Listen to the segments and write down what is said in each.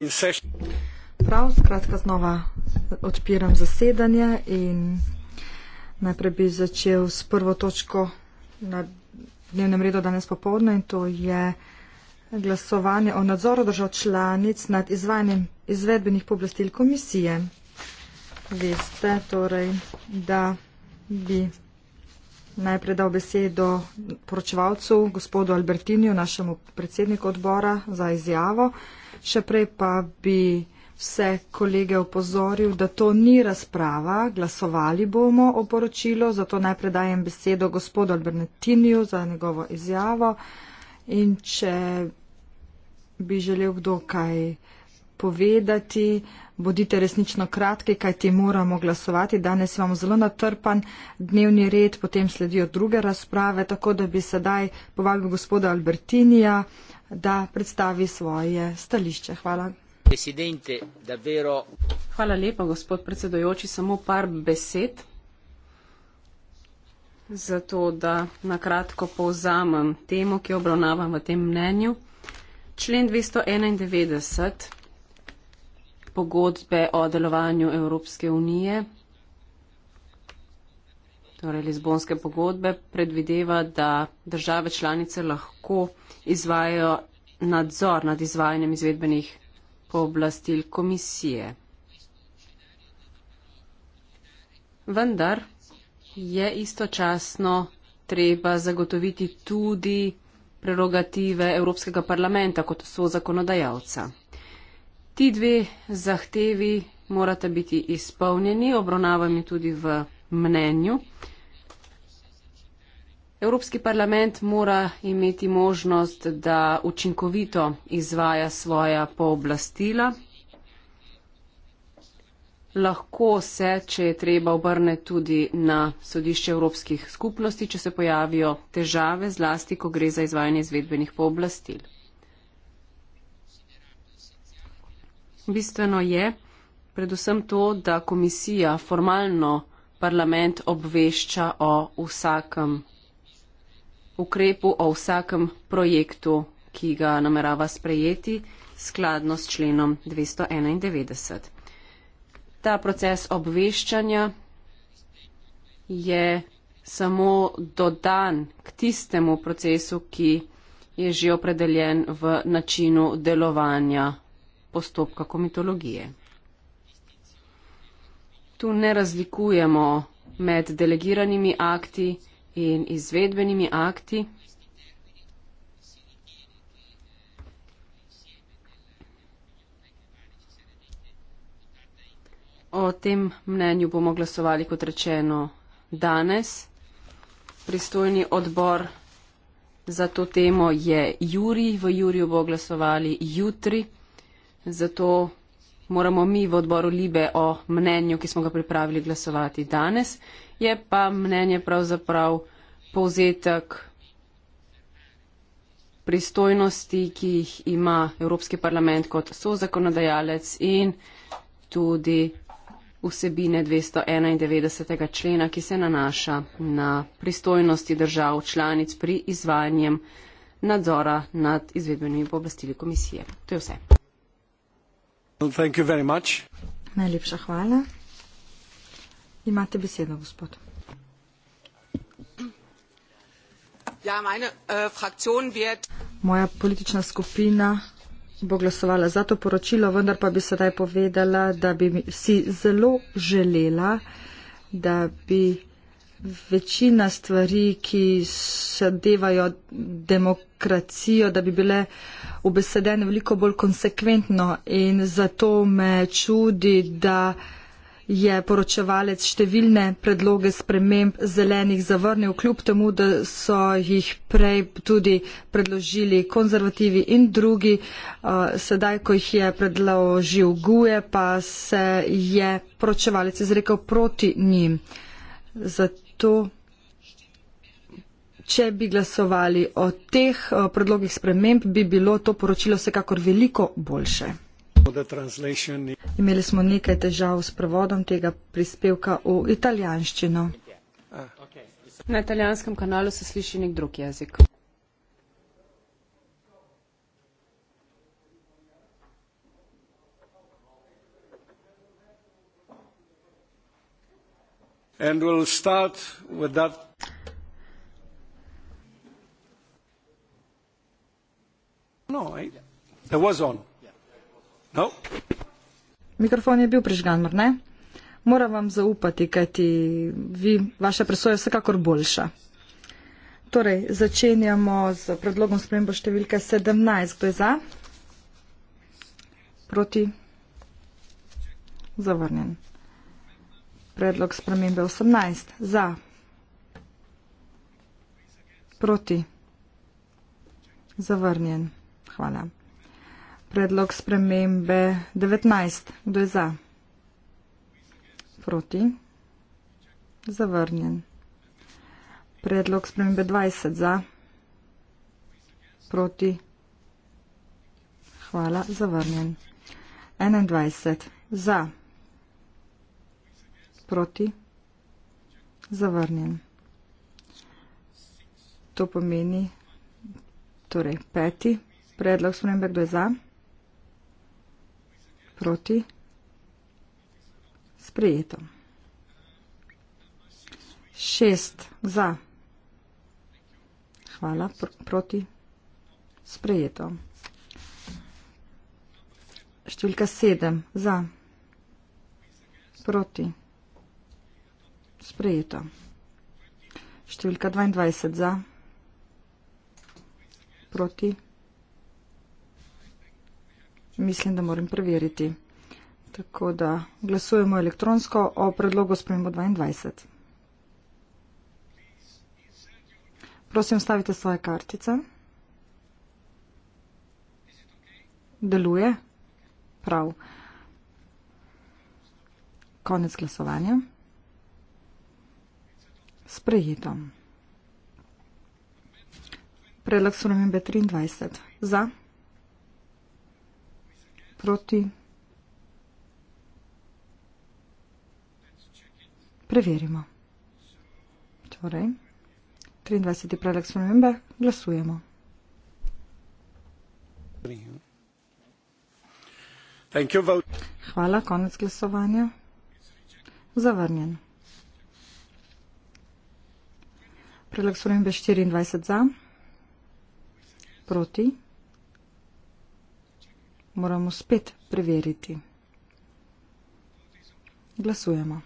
in vse. Prav, skratka, znova odpiram zasedanje in najprej bi začel s prvo točko na dnevnem redu danes popovdne in to je glasovanje o nadzoru držav članic nad izvajanjem izvedbenih pooblastil komisije. Veste torej, da bi najprej dal besedo poročevalcu gospodu Albertinju, našemu predsedniku odbora za izjavo. Še prej pa bi vse kolege upozoril, da to ni razprava, glasovali bomo o poročilu, zato najprej dajem besedo gospodu Albertiniju za njegovo izjavo in če bi želel kdo kaj povedati, bodite resnično kratki, kaj ti moramo glasovati. Danes imamo zelo natrpan dnevni red, potem sledijo druge razprave, tako da bi sedaj povabil gospoda Albertinija da predstavi svoje stališče. Hvala. Hvala lepa, gospod predsedojoči. Samo par besed, zato da nakratko povzamem temo, ki jo obravnavam v tem mnenju. Člen 291 pogodbe o delovanju Evropske unije torej Lizbonske pogodbe, predvideva, da države članice lahko izvajajo nadzor nad izvajanjem izvedbenih pooblastil komisije. Vendar je istočasno treba zagotoviti tudi prerogative Evropskega parlamenta kot so zakonodajalca. Ti dve zahtevi morata biti izpolnjeni, obravnavami tudi v mnenju. Evropski parlament mora imeti možnost, da učinkovito izvaja svoja pooblastila. Lahko se, če je treba, obrne tudi na sodišče evropskih skupnosti, če se pojavijo težave, zlasti, ko gre za izvajanje izvedbenih pooblastil. Bistveno je predvsem to, da komisija formalno parlament obvešča o vsakem ukrepu, o vsakem projektu, ki ga namerava sprejeti skladno s členom 291. Ta proces obveščanja je samo dodan k tistemu procesu, ki je že opredeljen v načinu delovanja postopka komitologije. Tu ne razlikujemo med delegiranimi akti in izvedbenimi akti. O tem mnenju bomo glasovali, kot rečeno, danes. Pristojni odbor za to temo je Juri, v Juriju bo glasovali jutri, zato moramo mi v odboru Libe o mnenju, ki smo ga pripravili glasovati danes. Je pa mnenje pravzaprav povzetek pristojnosti, ki jih ima Evropski parlament kot sozakonodajalec in tudi vsebine 291. člena, ki se nanaša na pristojnosti držav članic pri izvajanjem nadzora nad izvedbenimi pooblastili komisije. To je vse. Thank you very much. Najlepša hvala. Imate besedo, gospod. Ja, meine, uh, Moja politična skupina bo glasovala za to poročilo, vendar pa bi sedaj povedala, da bi si zelo želela, da bi večina stvari, ki zadevajo demokracijo, da bi bile obesedene veliko bolj konsekventno in zato me čudi, da je poročevalec številne predloge sprememb zelenih zavrnil, kljub temu, da so jih prej tudi predložili konzervativi in drugi. Uh, sedaj, ko jih je predložil Guje, pa se je poročevalec izrekel proti njim. Zato to, če bi glasovali o teh eh, predlogih sprememb, bi bilo to poročilo vsekakor veliko boljše. Imeli smo nekaj težav s prevodom tega prispevka v italijanščino. Na italijanskem kanalu se sliši nek drug jezik. No, no? Mikrofon je bil prižgan, mor ne? Moram vam zaupati, kajti vi, vaša presoja je vsekakor boljša. Torej, začenjamo z predlogom spremembo številka 17. Kdo je za? Proti? Zavrnjen. Predlog spremembe 18. Za. Proti. Zavrnjen. Hvala. Predlog spremembe 19. Kdo je za? Proti. Zavrnjen. Predlog spremembe 20. Za. Proti. Hvala. Zavrnjen. 21. Za. Proti proti, zavrnjen. To pomeni, torej peti, predlog spremembe, kdo je za, proti, sprejeto. Šest, za, hvala, pr proti, sprejeto. Številka sedem, za, proti, sprejeto. Sprejeto. Številka 22 za. Proti. Mislim, da moram preveriti. Tako da glasujemo elektronsko o predlogu spremembo 22. Prosim, stavite svoje kartice. Deluje? Prav. Konec glasovanja sprejeto. Predlog spremembe 23. Za. Proti. Preverimo. Torej, 23. predlog spremembe glasujemo. Hvala, konec glasovanja. Zavrnjen. Predlog spremembe 24 za. Proti. Moramo spet preveriti. Glasujemo.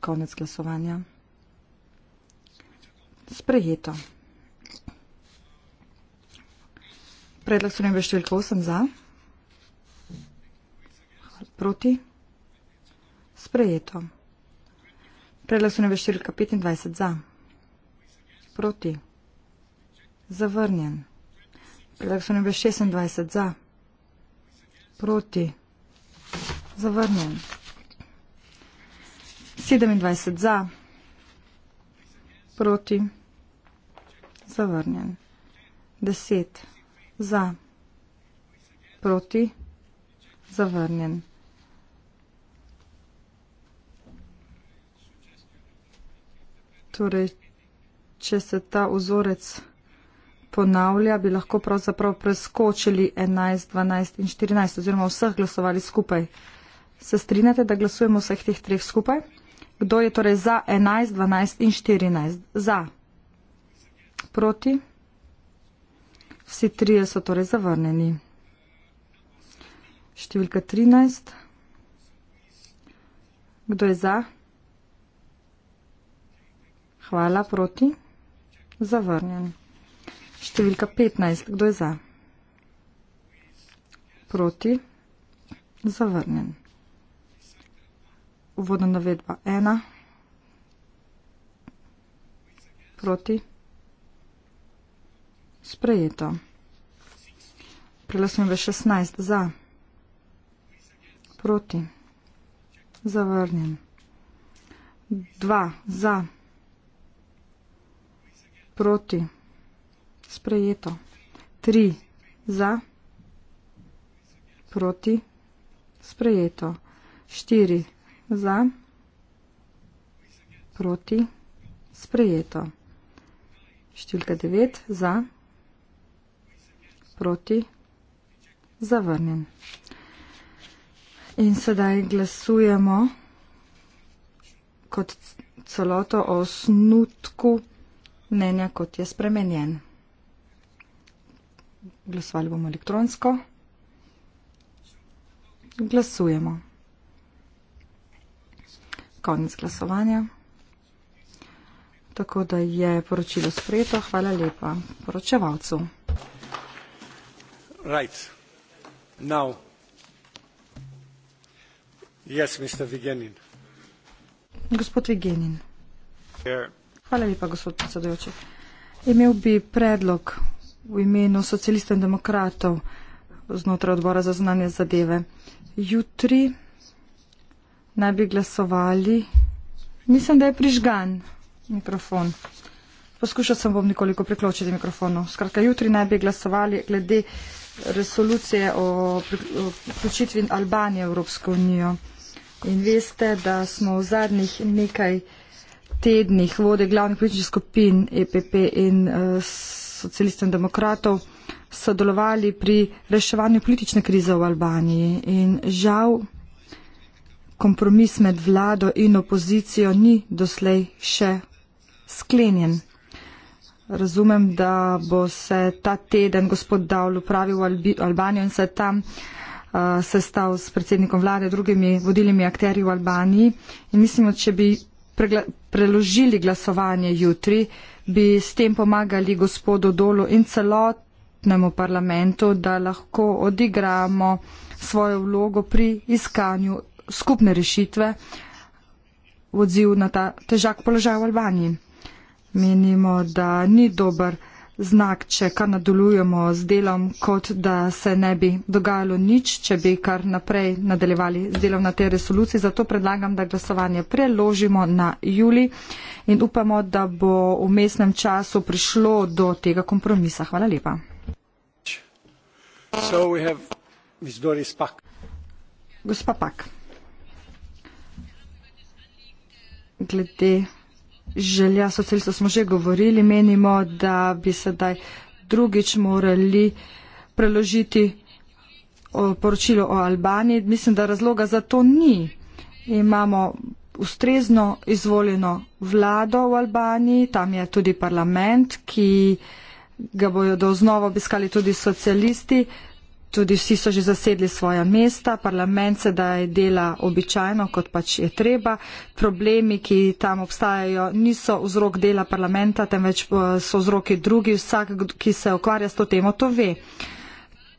Konec glasovanja. Sprejeto. Predlog spremembe številka 8 za. Proti. Sprejeto. Prelasunjeva širka 25 za. Proti. Zavrnjen. Prelasunjeva 26 za. Proti. Zavrnjen. 27 za. Proti. Zavrnjen. 10 za. Proti. Zavrnjen. Torej, če se ta vzorec ponavlja, bi lahko pravzaprav preskočili 11, 12 in 14, oziroma vseh glasovali skupaj. Se strinjate, da glasujemo vseh teh treh skupaj? Kdo je torej za 11, 12 in 14? Za. Proti. Vsi trije so torej zavrneni. Številka 13. Kdo je za? Hvala, proti. Zavrnjen. Številka 15. Kdo je za? Proti. Zavrnjen. Uvodna navedba 1. Proti. Sprejeto. Prelasujem v 16. Za. Proti. Zavrnjen. 2. Za. Proti proti. Sprejeto. Tri za, proti, sprejeto. Štiri za, proti, sprejeto. Številka devet za, proti, zavrnjen. In sedaj glasujemo kot celoto o osnutku mnenja, kot je spremenjen. Glasovali bomo elektronsko. Glasujemo. Konec glasovanja. Tako da je poročilo sprejeto. Hvala lepa poročevalcu. Right. Now. Yes, Mr. Vigenin. Gospod Vigenin. Here. Hvala lepa, gospod predsedujoči. Imel bi predlog v imenu socialistov in demokratov znotraj odbora za znanje zadeve. Jutri naj bi glasovali. Mislim, da je prižgan mikrofon. Poskušal sem bom nekoliko priključiti mikrofonu. Skratka, jutri naj bi glasovali glede resolucije o vključitvi Albanije v Evropsko unijo. In veste, da smo v zadnjih nekaj tednih vode glavnih političnih skupin EPP in eh, socialistov in demokratov sodelovali pri reševanju politične krize v Albaniji in žal kompromis med vlado in opozicijo ni doslej še sklenjen. Razumem, da bo se ta teden gospod Davl upravil v Albanijo in se tam uh, sestal s predsednikom vlade, drugimi vodilnimi akterji v Albaniji in mislim, da če bi preložili glasovanje jutri, bi s tem pomagali gospodu Dolu in celotnemu parlamentu, da lahko odigramo svojo vlogo pri iskanju skupne rešitve v odziv na ta težak položaj v Albaniji. Menimo, da ni dober znak, če kar nadaljujemo z delom, kot da se ne bi dogajalo nič, če bi kar naprej nadaljevali z delom na tej resoluciji. Zato predlagam, da glasovanje preložimo na juli in upamo, da bo v mestnem času prišlo do tega kompromisa. Hvala lepa. Gospa Pak. Glede želja socialistov, smo že govorili, menimo, da bi sedaj drugič morali preložiti poročilo o Albaniji. Mislim, da razloga za to ni. Imamo ustrezno izvoljeno vlado v Albaniji, tam je tudi parlament, ki ga bodo znova obiskali tudi socialisti. Tudi vsi so že zasedli svoja mesta, parlament se da je dela običajno, kot pač je treba. Problemi, ki tam obstajajo, niso vzrok dela parlamenta, temveč eh, so vzroki drugi. Vsak, ki se ukvarja s to temo, to ve.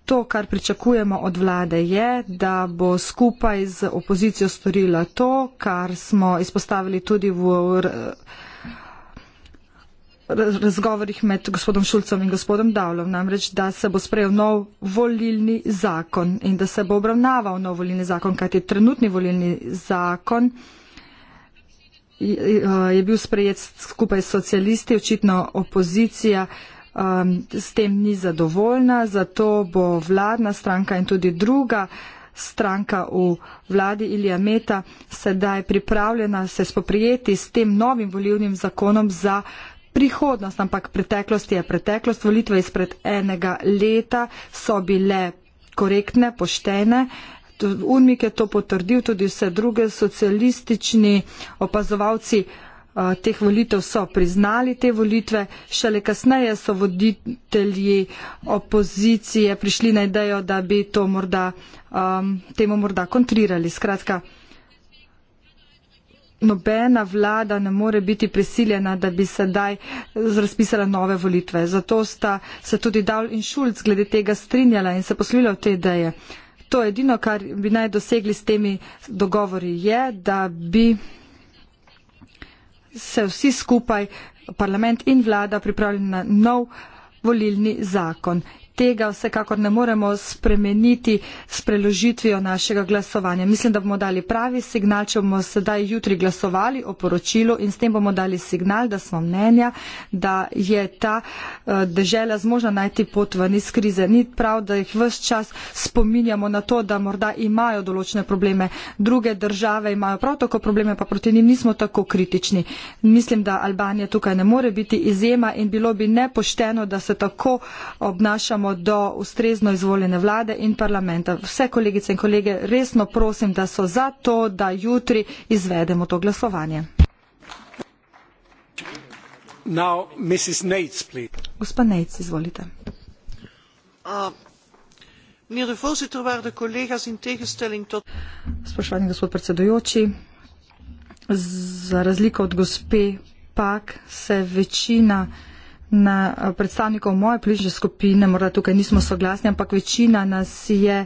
To, kar pričakujemo od vlade, je, da bo skupaj z opozicijo storila to, kar smo izpostavili tudi v. v eh, razgovorih med gospodom Šulcem in gospodom Davlom, namreč, da se bo sprejel nov volilni zakon in da se bo obravnaval nov volilni zakon, kajti trenutni volilni zakon je bil sprejet skupaj s socialisti, očitno opozicija um, s tem ni zadovoljna, zato bo vladna stranka in tudi druga stranka v vladi Ilija Meta sedaj pripravljena se spoprijeti s tem novim volilnim zakonom za prihodnost, ampak preteklost je preteklost. Volitve izpred enega leta so bile korektne, poštene. Unmik je to potrdil, tudi vse druge socialistični opazovalci eh, teh volitev so priznali te volitve. Šele kasneje so voditelji opozicije prišli na idejo, da bi to morda, um, temu morda kontrirali. Skratka, nobena vlada ne more biti prisiljena, da bi sedaj razpisala nove volitve. Zato sta se tudi Dal in Šulc glede tega strinjala in se poslovila v te ideje. To edino, kar bi naj dosegli s temi dogovori, je, da bi se vsi skupaj, parlament in vlada, pripravili na nov volilni zakon tega vsekakor ne moremo spremeniti s preložitvijo našega glasovanja. Mislim, da bomo dali pravi signal, če bomo sedaj jutri glasovali o poročilu in s tem bomo dali signal, da smo mnenja, da je ta eh, država zmožna najti pot ven iz krize. Ni prav, da jih vse čas spominjamo na to, da morda imajo določene probleme. Druge države imajo prav tako probleme, pa proti njim nismo tako kritični. Mislim, da Albanija tukaj ne more biti izjema in bilo bi nepošteno, da se tako obnašamo pripeljemo do ustrezno izvoljene vlade in parlamenta. Vse kolegice in kolege resno prosim, da so za to, da jutri izvedemo to glasovanje. Now, Mrs. Nates, Gospa Nates, izvolite. Uh. Spoštovani gospod predsedujoči, za razliko od gospe Pak se večina na eh, predstavnikov moje bližnje skupine, morda tukaj nismo soglasni, ampak večina nas je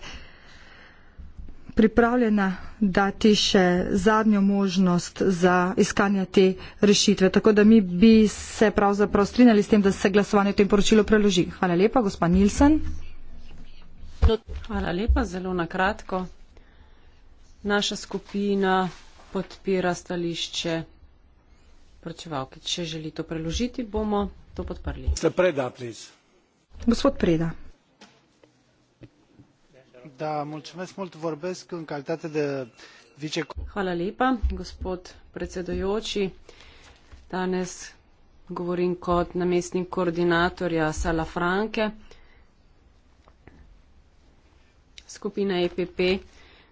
pripravljena dati še zadnjo možnost za iskanje te rešitve. Tako da mi bi se pravzaprav strinjali s tem, da se glasovanje v tem poročilu preloži. Hvala lepa, gospod Nilsen. Hvala lepa, zelo na kratko. Naša skupina podpira stališče sporočeval, ki če želi to preložiti, bomo to podprli. Se preda, pliz. Gospod Preda. Da, mulțumesc mult, vorbesc în calitate de vice... Hvala lepa, gospod predsedojoči. Danes govorim kot namestnik koordinatorja Sala Franke, skupina EPP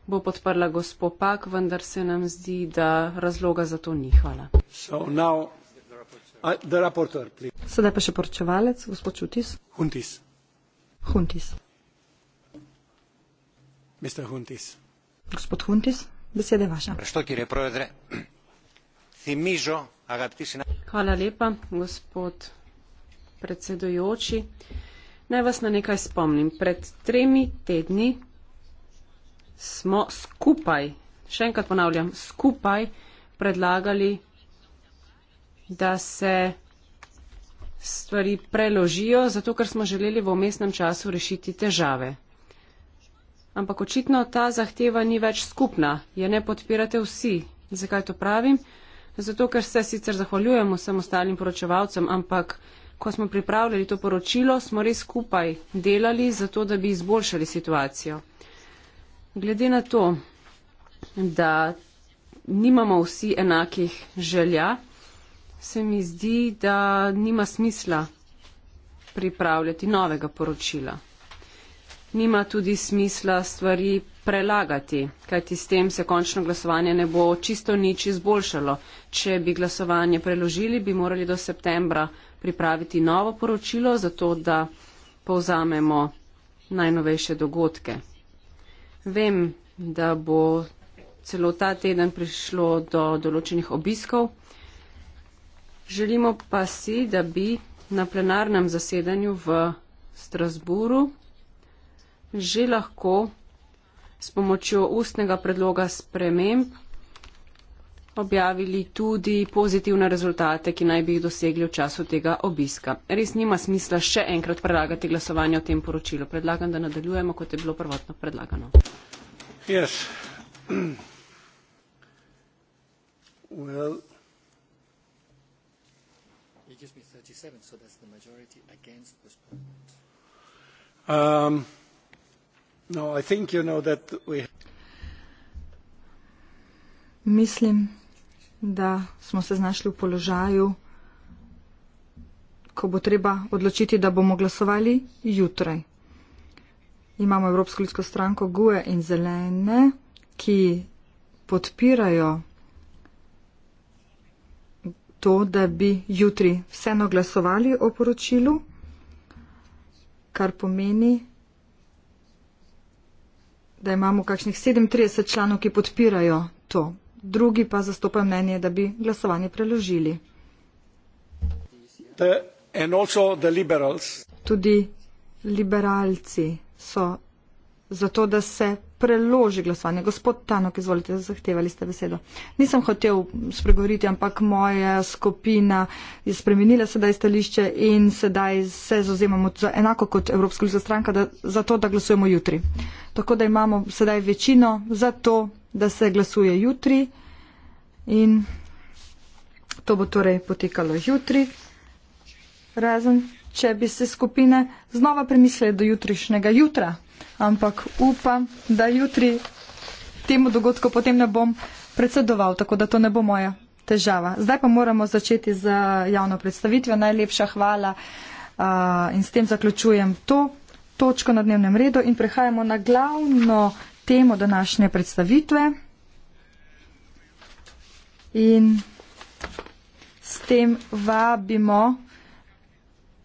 bo podprla gospo Pak, vendar se nam zdi, da razloga za to ni. Hvala. Uh, Sedaj pa še poročevalec, gospod Čutis. Huntis. Huntis. Mr. Huntis. Gospod Huntis, beseda je vaša. Hvala lepa, gospod predsedujoči. Naj vas na nekaj spomnim. Pred tremi tedni smo skupaj, še enkrat ponavljam, skupaj predlagali, da se stvari preložijo, zato ker smo želeli v omestnem času rešiti težave. Ampak očitno ta zahteva ni več skupna, je ne podpirate vsi. Zakaj to pravim? Zato, ker se sicer zahvaljujemo vsem ostalim poročevalcem, ampak ko smo pripravljali to poročilo, smo res skupaj delali, zato da bi izboljšali situacijo glede na to, da nimamo vsi enakih želja, se mi zdi, da nima smisla pripravljati novega poročila. Nima tudi smisla stvari prelagati, kajti s tem se končno glasovanje ne bo čisto nič izboljšalo. Če bi glasovanje preložili, bi morali do septembra pripraviti novo poročilo, zato da povzamemo najnovejše dogodke. Vem, da bo celo ta teden prišlo do določenih obiskov. Želimo pa si, da bi na plenarnem zasedanju v Strasburu že lahko s pomočjo ustnega predloga sprememb objavili tudi pozitivne rezultate, ki naj bi jih dosegli v času tega obiska. Res nima smisla še enkrat predlagati glasovanje o tem poročilu. Predlagam, da nadaljujemo, kot je bilo prvotno predlagano. Yes. Well. Um, no, you know have... Mislim, da smo se znašli v položaju, ko bo treba odločiti, da bomo glasovali jutraj. Imamo Evropsko ljudsko stranko Gue in Zelene, ki podpirajo to, da bi jutri vseeno glasovali o poročilu, kar pomeni, da imamo kakšnih 37 članov, ki podpirajo to drugi pa zastopajo mnenje, da bi glasovanje preložili. Tudi liberalci so zato, da se preloži glasovanje. Gospod Tanok, izvolite, zahtevali ste besedo. Nisem hotel spregovoriti, ampak moja skupina je spremenila sedaj stališče in sedaj se zauzemamo za enako kot Evropska ljudska stranka, da, za to, da glasujemo jutri. Tako da imamo sedaj večino za to, da se glasuje jutri in to bo torej potekalo jutri. Razen, če bi se skupine znova premislili do jutrišnjega jutra ampak upam, da jutri temu dogodku potem ne bom predsedoval, tako da to ne bo moja težava. Zdaj pa moramo začeti z eh, javno predstavitvijo. Najlepša hvala uh, in s tem zaključujem to točko na dnevnem redu in prehajamo na glavno temo današnje predstavitve. In s tem vabimo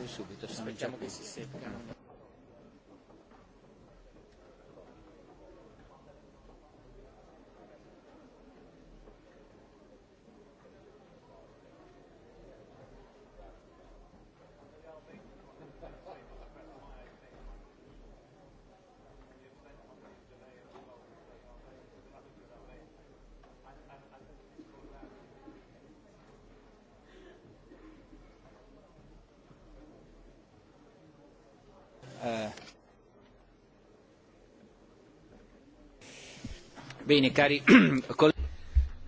di subito, aspettiamo che si secca.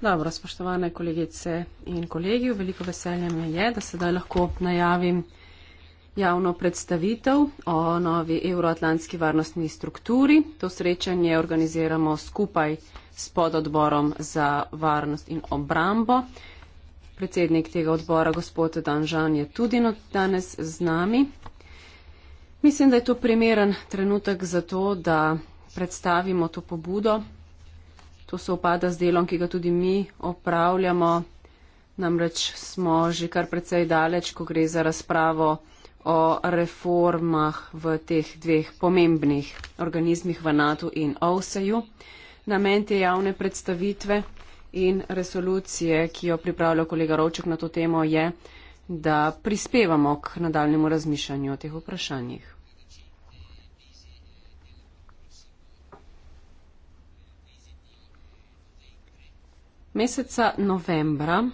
Dobro, spoštovane kolegice in kolegi, veliko veselje mi je, da sedaj lahko najavim javno predstavitev o novi euroatlantski varnostni strukturi. To srečanje organiziramo skupaj s pododborom za varnost in obrambo. Predsednik tega odbora, gospod Danžan, je tudi no-, danes z nami. Mislim, da je to primeren trenutek za to, da predstavimo to pobudo to sovpada z delom, ki ga tudi mi opravljamo. Namreč smo že kar precej daleč, ko gre za razpravo o reformah v teh dveh pomembnih organizmih v NATO in OVSE-ju. Namen te javne predstavitve in resolucije, ki jo pripravlja kolega Rovček na to temo, je, da prispevamo k nadaljemu razmišljanju o teh vprašanjih. Meseca novembra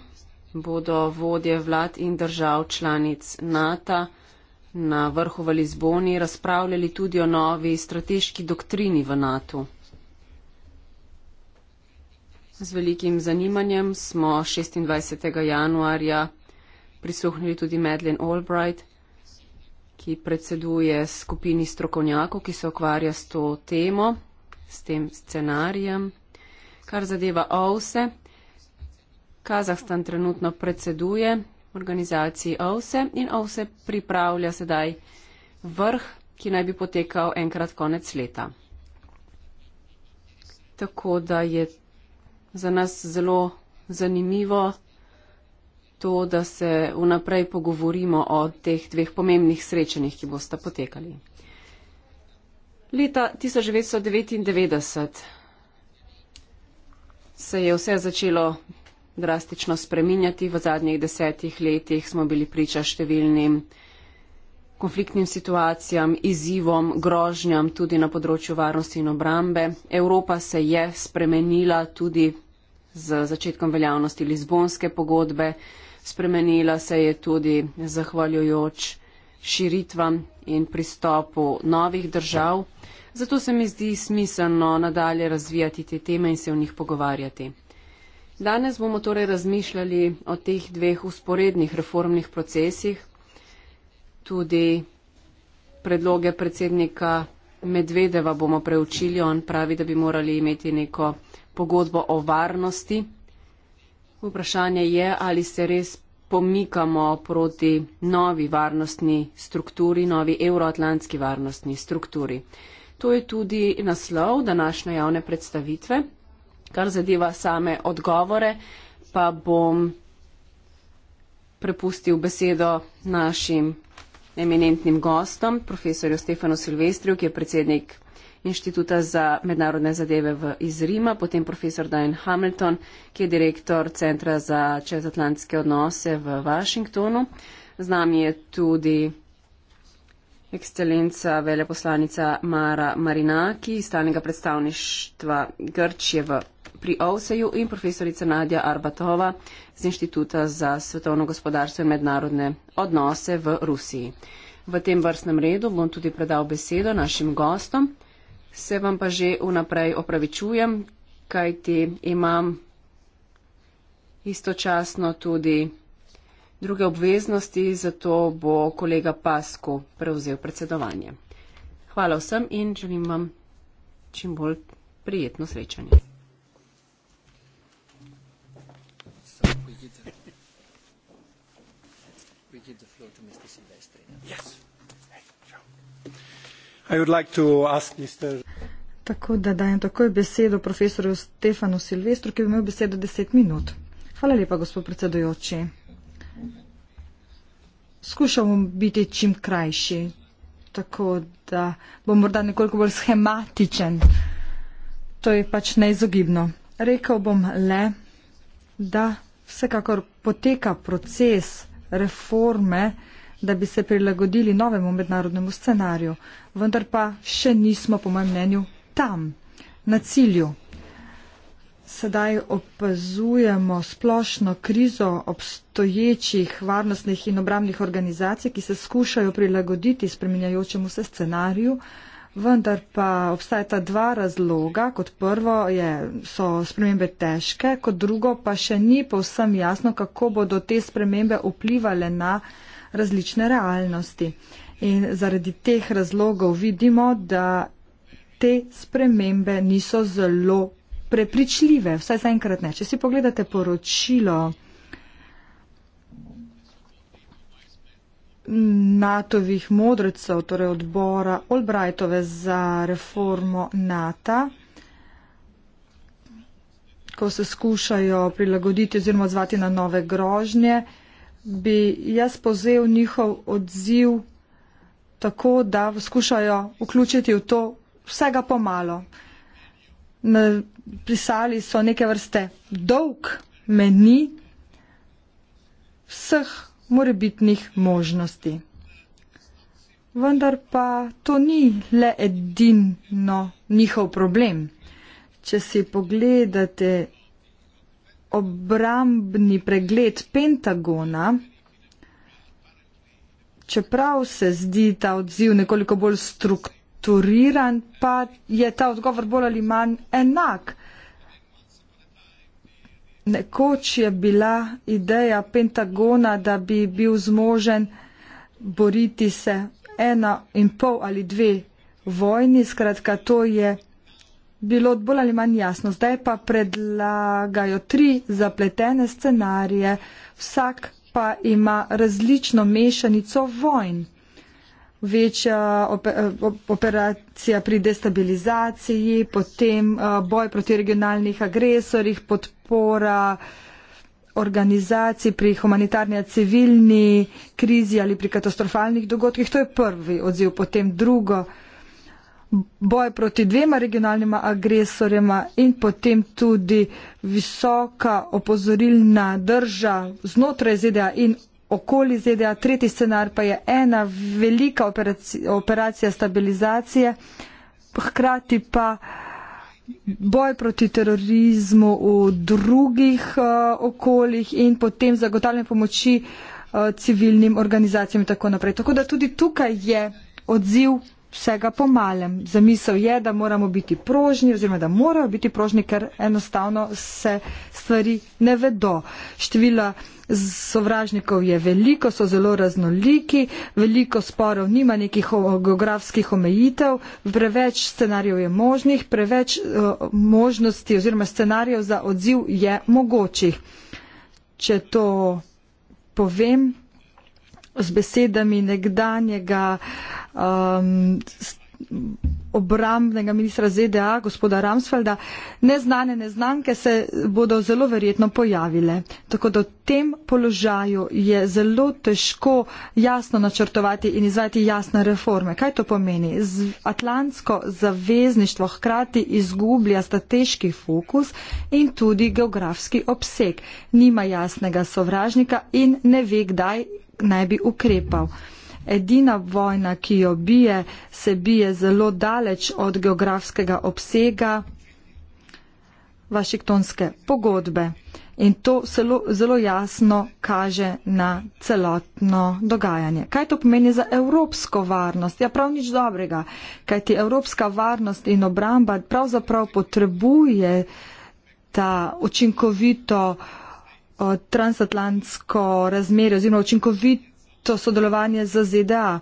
bodo vodje vlad in držav članic NATO na vrhu v Lizboni razpravljali tudi o novi strateški doktrini v NATO. Z velikim zanimanjem smo 26. januarja prisluhnili tudi Madeleine Albright, ki predseduje skupini strokovnjakov, ki se ukvarja s to temo, s tem scenarijem, kar zadeva OVSE. Kazahstan trenutno predseduje organizaciji OVSE in OVSE pripravlja sedaj vrh, ki naj bi potekal enkrat konec leta. Tako da je za nas zelo zanimivo to, da se vnaprej pogovorimo o teh dveh pomembnih srečanjih, ki bosta potekali. Leta 1999 se je vse začelo drastično spreminjati. V zadnjih desetih letih smo bili priča številnim konfliktnim situacijam, izzivom, grožnjam tudi na področju varnosti in obrambe. Evropa se je spremenila tudi z začetkom veljavnosti Lizbonske pogodbe, spremenila se je tudi zahvaljujoč širitvam in pristopu novih držav. Zato se mi zdi smiselno nadalje razvijati te teme in se o njih pogovarjati. Danes bomo torej razmišljali o teh dveh usporednih reformnih procesih, tudi predloge predsednika Medvedeva bomo preučili, on pravi, da bi morali imeti neko pogodbo o varnosti. Vprašanje je, ali se res pomikamo proti novi varnostni strukturi, novi euroatlantski varnostni strukturi. To je tudi naslov današnje javne predstavitve. Kar zadeva same odgovore, pa bom prepustil besedo našim eminentnim gostom, profesorju Stefanu Silvestriju, ki je predsednik Inštituta za mednarodne zadeve v Izrima, potem profesor Diane Hamilton, ki je direktor Centra za čezatlantske odnose v Washingtonu. Z nami je tudi ekscelenca veleposlanica Mara Marinaki iz stalnega predstavništva Grčije v pri Ovseju in profesorica Nadja Arbatova z Inštituta za svetovno gospodarstvo in mednarodne odnose v Rusiji. V tem vrstnem redu bom tudi predal besedo našim gostom, se vam pa že vnaprej opravičujem, kajti imam istočasno tudi druge obveznosti, zato bo kolega Pasko prevzel predsedovanje. Hvala vsem in želim vam čim bolj prijetno srečanje. Tako da dajem takoj besedo profesorju Stefanu Silvestru, ki bi imel besedo 10 minut. Hvala lepa, gospod predsedujoči. Skušamo biti čim krajši, tako da bom morda nekoliko bolj schematičen. To je pač neizogibno. Rekel bom le, da vsekakor poteka proces reforme, da bi se prilagodili novemu mednarodnemu scenariju, vendar pa še nismo, po mojem mnenju, tam, na cilju. Sedaj opazujemo splošno krizo obstoječih varnostnih in obramnih organizacij, ki se skušajo prilagoditi spreminjajočemu se scenariju, vendar pa obstajata dva razloga. Kot prvo je, so spremembe težke, kot drugo pa še ni povsem jasno, kako bodo te spremembe vplivale na različne realnosti. In zaradi teh razlogov vidimo, da te spremembe niso zelo prepričljive, vsaj zaenkrat ne. Če si pogledate poročilo NATO-vih modrecev, torej odbora Olbrajtove za reformo NATO, ko se skušajo prilagoditi oziroma zvati na nove grožnje, bi jaz povzel njihov odziv tako, da skušajo vključiti v to vsega pomalo. Pisali so neke vrste dolg meni vseh morebitnih možnosti. Vendar pa to ni le edino njihov problem. Če si pogledate obrambni pregled Pentagona, čeprav se zdi ta odziv nekoliko bolj strukturiran, pa je ta odgovor bolj ali manj enak. Nekoč je bila ideja Pentagona, da bi bil zmožen boriti se ena in pol ali dve vojni, skratka to je bilo bolj ali manj jasno. Zdaj pa predlagajo tri zapletene scenarije, vsak pa ima različno mešanico vojn. Večja eh, operacija pri destabilizaciji, potem eh, boj proti regionalnih agresorjih, podpora organizacij pri humanitarni a civilni krizi ali pri katastrofalnih dogodkih. To je prvi odziv, potem drugo boj proti dvema regionalnima agresorjema in potem tudi visoka opozorilna drža znotraj ZDA in okoli ZDA. Tretji scenar pa je ena velika operacija, operacija stabilizacije, hkrati pa boj proti terorizmu v drugih uh, okoljih in potem zagotavljanje pomoči uh, civilnim organizacijam in tako naprej. Tako da tudi tukaj je odziv vsega po malem. Zamisel je, da moramo biti prožni oziroma da morajo biti prožni, ker enostavno se stvari ne vedo. Števila sovražnikov je veliko, so zelo raznoliki, veliko sporov nima nekih geografskih omejitev, preveč scenarijev je možnih, preveč e, možnosti oziroma scenarijev za odziv je mogočih. Če to povem z besedami nekdanjega um, obramnega ministra ZDA, gospoda Ramsfelda, neznane neznanke se bodo zelo verjetno pojavile. Tako da v tem položaju je zelo težko jasno načrtovati in izvajati jasne reforme. Kaj to pomeni? Z Atlantsko zavezništvo hkrati izgublja strateški fokus in tudi geografski obseg. Nima jasnega sovražnika in ne ve, kdaj naj bi ukrepal edina vojna, ki jo bije, se bije zelo daleč od geografskega obsega Vašingtonske pogodbe. In to zelo, zelo jasno kaže na celotno dogajanje. Kaj to pomeni za evropsko varnost? Ja, prav nič dobrega, kajti evropska varnost in obramba pravzaprav potrebuje ta učinkovito eh, transatlantsko razmerje oziroma učinkovit to sodelovanje z ZDA,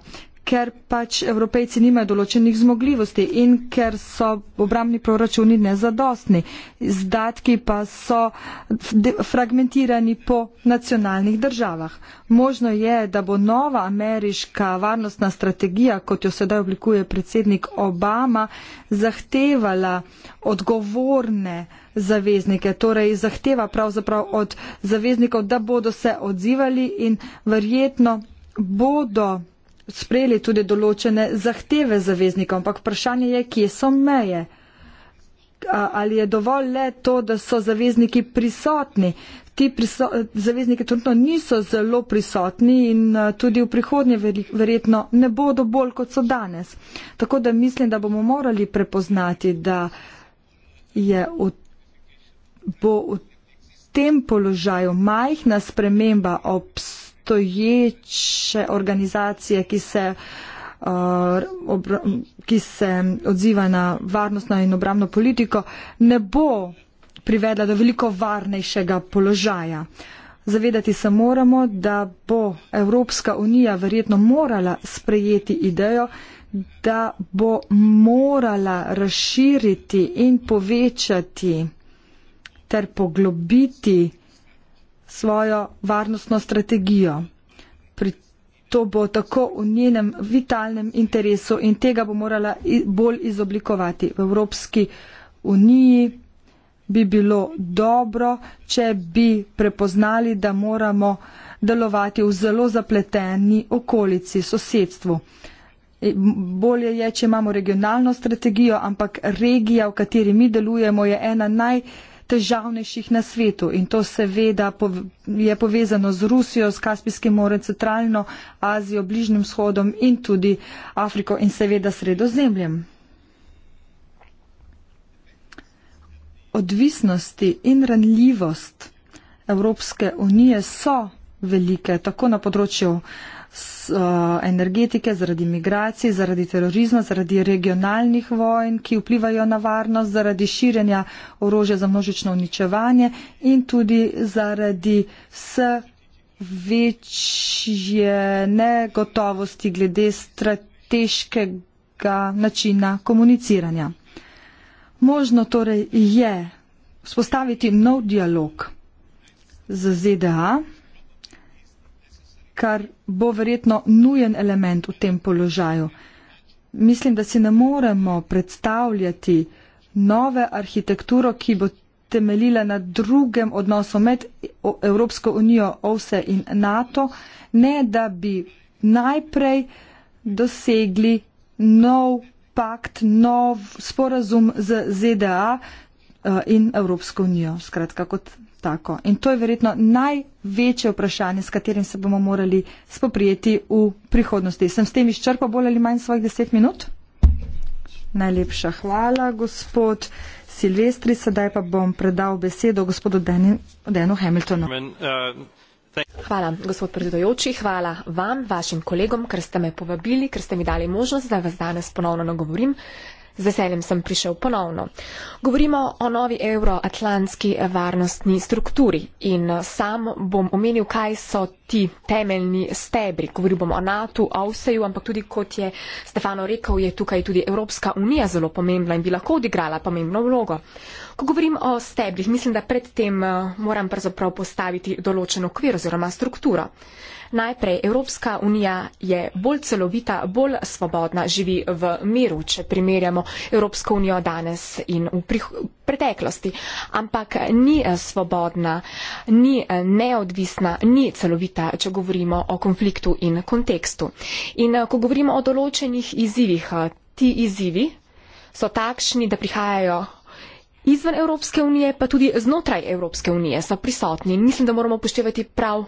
ker pač evropejci nimajo določenih zmogljivosti in ker so obramni proračuni nezadostni. Zdatki pa so fragmentirani po nacionalnih državah. Možno je, da bo nova ameriška varnostna strategija, kot jo sedaj oblikuje predsednik Obama, zahtevala odgovorne zaveznike, torej zahteva pravzaprav od zaveznikov, da bodo se odzivali in verjetno bodo sprejeli tudi določene zahteve zaveznikov, ampak vprašanje je, kje so meje. Ali je dovolj le to, da so zavezniki prisotni? Ti priso zavezniki trenutno niso zelo prisotni in tudi v prihodnje ver verjetno ne bodo bolj, kot so danes. Tako da mislim, da bomo morali prepoznati, da je v, bo v tem položaju majhna sprememba obsodnosti obstoječe organizacije, ki se, uh, ki se odziva na varnostno in obramno politiko, ne bo privedla do veliko varnejšega položaja. Zavedati se moramo, da bo Evropska unija verjetno morala sprejeti idejo, da bo morala razširiti in povečati ter poglobiti svojo varnostno strategijo. Pri to bo tako v njenem vitalnem interesu in tega bo morala bolj izoblikovati. V Evropski uniji bi bilo dobro, če bi prepoznali, da moramo delovati v zelo zapleteni okolici, sosedstvu. E, bolje je, če imamo regionalno strategijo, ampak regija, v kateri mi delujemo, je ena najbolj težavnejših na svetu in to seveda je povezano z Rusijo, s Kaspijskim morem, centralno Azijo, Bližnjim shodom in tudi Afriko in seveda sredozemljem. Odvisnosti in ranljivost Evropske unije so velike, tako na področju uh, z, uh, eh, energetike, zaradi migracij, zaradi terorizma, zaradi regionalnih vojn, ki vplivajo na varnost, zaradi širjenja orožja za množično uničevanje in tudi zaradi vse večje negotovosti glede strateškega načina komuniciranja. Možno torej je vzpostaviti nov dialog z ZDA, kar bo verjetno nujen element v tem položaju. Mislim, da si ne moremo predstavljati nove arhitekturo, ki bo temeljila na drugem odnosu med Evropsko unijo, OSE in NATO, ne da bi najprej dosegli nov pakt, nov sporazum z ZDA eh, in Evropsko unijo. Skratka, kot tako. In to je verjetno največje vprašanje, s katerim se bomo morali spoprijeti v prihodnosti. Sem s tem izčrpal bolj ali manj svojih deset minut? Najlepša hvala, gospod Silvestri. Sedaj pa bom predal besedo gospodu Denu Hamiltonu. Uh, hvala, gospod predsedojoči. Hvala vam, vašim kolegom, ker ste me povabili, ker ste mi dali možnost, da vas danes ponovno nagovorim z veseljem sem prišel ponovno. Govorimo o novi euroatlantski varnostni strukturi in eh, sam bom omenil, kaj so ti temeljni stebri. Govorili bomo o NATO, o vseju, ampak tudi kot je Stefano rekel, je tukaj tudi Evropska unija zelo pomembna in bi lahko odigrala pomembno vlogo. Ko govorim o stebrih, mislim, da predtem eh, moram pravzaprav postaviti določen okvir oziroma strukturo. Najprej Evropska unija je bolj celovita, bolj svobodna, živi v miru, če primerjamo Evropsko unijo danes in v preteklosti, ampak eh, ni eh, svobodna, ni neodvisna, ni celovita leta, če govorimo o konfliktu in kontekstu. In eh, ko govorimo o določenih izzivih, eh, ti izzivi so takšni, da prihajajo izven Evropske unije, pa tudi znotraj Evropske unije so prisotni. Mislim, da moramo upoštevati prav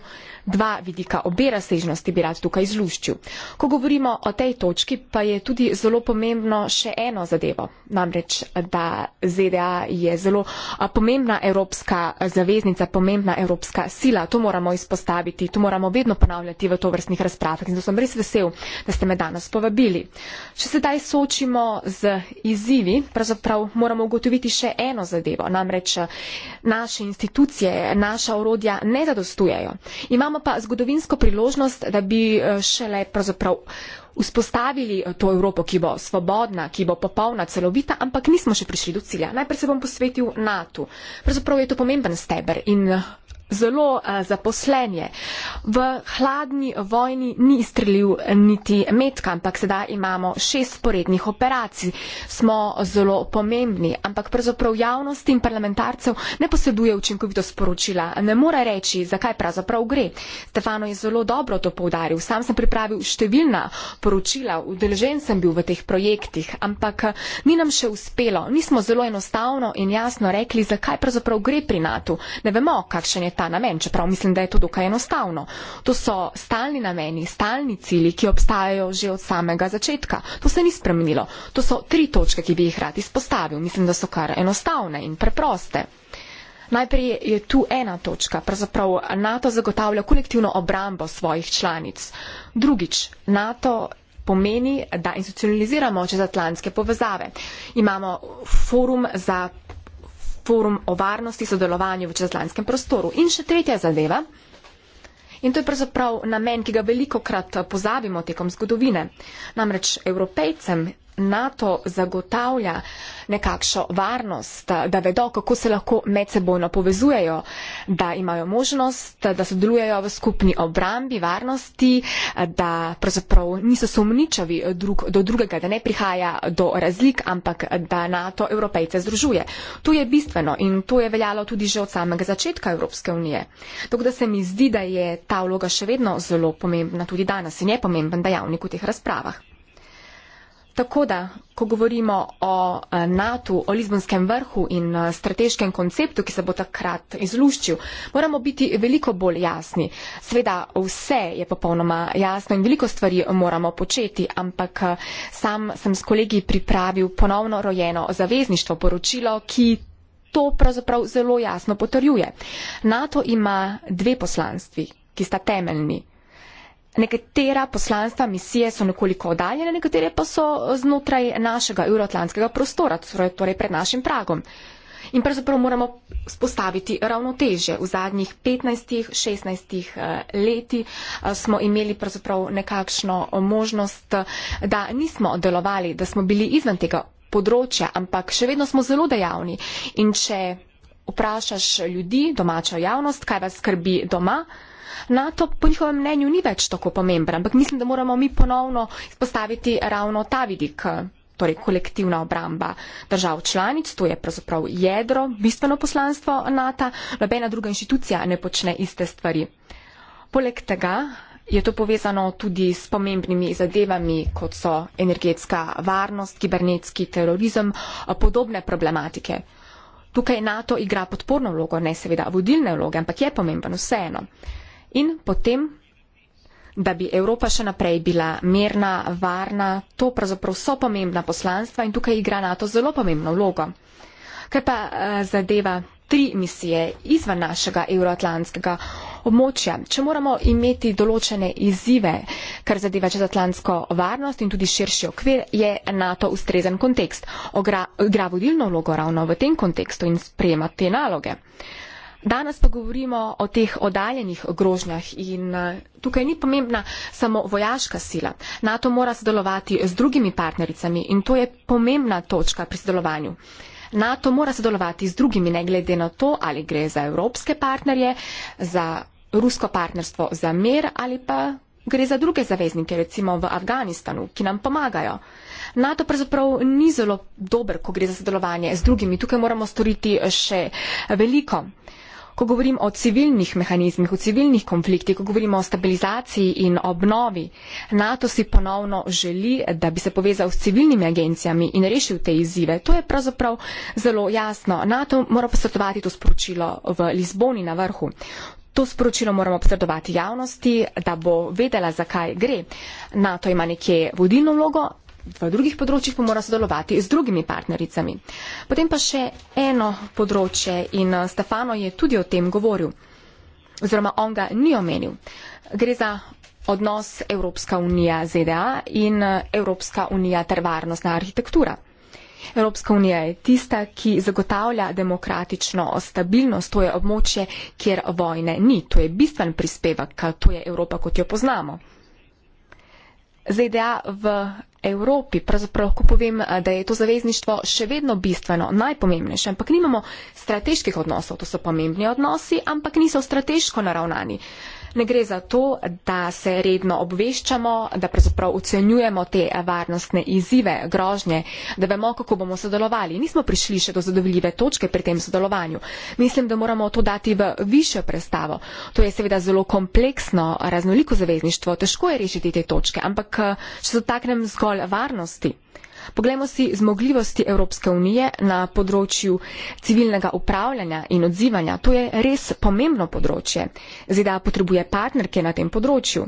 dva vidika, obe razsežnosti bi rad tukaj izluščil. Ko govorimo o tej točki, pa je tudi zelo pomembno še eno zadevo, namreč, da ZDA je zelo pomembna evropska zaveznica, pomembna evropska sila. To moramo izpostaviti, to moramo vedno ponavljati v tovrstnih razpravah in zato sem res vesel, da ste me danes povabili. Če sedaj soočimo z izzivi, pravzaprav moramo ugotoviti še eno zadevo, namreč naše institucije, naša orodja ne zadostujejo. Imamo imamo pa zgodovinsko priložnost, da bi eh, šele pravzaprav vzpostavili eh, to Evropo, ki bo svobodna, ki bo popolna, celovita, ampak nismo še prišli do cilja. Najprej se bom posvetil NATO. Pravzaprav je to pomemben steber in eh, zelo eh, zaposlen je. V hladni vojni ni izstrelil niti metka, ampak sedaj imamo šest sporednih operacij. Smo zelo pomembni, ampak pravzaprav javnosti in parlamentarcev ne poseduje učinkovito sporočila. Ne more reči, zakaj pravzaprav gre. Stefano je zelo dobro to povdaril. Sam sem pripravil številna poročila, udeležen sem bil v teh projektih, ampak eh, ni nam še uspelo. Nismo zelo enostavno in jasno rekli, zakaj pravzaprav gre pri NATO. Ne vemo, kakšen je ta namen, čeprav mislim, da je to dokaj enostavno. To so stalni nameni, stalni cilji, ki obstajajo že od samega začetka. To se ni spremenilo. To so tri točke, ki bi jih rad izpostavil. Mislim, da so kar enostavne in preproste. Najprej je tu ena točka, pravzaprav NATO zagotavlja kolektivno obrambo svojih članic. Drugič, NATO pomeni, da institucionaliziramo čezatlantske povezave. Imamo forum za forum o varnosti in sodelovanju v čezlanskem prostoru. In še tretja zadeva, in to je pravzaprav namen, ki ga veliko krat pozabimo tekom zgodovine. Namreč evropejcem NATO zagotavlja nekakšno varnost, da vedo, kako se lahko medsebojno povezujejo, da imajo možnost, da sodelujejo v skupni obrambi, varnosti, da pravzaprav niso sumničavi drug do drugega, da ne prihaja do razlik, ampak da NATO evropejce združuje. To je bistveno in to je veljalo tudi že od samega začetka Evropske unije. Tako da se mi zdi, da je ta vloga še vedno zelo pomembna, tudi danes in je pomemben dejavnik v teh razpravah. Tako da, ko govorimo o eh, NATO, o Lizbonskem vrhu in eh, strateškem konceptu, ki se bo takrat izluščil, moramo biti veliko bolj jasni. Sveda, vse je popolnoma jasno in veliko stvari moramo početi, ampak eh, sam sem s kolegi pripravil ponovno rojeno zavezništvo poročilo, ki to pravzaprav zelo jasno potrjuje. NATO ima dve poslanstvi, ki sta temeljni. Nekatera poslanstva misije so nekoliko oddaljena, nekatere pa so znotraj našega euroatlantskega prostora, torej, torej pred našim pragom. In pravzaprav moramo spostaviti ravnoteže. V zadnjih 15-16 eh, leti eh, smo imeli pravzaprav nekakšno možnost, da nismo delovali, da smo bili izven tega področja, ampak še vedno smo zelo dejavni. In če vprašaš ljudi, domačo javnost, kaj vas skrbi doma, NATO po njihovem mnenju ni več tako pomembna, ampak mislim, da moramo mi ponovno izpostaviti ravno ta vidik, torej kolektivna obramba držav članic, to je pravzaprav jedro, bistveno poslanstvo NATO, nobena druga inštitucija ne počne iste stvari. Poleg tega je to povezano tudi s pomembnimi zadevami, kot so energetska varnost, kibernetski terorizem, podobne problematike. Tukaj NATO igra podporno vlogo, ne seveda vodilne vloge, ampak je pomemben vseeno in potem, da bi Evropa še naprej bila mirna, varna, to pravzaprav so pomembna poslanstva in tukaj igra NATO zelo pomembno vlogo. Kaj pa eh, zadeva tri misije izven našega euroatlantskega območja? Če moramo imeti določene izzive, kar zadeva čezatlantsko varnost in tudi širši okvir, je NATO ustrezen kontekst. Ogra, igra vodilno vlogo ravno v tem kontekstu in sprejema te naloge. Danes pa govorimo o teh oddaljenih grožnjah in eh, tukaj ni pomembna samo vojaška sila. NATO mora sodelovati z drugimi partnericami in to je pomembna točka pri sodelovanju. NATO mora sodelovati z drugimi, ne glede na to, ali gre za evropske partnerje, za rusko partnerstvo za mer ali pa gre za druge zaveznike, recimo v Afganistanu, ki nam pomagajo. NATO pravzaprav ni zelo dober, ko gre za sodelovanje z drugimi. Tukaj moramo storiti še veliko ko govorim o civilnih mehanizmih, o civilnih konfliktih, ko govorimo o stabilizaciji in obnovi, NATO si ponovno želi, da bi se povezal s civilnimi agencijami in rešil te izzive. To je pravzaprav zelo jasno. NATO mora posredovati to sporočilo v Lizboni na vrhu. To sporočilo moramo posredovati javnosti, da bo vedela, zakaj gre. NATO ima nekje vodilno vlogo, v drugih področjih pa mora sodelovati z drugimi partnericami. Potem pa še eno področje in eh, Stefano je tudi o tem govoril, oziroma on ga ni omenil. Gre za odnos Evropska unija ZDA in eh, Evropska unija ter varnostna arhitektura. Evropska unija je tista, ki zagotavlja demokratično stabilnost, to je območje, kjer vojne ni, to je bistven prispevek, to je Evropa, kot jo poznamo. ZDA v Evropi, pravzaprav lahko povem, eh, da je to zavezništvo še vedno bistveno, najpomembnejše, ampak nimamo strateških odnosov, to so pomembni odnosi, ampak niso strateško naravnani. Uh, Ne gre za to, da se redno obveščamo, da pravzaprav ocenjujemo te varnostne izzive, grožnje, da vemo, kako bomo sodelovali. Nismo prišli še do zadovoljive točke pri tem sodelovanju. Mislim, da moramo to dati v višjo predstavo. To je seveda zelo kompleksno, raznoliko zavezništvo, težko je rešiti te točke, ampak če se dotaknem zgolj varnosti. Poglejmo si zmogljivosti Evropske unije na področju civilnega upravljanja in odzivanja. To je res pomembno področje. ZDA e potrebuje partnerke na tem področju.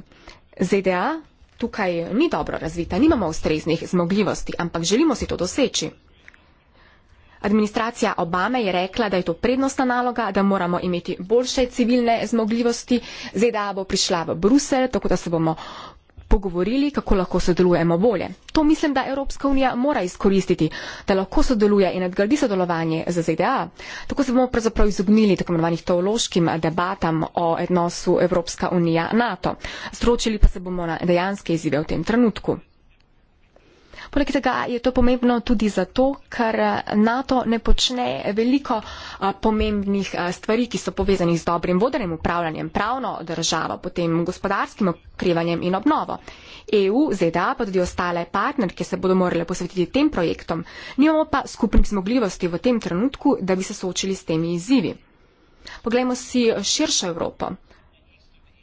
ZDA e tukaj ni dobro razvita, nimamo ustreznih zmogljivosti, ampak želimo si to doseči. Administracija Obame je rekla, da je to prednostna naloga, da moramo imeti boljše civilne zmogljivosti. ZDA e bo prišla v Brusel, tako da se bomo pogovorili, kako lahko sodelujemo bolje. To mislim, da Evropska unija mora izkoristiti, da lahko sodeluje in nadgradi sodelovanje z ZDA. Tako se bomo pravzaprav izognili tako imenovanih teološkim debatam o odnosu Evropska unija-NATO. Zročili pa se bomo na dejanske izzive v tem trenutku. Poleg tega je to pomembno tudi zato, ker eh, NATO ne počne veliko eh, pomembnih eh, stvari, ki so povezani z dobrim vodenjem, upravljanjem pravno državo, potem gospodarskim okrevanjem in obnovo. EU, ZDA pa tudi ostale partnerke se bodo morale posvetiti tem projektom, nimamo pa skupnih zmogljivosti v tem trenutku, da bi se soočili s temi izzivi. Poglejmo si širšo Evropo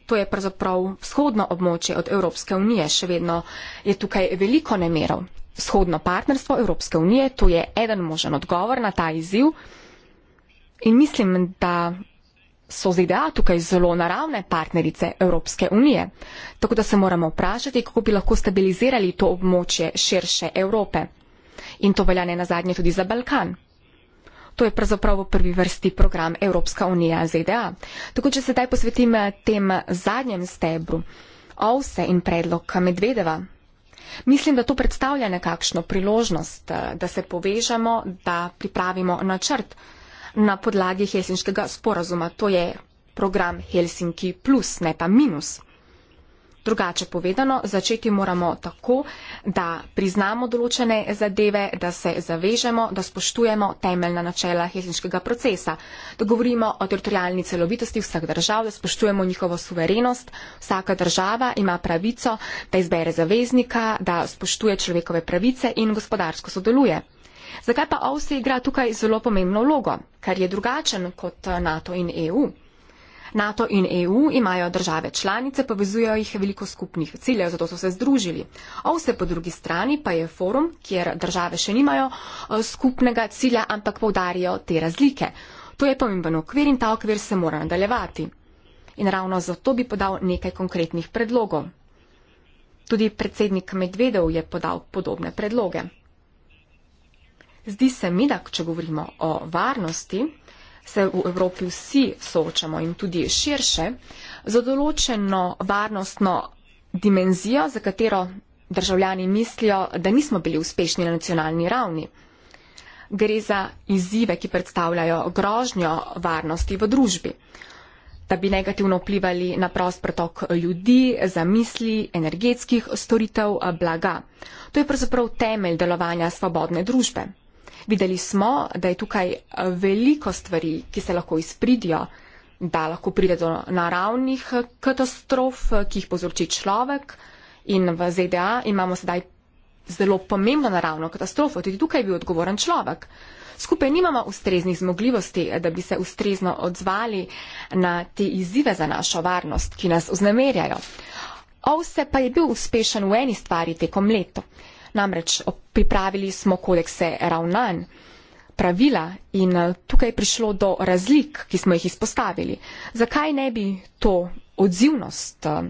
to je pravzaprav vzhodno območje od Evropske unije, še vedno je tukaj veliko nemerov. Vzhodno partnerstvo Evropske unije, to je eden možen odgovor na ta izziv. In mislim, da so ZDA tukaj zelo naravne partnerice Evropske unije. Tako da se moramo vprašati, kako bi lahko stabilizirali to območje širše Evrope. In to velja ne nazadnje tudi za Balkan. To je pravzaprav v prvi vrsti program Evropska unija ZDA. Tako, če se zdaj posvetim eh, tem eh, zadnjem stebru, OVSE in predlog Medvedeva. Mislim, da to predstavlja nekakšno priložnost, eh, da se povežemo, da pripravimo načrt na podlagi helsinškega sporazuma. To je program Helsinki plus, ne pa minus. Drugače povedano, začeti moramo tako, da priznamo določene zadeve, da se zavežemo, da spoštujemo temeljna načela helsinškega procesa, da govorimo o teritorijalni celovitosti vseh držav, da spoštujemo njihovo suverenost. Vsaka država ima pravico, da izbere zaveznika, da spoštuje človekove pravice in gospodarsko sodeluje. Zakaj pa OVSE igra tukaj zelo pomembno vlogo, kar je drugačen kot NATO in EU? NATO in EU imajo države članice, povezujejo jih veliko skupnih ciljev, zato so se združili. O vse po drugi strani pa je forum, kjer države še nimajo e, skupnega cilja, ampak povdarijo te razlike. To je pomemben okvir in ta okvir se mora nadaljevati. In ravno zato bi podal nekaj konkretnih predlogov. Tudi predsednik Medvedev je podal podobne predloge. Zdi se mi, da če govorimo o varnosti, se v Evropi vsi soočamo in tudi širše, za določeno varnostno dimenzijo, za katero državljani mislijo, da nismo bili uspešni na nacionalni ravni. Gre za izzive, ki predstavljajo grožnjo varnosti v družbi, da bi negativno vplivali na prost pretok ljudi, zamisli, energetskih storitev, blaga. To je pravzaprav temelj delovanja svobodne družbe. Videli smo, da je tukaj eh, veliko stvari, ki se lahko izpridijo, da lahko pride do naravnih eh, katastrof, eh, ki jih povzroči človek. In v ZDA imamo sedaj zelo pomembno naravno katastrofo, tudi tukaj je bil odgovoren človek. Skupaj nimamo ustreznih zmogljivosti, da bi se ustrezno odzvali na te izzive za našo varnost, ki nas oznamerjajo. OVSE pa je bil uspešen v eni stvari tekom leto. Namreč pripravili smo kodekse ravnanj, pravila in eh, tukaj je prišlo do razlik, ki smo jih izpostavili. Zakaj ne bi to odzivnost, eh,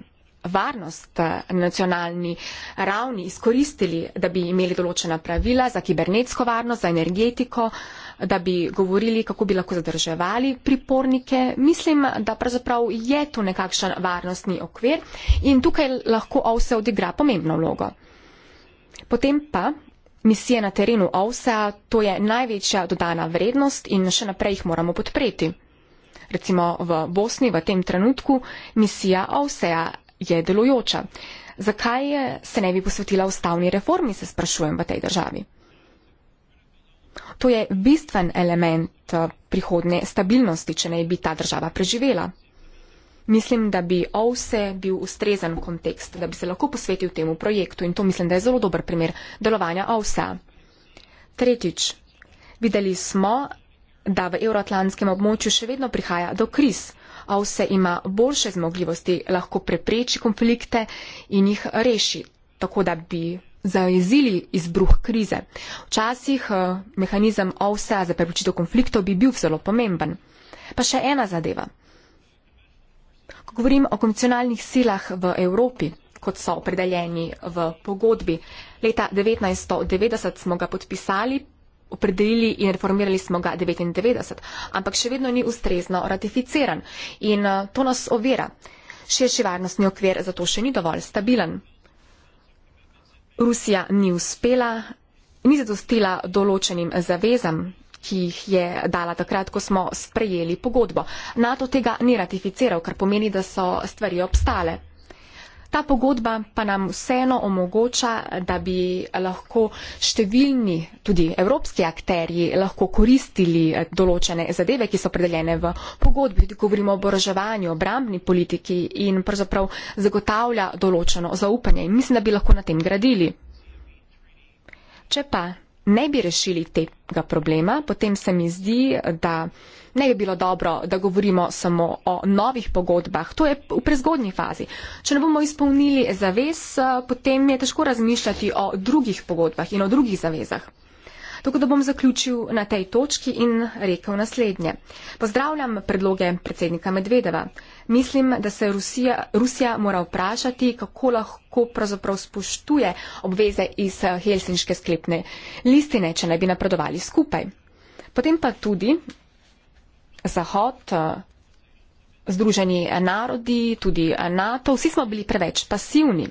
varnost eh, na nacionalni ravni izkoristili, da bi imeli določena pravila za kibernetsko varnost, za energetiko, da bi govorili, kako bi lahko zadrževali pripornike. Mislim, da pravzaprav je to nekakšen varnostni okvir in tukaj lahko OVSE odigra pomembno vlogo. Potem pa misije na terenu OVSA, to je največja dodana vrednost in še naprej jih moramo podpreti. Recimo v Bosni v tem trenutku misija OVSA je delujoča. Zakaj se ne bi posvetila ustavni reformi, se sprašujem v tej državi. To je bistven element eh, prihodne stabilnosti, če ne bi ta država preživela mislim, da bi OVSE bil ustrezen kontekst, da bi se lahko posvetil temu projektu in to mislim, da je zelo dober primer delovanja OVSE. Tretjič, videli smo, da v euroatlantskem območju še vedno prihaja do kriz. OVSE ima boljše zmogljivosti, lahko prepreči konflikte in jih reši, tako da bi zajezili izbruh krize. Včasih eh, mehanizem OVSE za preprečitev konfliktov bi bil zelo pomemben. Pa še ena zadeva. Ko govorim o konvencionalnih silah v Evropi, kot so opredeljeni v pogodbi, leta 1990 smo ga podpisali, opredelili in reformirali smo ga 1999, ampak še vedno ni ustrezno ratificiran in eh, to nas ovira. Širši varnostni okvir zato še ni dovolj stabilen. Rusija ni uspela, ni zadostila določenim zavezam ki jih je dala takrat, ko smo sprejeli pogodbo. NATO tega ni ratificiral, kar pomeni, da so stvari obstale. Ta pogodba pa nam vseeno omogoča, da bi lahko številni, tudi evropski akterji, lahko koristili eh, določene zadeve, ki so predeljene v pogodbi. Tudi govorimo o oboroževanju, obrambni politiki in pravzaprav zagotavlja določeno zaupanje. In mislim, da bi lahko na tem gradili. Če pa ne bi rešili tega problema, potem se mi zdi, da ne bi bilo dobro, da govorimo samo o novih pogodbah. To je v prezgodnji fazi. Če ne bomo izpolnili zavez, potem je težko razmišljati o drugih pogodbah in o drugih zavezah. Tako da bom zaključil na tej točki in rekel naslednje. Pozdravljam predloge predsednika Medvedeva. Mislim, da se Rusija, Rusija mora vprašati, kako lahko pravzaprav spoštuje obveze iz Helsinške sklepne listine, če ne bi napredovali skupaj. Potem pa tudi Zahod, Združeni narodi, tudi NATO, vsi smo bili preveč pasivni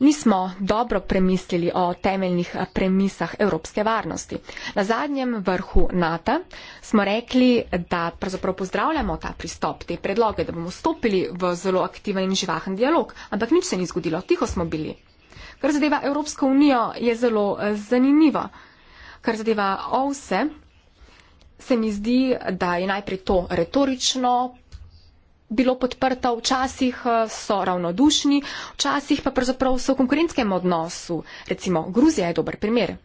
nismo dobro premislili o temeljnih premisah evropske varnosti. Na zadnjem vrhu NATO smo rekli, da pravzaprav pozdravljamo ta pristop, te predloge, da bomo stopili v zelo aktiven in živahen dialog, ampak nič se ni zgodilo, tiho smo bili. Kar zadeva Evropsko unijo, je zelo eh, zanimivo. Kar zadeva OVSE, se mi zdi, da je najprej to retorično, bilo podprto, včasih eh, so ravnodušni, včasih pa pravzaprav so v konkurenckem odnosu. Recimo Gruzija je dober primer.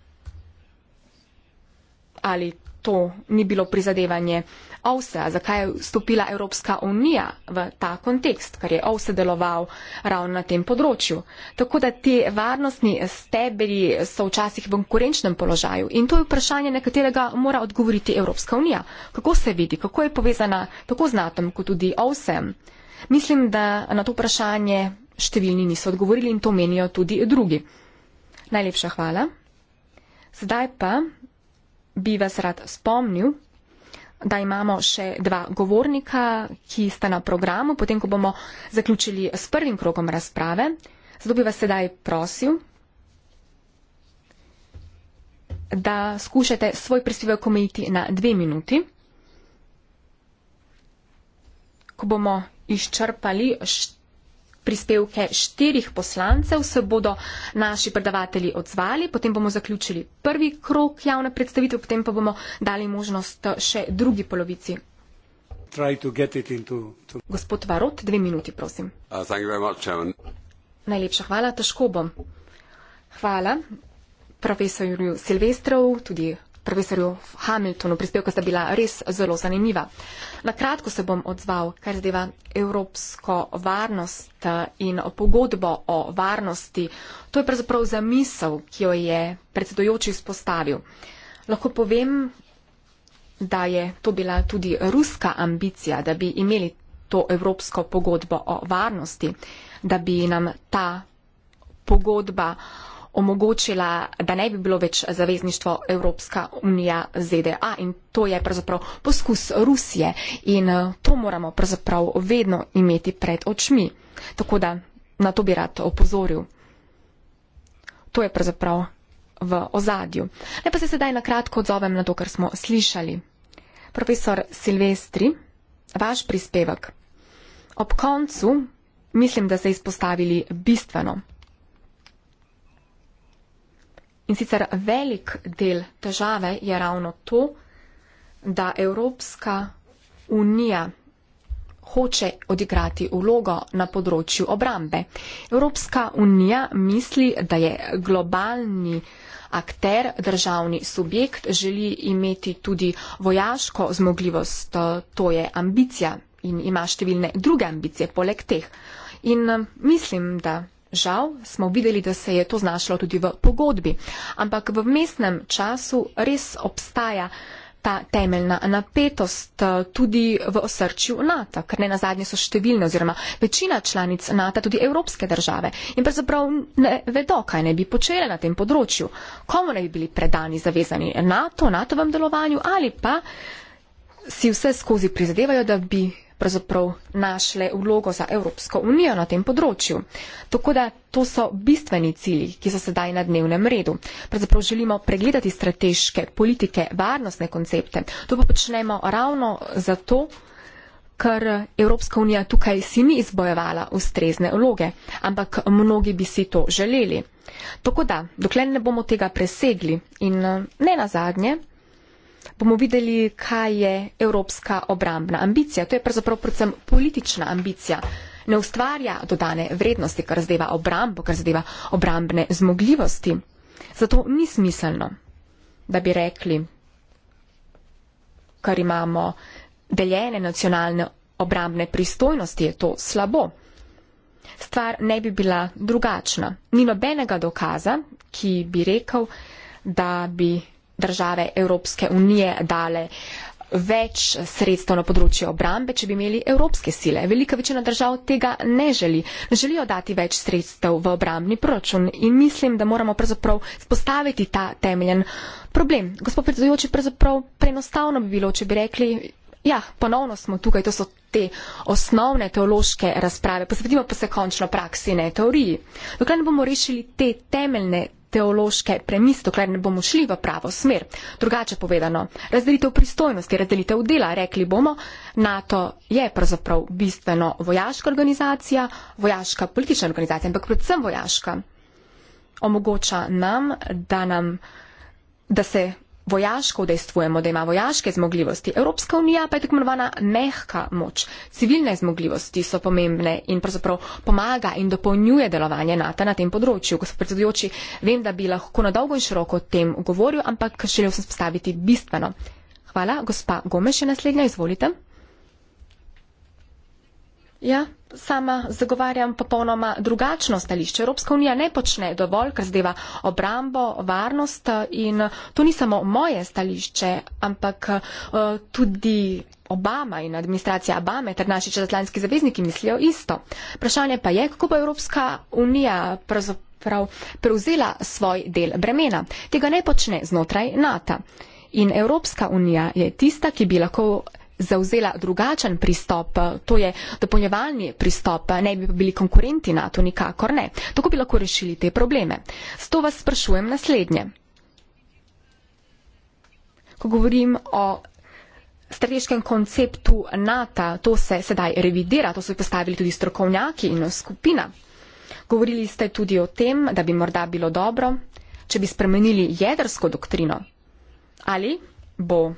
Ali to ni bilo prizadevanje Avstrija, zakaj je vstopila Evropska unija v ta kontekst, ker je Avstrija deloval ravno na tem področju. Tako da te varnostni stebri so včasih v konkurenčnem položaju in to je vprašanje, na katerega mora odgovoriti Evropska unija. Kako se vidi, kako je povezana tako z NATO kot tudi Avstrijem? Mislim, da na to vprašanje številni niso odgovorili in to menijo tudi drugi. Najlepša hvala. Zdaj pa bi vas rad spomnil, da imamo še dva govornika, ki sta na programu, potem, ko bomo zaključili s prvim krogom razprave. Zato bi vas sedaj prosil, da skušate svoj prispevek omejiti na dve minuti. Ko bomo izčrpali prispevke štirih poslancev, se bodo naši predavatelji odzvali, potem bomo zaključili prvi krok javne predstavitve, potem pa bomo dali možnost eh, še drugi polovici. To into, to... Gospod Varot, dve minuti, prosim. Uh, Najlepša hvala, težko bom. Hvala profesorju Silvestrov, tudi profesorju Hamiltonu. Prispevka sta bila res zelo zanimiva. Na kratko se bom odzval, kar zadeva evropsko varnost eh, in pogodbo o varnosti. To je pravzaprav zamisel, ki jo je predsedojoči izpostavil. Lahko povem, da je to bila tudi ruska ambicija, da bi imeli to evropsko pogodbo o varnosti, da bi nam ta pogodba omogočila, da ne bi bilo več zavezništvo Evropska unija ZDA in to je pravzaprav poskus Rusije in eh, to moramo pravzaprav vedno imeti pred očmi. Tako da na to bi rad opozoril. To je pravzaprav v ozadju. Ne pa se sedaj na kratko odzovem na to, kar smo slišali. Profesor Silvestri, vaš prispevek. Ob koncu mislim, da ste izpostavili bistveno. In sicer velik del težave je ravno to, da Evropska unija hoče odigrati vlogo na področju obrambe. Evropska unija misli, da je globalni akter, državni subjekt, želi imeti tudi vojaško zmogljivost, to je ambicija in ima številne druge ambicije poleg teh. In mislim, da Žal smo videli, da se je to znašlo tudi v pogodbi, ampak v mestnem času res obstaja ta temeljna napetost eh, tudi v osrčju NATO, ker ne nazadnje so številne oziroma večina članic NATO tudi evropske države in pravzaprav ne vedo, kaj ne bi počele na tem področju, komu ne bi bili predani zavezani NATO, NATO-vem delovanju ali pa si vse skozi prizadevajo, da bi pravzaprav našle vlogo za Evropsko unijo na tem področju. Tako da to so bistveni cilji, ki so sedaj na dnevnem redu. Pravzaprav želimo pregledati strateške politike, varnostne koncepte. To pa počnemo ravno zato, ker Evropska unija tukaj si ni izbojevala ustrezne vloge, ampak mnogi bi si to želeli. Tako da, dokler ne bomo tega presegli in ne nazadnje, bomo videli, kaj je evropska obrambna ambicija. To je pravzaprav predvsem politična ambicija. Ne ustvarja dodane vrednosti, kar zadeva obrambo, kar zadeva obrambne zmogljivosti. Zato ni smiselno, da bi rekli, kar imamo deljene nacionalne obrambne pristojnosti, je to slabo. Stvar ne bi bila drugačna. Ni nobenega dokaza, ki bi rekel, da bi države Evropske unije dale več sredstev na področju obrambe, če bi imeli evropske sile. Velika večina držav tega ne želi. Želijo dati več sredstev v obrambni proračun in mislim, da moramo pravzaprav spostaviti ta temeljen problem. Gospod predsedujoči, pravzaprav prenostavno bi bilo, če bi rekli, ja, ponovno smo tukaj, to so te osnovne teološke razprave, posvetimo pa se končno praksi, ne teoriji. Dokler ne bomo rešili te temeljne teološke premisto, kar ne bomo šli v pravo smer. Drugače povedano, razdelitev pristojnosti, razdelitev dela, rekli bomo, NATO je pravzaprav bistveno vojaška organizacija, vojaška politična organizacija, ampak predvsem vojaška. Omogoča nam, da, nam, da se vojaško udejstvujemo, da ima vojaške zmogljivosti. Evropska unija pa je tako imenovana mehka moč. Civilne zmogljivosti so pomembne in pravzaprav pomaga in dopolnjuje delovanje NATO na tem področju. Gospod predsedujoči, vem, da bi lahko na dolgo in široko o tem govoril, ampak želel sem spostaviti bistveno. Hvala, gospa Gomeš, še naslednja, izvolite. Ja, sama zagovarjam popolnoma drugačno stališče. Evropska unija ne počne dovolj, kar zdeva obrambo, varnost eh, in to ni samo moje stališče, ampak eh, tudi Obama in administracija Obame ter naši čezatlantski zavezniki mislijo isto. Vprašanje pa je, kako bo Evropska unija prav prevzela svoj del bremena. Tega ne počne znotraj NATO. In Evropska unija je tista, ki bi lahko zauzela drugačen pristop, eh, to je dopolnjevalni pristop, eh, ne bi bili konkurenti NATO, nikakor ne. Tako bi lahko rešili te probleme. Zato vas sprašujem naslednje. Ko govorim o strateškem konceptu NATO, to se sedaj revidira, to so postavili tudi strokovnjaki in skupina. Govorili ste tudi o tem, da bi morda bilo dobro, če bi spremenili jedrsko doktrino. Ali bo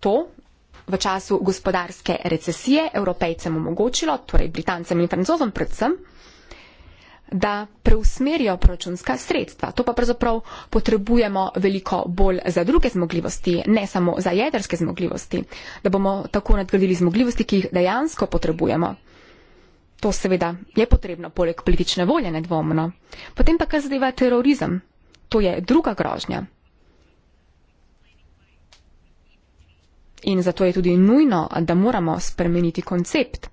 to v času gospodarske recesije evropejcem omogočilo, torej Britancem in Francozom predvsem, da preusmerijo proračunska sredstva. To pa pravzaprav potrebujemo veliko bolj za druge zmogljivosti, ne samo za jedrske zmogljivosti, da bomo tako nadgradili zmogljivosti, ki jih dejansko potrebujemo. To seveda je potrebno, poleg politične volje nedvomno. Potem pa kar zadeva terorizem. To je druga grožnja. In zato je tudi nujno, da moramo spremeniti koncept.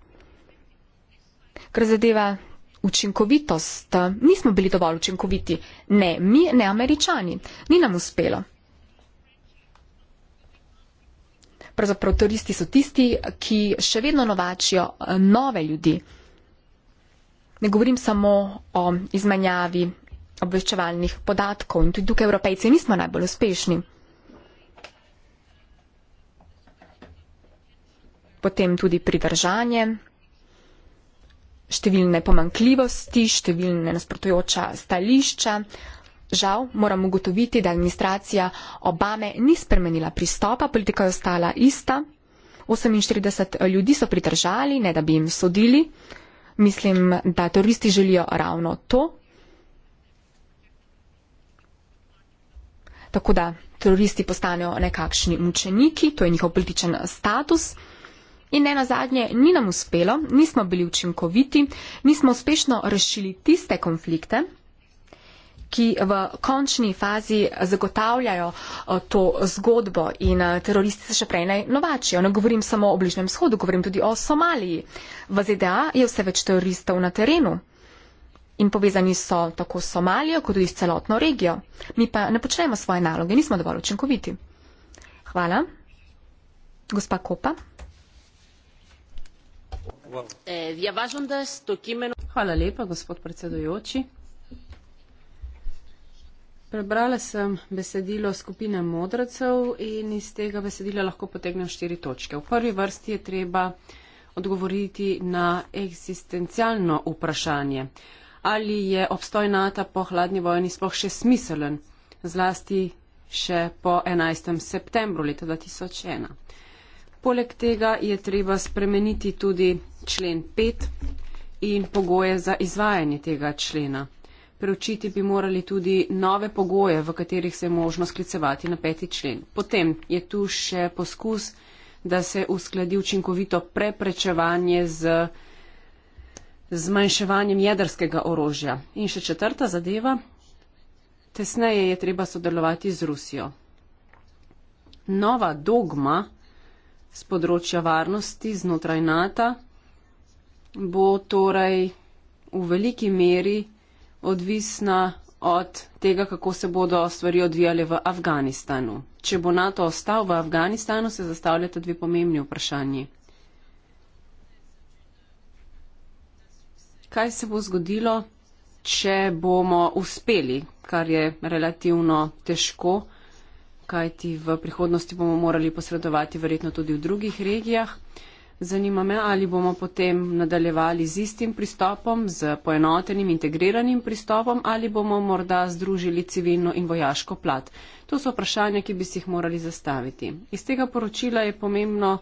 Kar zadeva učinkovitost, nismo bili dovolj učinkoviti. Ne, mi, ne američani. Ni nam uspelo. Pravzaprav turisti so tisti, ki še vedno novačijo eh, nove ljudi. Ne govorim samo o izmenjavi obveščevalnih podatkov in tudi tukaj evropejci nismo najbolj uspešni. potem tudi pridržanje, številne pomankljivosti, številne nasprotujoča stališča. Žal moram ugotoviti, da administracija Obame ni spremenila pristopa, politika je ostala ista. 48 ljudi so pridržali, ne da bi jim sodili. Mislim, da turisti želijo ravno to. Tako da turisti postanejo nekakšni mučeniki, to je njihov političen status. In ne na zadnje, ni nam uspelo, nismo bili učinkoviti, nismo uspešno rešili tiste konflikte, ki v končni fazi zagotavljajo eh, to zgodbo in eh, teroristi se še prej naj novačijo. Ne govorim samo o Bližnjem shodu, govorim tudi o Somaliji. V ZDA je vse več teroristov na terenu in povezani so tako s Somalijo, kot tudi s celotno regijo. Mi pa ne počnemo svoje naloge, nismo dovolj učinkoviti. Hvala. Gospa Kopa. Eh, Hvala lepa, gospod predsedujoči. Prebrala sem besedilo skupine modracev in iz tega besedila lahko potegnem štiri točke. V prvi vrsti je treba odgovoriti na eksistencialno vprašanje, ali je obstoj NATO po hladni vojni sploh še smiselen, zlasti še po 11. septembru leta 2001. Poleg tega je treba spremeniti tudi člen 5 in pogoje za izvajanje tega člena. Preučiti bi morali tudi nove pogoje, v katerih se je možno sklicevati na peti člen. Potem je tu še poskus, da se uskladi učinkovito preprečevanje z zmanjševanjem jedrskega orožja. In še četrta zadeva, tesneje je treba sodelovati z Rusijo. Nova dogma z področja varnosti znotraj NATO, bo torej v veliki meri odvisna od tega, kako se bodo stvari odvijale v Afganistanu. Če bo NATO ostal v Afganistanu, se zastavljata dve pomembni vprašanji. Kaj se bo zgodilo, če bomo uspeli, kar je relativno težko, kajti v prihodnosti bomo morali posredovati verjetno tudi v drugih regijah. Zanima me, ali bomo potem nadaljevali z istim pristopom, z poenotenim, integriranim pristopom, ali bomo morda združili civilno in vojaško plat. To so vprašanja, ki bi si jih morali zastaviti. Iz tega poročila je pomembno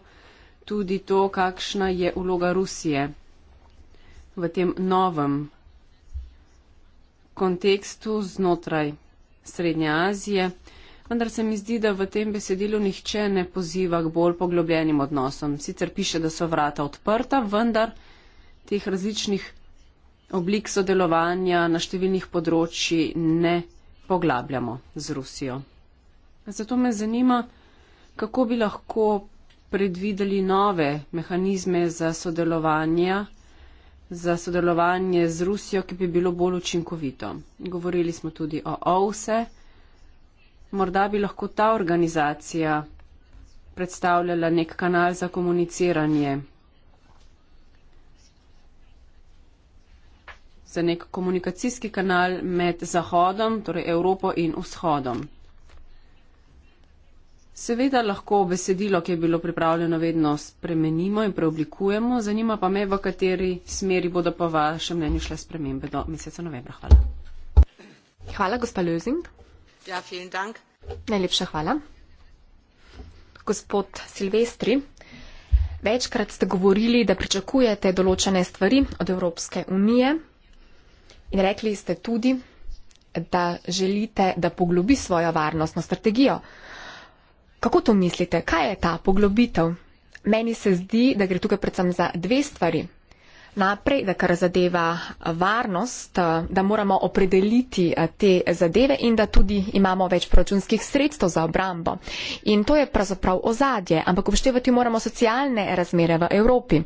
tudi to, kakšna je uloga Rusije v tem novem kontekstu znotraj Srednje Azije vendar se mi zdi, da v tem besedilu nihče ne poziva k bolj poglobljenim odnosom. Sicer piše, da so vrata odprta, vendar teh različnih oblik sodelovanja na številnih področji ne poglabljamo z Rusijo. Zato me zanima, kako bi lahko predvideli nove mehanizme za sodelovanje, za sodelovanje z Rusijo, ki bi bilo bolj učinkovito. Govorili smo tudi o OVSE morda bi lahko ta organizacija predstavljala nek kanal za komuniciranje. za nek komunikacijski kanal med Zahodom, torej Evropo in Vzhodom. Seveda lahko besedilo, ki je bilo pripravljeno, vedno spremenimo in preoblikujemo. Zanima pa me, v kateri smeri bodo po vašem mnenju šle spremembe do meseca novembra. Hvala. Hvala, gospa Lözing. Ja, vielen Dank. Najlepša hvala. Gospod Silvestri, večkrat ste govorili, da pričakujete določene stvari od Evropske unije in rekli ste tudi, da želite, da poglobi svojo varnostno strategijo. Kako to mislite? Kaj je ta poglobitev? Meni se zdi, da gre tukaj predvsem za dve stvari. Najprej, da kar zadeva varnost, eh, da moramo opredeliti eh, te zadeve in da tudi imamo več proračunskih sredstev za obrambo. In to je pravzaprav ozadje, ampak upoštevati moramo socialne razmere v Evropi.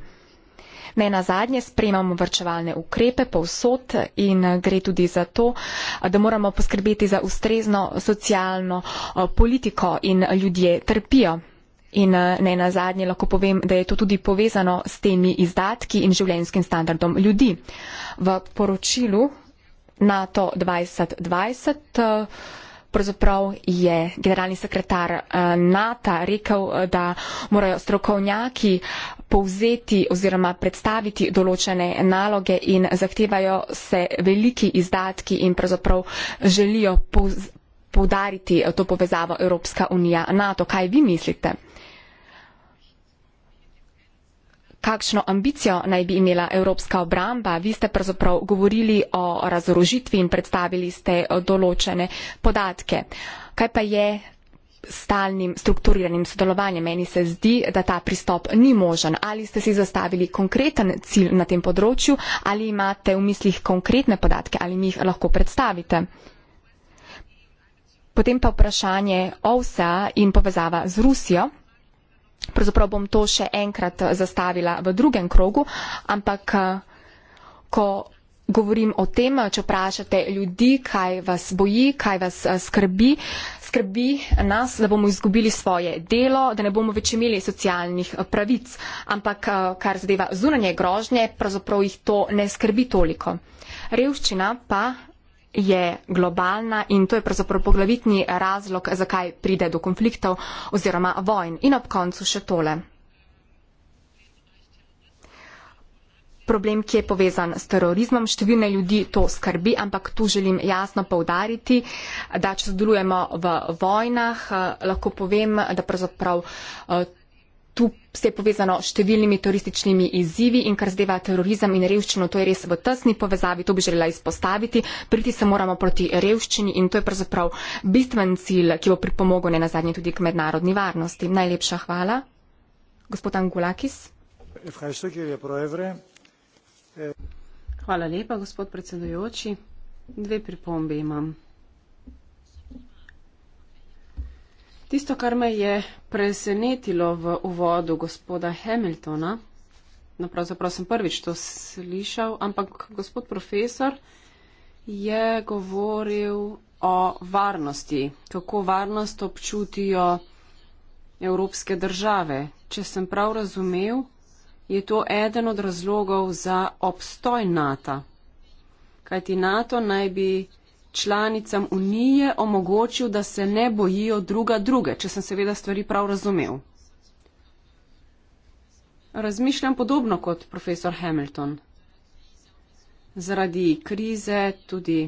Ne na zadnje spremamo vrčevalne ukrepe povsod in eh, gre tudi za to, da moramo poskrbeti za ustrezno socialno politiko in ljudje trpijo. In ne eh, na zadnje lahko povem, da je to tudi povezano s temi izdatki in življenjskim standardom ljudi. V poročilu NATO 2020 eh, pravzaprav je generalni sekretar eh, NATO rekel, da morajo strokovnjaki povzeti oziroma predstaviti določene naloge in zahtevajo se veliki izdatki in pravzaprav želijo povzeti. Poudariti to povezavo Evropska unija-NATO. Kaj vi mislite? kakšno ambicijo naj bi imela evropska obramba. Vi ste pravzaprav govorili o razorožitvi in predstavili ste eh, določene podatke. Kaj pa je stalnim strukturiranim sodelovanjem? Meni se zdi, da ta pristop ni možen. Ali ste si zastavili konkreten cilj na tem področju ali imate v mislih konkretne podatke ali mi jih lahko predstavite? Potem pa vprašanje OVSA in povezava z Rusijo pravzaprav bom to še enkrat eh, zastavila v drugem krogu, ampak eh, ko govorim o tem, eh, če vprašate ljudi, kaj vas boji, kaj vas skrbi, skrbi nas, da bomo izgubili svoje delo, da ne bomo več imeli socialnih pravic, ampak kar zadeva zunanje grožnje, pravzaprav jih to ne skrbi toliko. Revščina pa je globalna in to je pravzaprav poglavitni razlog, zakaj pride do konfliktov oziroma vojn. In ob koncu še tole. Problem, ki je povezan s terorizmom, številne ljudi to skrbi, ampak tu želim jasno povdariti, da če sodelujemo v vojnah, eh, lahko povem, da pravzaprav eh, tu se je povezano s številnimi turističnimi izzivi in kar zdeva terorizem in revščino, to je res v tesni povezavi, to bi želela izpostaviti. Priti se moramo proti revščini in to je pravzaprav bistven cilj, ki bo pripomogel ne nazadnje tudi k mednarodni varnosti. Najlepša hvala. Gospod Angulakis. Hvala lepa, gospod predsedujoči. Dve pripombe imam. Tisto, kar me je presenetilo v uvodu gospoda Hamiltona, no pravzaprav sem prvič to slišal, ampak gospod profesor je govoril o varnosti, kako varnost občutijo evropske države. Če sem prav razumel, je to eden od razlogov za obstoj NATO. Kajti NATO naj bi članicam unije omogočil, da se ne bojijo druga druge, če sem seveda stvari prav razumel. Razmišljam podobno kot profesor Hamilton. Zaradi krize, tudi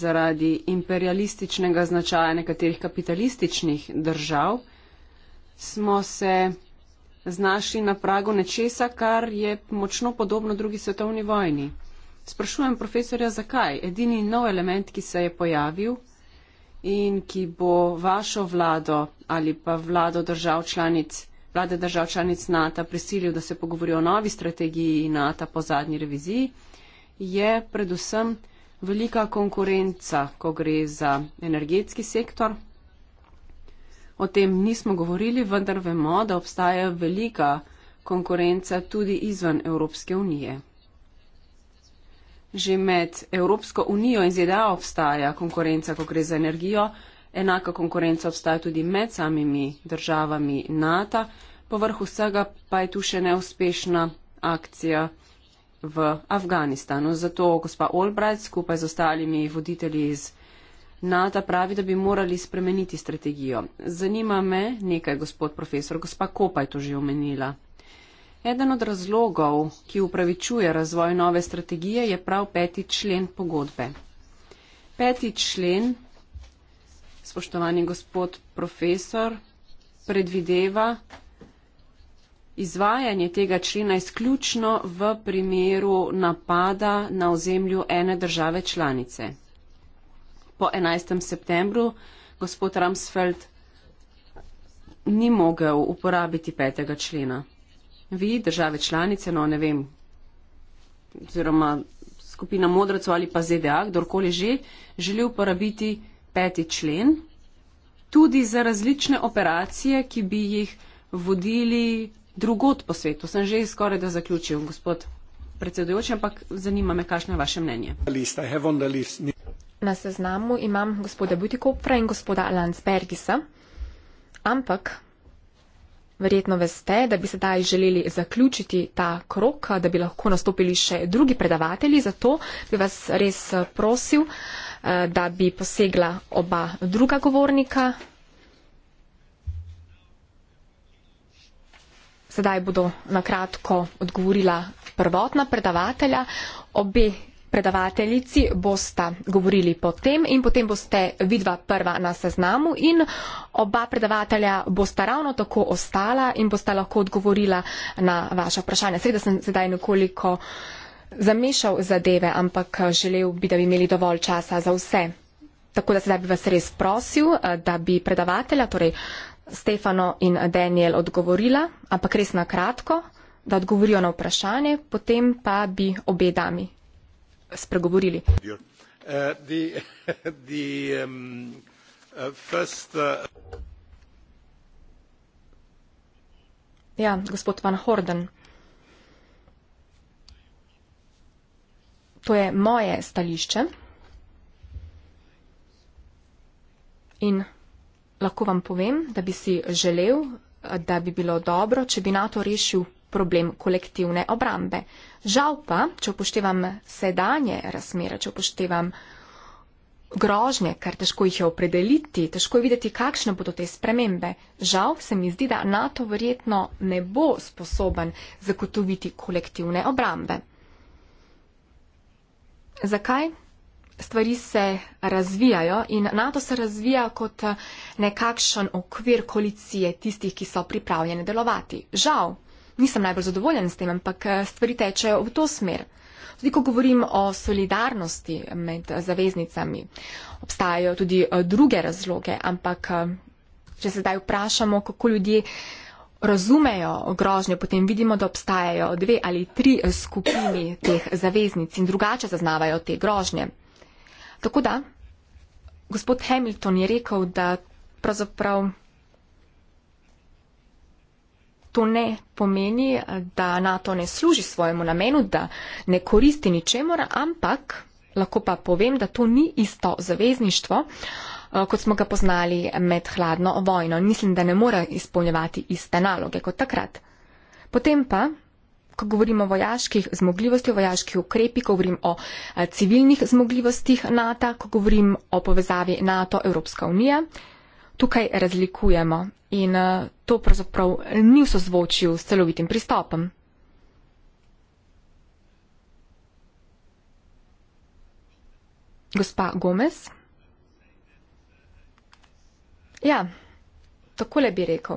zaradi imperialističnega značaja nekaterih kapitalističnih držav, smo se znašli na pragu nečesa, kar je močno podobno drugi svetovni vojni. Sprašujem profesorja, zakaj? Edini nov element, ki se je pojavil in ki bo vašo vlado ali pa vlado držav članic, vlade držav članic NATO prisilil, da se pogovori o novi strategiji NATO po zadnji reviziji, je predvsem velika konkurenca, ko gre za energetski sektor. O tem nismo govorili, vendar vemo, da obstaja velika konkurenca tudi izven Evropske unije že med Evropsko unijo in ZDA obstaja konkurenca, ko gre za energijo, enaka konkurenca obstaja tudi med samimi državami NATO, povrh vsega pa je tu še neuspešna akcija v Afganistanu. Zato gospa Olbrad skupaj z ostalimi voditelji iz NATO pravi, da bi morali spremeniti strategijo. Zanima me nekaj, gospod profesor, gospa Kopa je to že omenila. Eden od razlogov, ki upravičuje razvoj nove strategije, je prav peti člen pogodbe. Peti člen, spoštovani gospod profesor, predvideva izvajanje tega člena izključno v primeru napada na ozemlju ene države članice. Po 11. septembru gospod Ramsfeld ni mogel uporabiti petega člena vi, države članice, no ne vem, oziroma skupina modracov ali pa ZDA, kdorkoli že, želi uporabiti peti člen tudi za različne operacije, ki bi jih vodili drugot po svetu. Sem že skoraj da zaključil, gospod predsedujoči, ampak zanima me, kakšno je vaše mnenje. Na seznamu imam gospoda Butikopra in gospoda Alansbergisa, ampak Verjetno veste, da bi sedaj želeli zaključiti ta krok, da bi lahko nastopili še drugi predavatelji. Zato bi vas res eh, prosil, eh, da bi posegla oba druga govornika. Sedaj bodo na kratko odgovorila prvotna predavatelja. Obe predavateljici bosta govorili potem in potem boste vidva prva na seznamu in oba predavatelja bosta ravno tako ostala in bosta lahko odgovorila na vaše vprašanje. Seveda sem sedaj nekoliko zamešal zadeve, ampak eh, želel bi, da bi imeli dovolj časa za vse. Tako da sedaj bi vas res prosil, eh, da bi predavatelja, torej Stefano in Daniel odgovorila, ampak res na kratko, da odgovorijo na vprašanje, potem pa bi obe dami spregovorili. Uh, um, uh, uh, ja, gospod Van Horden, to je moje stališče in lahko vam povem, da bi si želel, da bi bilo dobro, če bi NATO rešil problem kolektivne obrambe. Žal pa, če upoštevam sedanje razmere, če upoštevam grožnje, ker težko jih je opredeliti, težko je videti, kakšne bodo te spremembe. Žal se mi zdi, da NATO verjetno ne bo sposoben zagotoviti kolektivne obrambe. Zakaj? Stvari se razvijajo in NATO se razvija kot nekakšen okvir koalicije tistih, ki so pripravljene delovati. Žal, nisem najbolj zadovoljen s tem, ampak eh, stvari tečejo v to smer. Tudi ko govorim o solidarnosti med eh, zaveznicami, obstajajo tudi eh, druge razloge, ampak če se zdaj vprašamo, kako ljudje razumejo grožnje, potem vidimo, da obstajajo dve ali tri skupini teh zaveznic in drugače zaznavajo te grožnje. Tako da, gospod Hamilton je rekel, da pravzaprav to ne pomeni, da NATO ne služi svojemu namenu, da ne koristi ničemora, ampak lahko pa povem, da to ni isto zavezništvo, eh, kot smo ga poznali med hladno vojno. Mislim, da ne mora izpolnjevati iste naloge kot takrat. Potem pa, ko govorimo o vojaških zmogljivostih, o vojaških ukrepih, ko govorim o eh, civilnih zmogljivostih NATO, ko govorim o povezavi NATO-Evropska unija, tukaj razlikujemo in eh, to pravzaprav ni v sozvočju s celovitim pristopom. Gospa Gomez. Ja, takole bi rekel.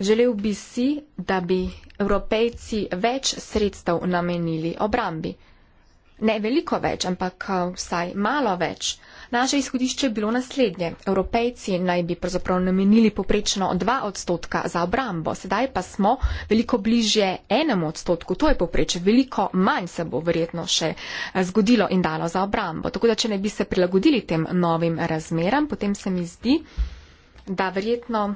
Želel bi si, da bi evropejci več sredstev namenili obrambi. Ne veliko več, ampak eh, vsaj malo več. Naše izhodišče je bilo naslednje. Evropejci naj bi pravzaprav namenili poprečno 2 odstotka za obrambo, sedaj pa smo veliko bliže enemu odstotku, to je poprečje, veliko manj se bo verjetno še eh, zgodilo in dalo za obrambo. Tako da, če ne bi se prilagodili tem novim razmeram, potem se mi zdi, da verjetno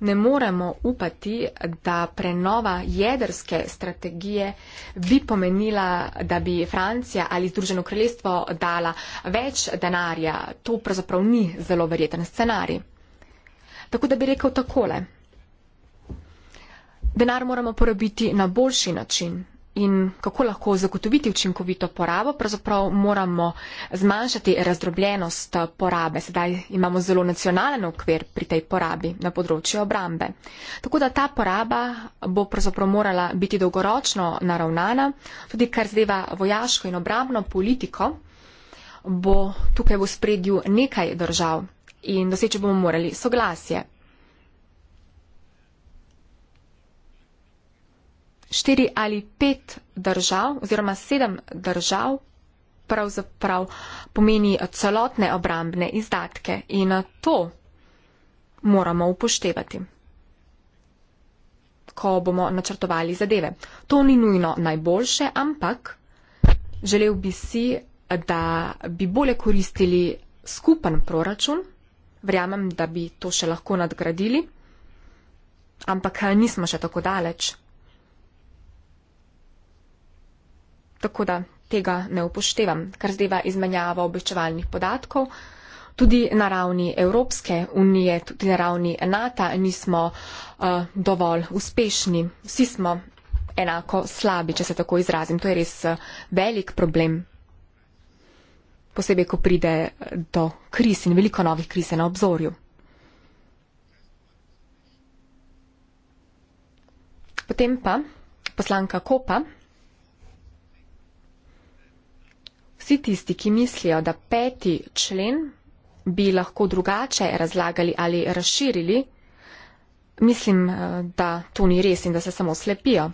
ne moremo upati, da prenova jedrske strategije bi pomenila, da bi Francija ali Združeno kraljestvo dala več denarja. To pravzaprav ni zelo verjeten scenarij. Tako da bi rekel takole. Denar moramo porabiti na boljši način, in kako lahko zagotoviti učinkovito porabo, pravzaprav moramo zmanjšati razdrobljenost eh, porabe. Sedaj imamo zelo nacionalen okvir pri tej porabi na področju obrambe. Tako da ta poraba bo pravzaprav morala biti dolgoročno naravnana, tudi kar zdeva vojaško in obrambno politiko, bo tukaj v spredju nekaj držav. In doseči bomo morali soglasje štiri ali pet držav oziroma sedem držav pravzaprav pomeni celotne obrambne izdatke in to moramo upoštevati, ko bomo načrtovali zadeve. To ni nujno najboljše, ampak želel bi si, da bi bolje koristili skupen proračun. Verjamem, da bi to še lahko nadgradili, ampak nismo še tako daleč. tako da tega ne upoštevam, kar zdeva izmenjava obveščevalnih podatkov. Tudi na ravni Evropske unije, tudi na ravni NATO nismo uh, dovolj uspešni. Vsi smo enako slabi, če se tako izrazim. To je res eh, velik problem, posebej, ko pride eh, do kriz in veliko novih krize na obzorju. Potem pa poslanka Kopa. vsi tisti, ki mislijo, da peti člen bi lahko drugače razlagali ali razširili, mislim, eh, da to ni res in da se samo slepijo.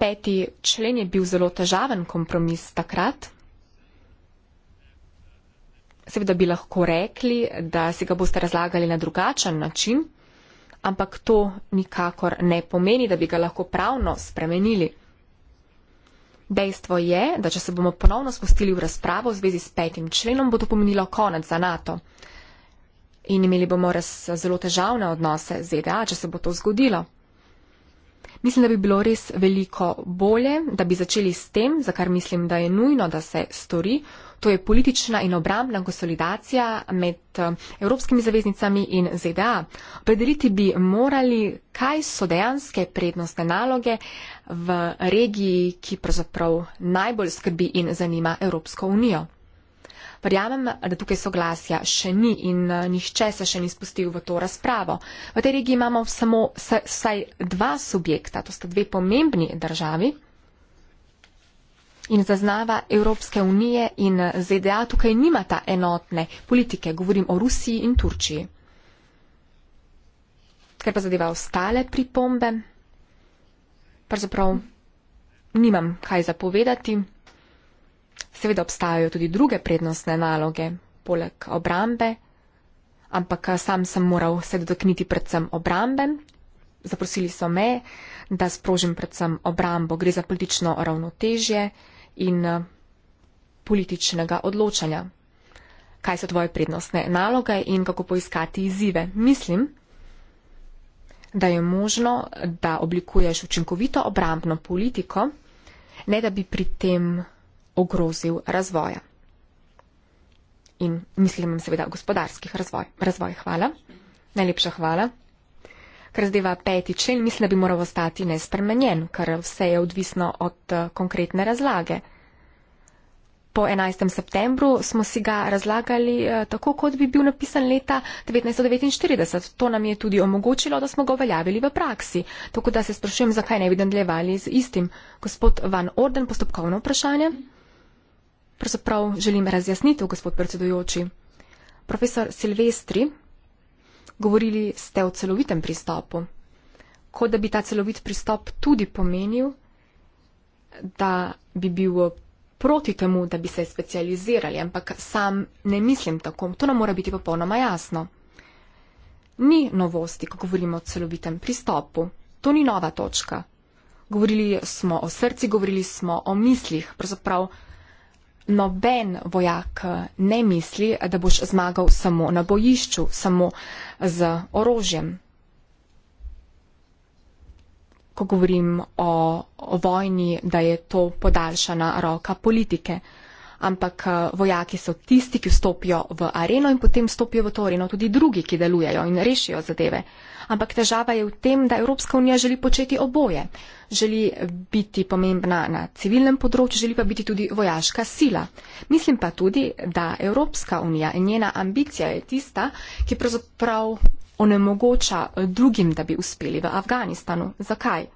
Peti člen je bil zelo težaven kompromis takrat. Seveda bi lahko rekli, da si ga boste razlagali na drugačen način, ampak to nikakor ne pomeni, da bi ga lahko pravno spremenili. Dejstvo je, da če se bomo ponovno spustili v razpravo v zvezi s petim členom, bo to pomenilo konec za NATO. In imeli bomo res zelo težavne odnose z ZDA, če se bo to zgodilo. Mislim, da bi bilo res veliko bolje, da bi začeli s tem, za kar mislim, da je nujno, da se stori, to je politična in obrambna konsolidacija med eh, evropskimi zaveznicami in ZDA. Predeliti bi morali, kaj so dejanske prednostne naloge v regiji, ki pravzaprav najbolj skrbi in zanima Evropsko unijo. Verjamem, da tukaj soglasja še ni in eh, nihče se še ni spustil v to razpravo. V tej regiji imamo samo vsaj dva subjekta, to sta dve pomembni državi in zaznava Evropske unije in ZDA tukaj nimata enotne politike. Govorim o Rusiji in Turčiji. Kar pa zadeva ostale pripombe, pravzaprav nimam kaj zapovedati. Seveda obstajajo tudi druge prednostne naloge, poleg obrambe, ampak sam sem moral se dotakniti predvsem obrambe. Zaprosili so me, da sprožim predvsem obrambo. Gre za politično ravnotežje in eh, političnega odločanja. Kaj so tvoje prednostne naloge in kako poiskati izzive? Mislim, da je možno, da oblikuješ učinkovito obrambno politiko, ne da bi pri tem ogrozil razvoja. In mislim, seveda, gospodarskih razvoj. razvoj. Hvala. Najlepša hvala kar zdeva peti člen, mislim, da bi moral ostati nespremenjen, ker vse je odvisno od eh, konkretne razlage. Po 11. septembru smo si ga razlagali eh, tako, kot bi bil napisan leta 1949. To nam je tudi omogočilo, da smo ga uveljavili v praksi. Tako da se sprašujem, zakaj ne bi nadaljevali z istim. Gospod Van Orden, postopkovno vprašanje. Pravzaprav želim razjasnitev, gospod predsedujoči. Profesor Silvestri, Govorili ste o celovitem pristopu. Kot da bi ta celovit pristop tudi pomenil, da bi bil proti temu, da bi se specializirali, ampak sam ne mislim tako. To nam mora biti popolnoma jasno. Ni novosti, ko govorimo o celovitem pristopu. To ni nova točka. Govorili smo o srci, govorili smo o mislih, pravzaprav noben vojak eh, ne misli, da boš zmagal samo na bojišču, samo z orožjem. Ko govorim o, o vojni, da je to podaljšana roka politike. Ampak eh, vojaki so tisti, ki vstopijo v areno in potem vstopijo v to areno tudi drugi, ki delujejo in rešijo zadeve. Uh, ampak težava je v tem, da Evropska unija želi početi oboje. Želi biti pomembna na civilnem področju, želi pa biti tudi vojaška sila. Mislim pa tudi, da Evropska unija in njena ambicija je tista, ki pravzaprav onemogoča drugim, da bi uspeli v Afganistanu. Zakaj?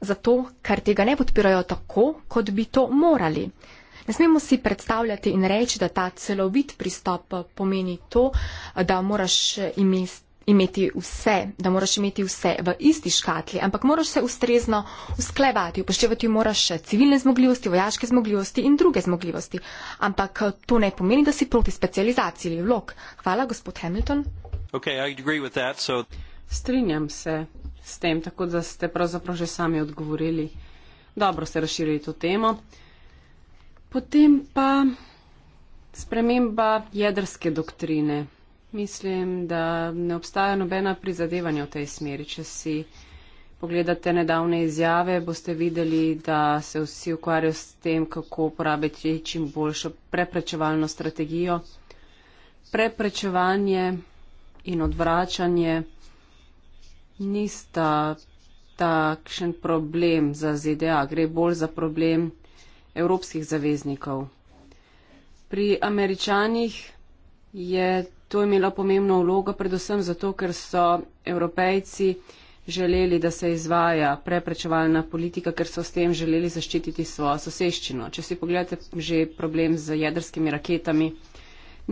Zato, ker tega ne podpirajo tako, kot bi to morali. Ne smemo si predstavljati in reči, da ta celovit pristop pomeni to, da moraš imeti imeti vse, da moraš imeti vse v isti škatli, ampak moraš se ustrezno usklevati, upoštevati moraš še civilne zmogljivosti, vojaške zmogljivosti in druge zmogljivosti. Ampak eh, to ne pomeni, da si proti specializaciji ali vlog. Hvala, gospod Hamilton. Okay, that, so... Strinjam se s tem, tako da ste pravzaprav že sami odgovorili. Dobro ste razširili to temo. Potem pa. Sprememba jedrske doktrine mislim, da ne obstaja nobena prizadevanja v tej smeri. Če si pogledate nedavne izjave, boste videli, da se vsi ukvarjajo s tem, kako uporabiti čim boljšo preprečevalno strategijo. Preprečevanje in odvračanje nista takšen problem za ZDA, gre bolj za problem evropskih zaveznikov. Pri američanih je to imelo pomembno vlogo, predvsem zato, ker so evropejci želeli, da se izvaja preprečevalna politika, ker so s tem želeli zaščititi svojo soseščino. Če si pogledate že problem z jedrskimi raketami,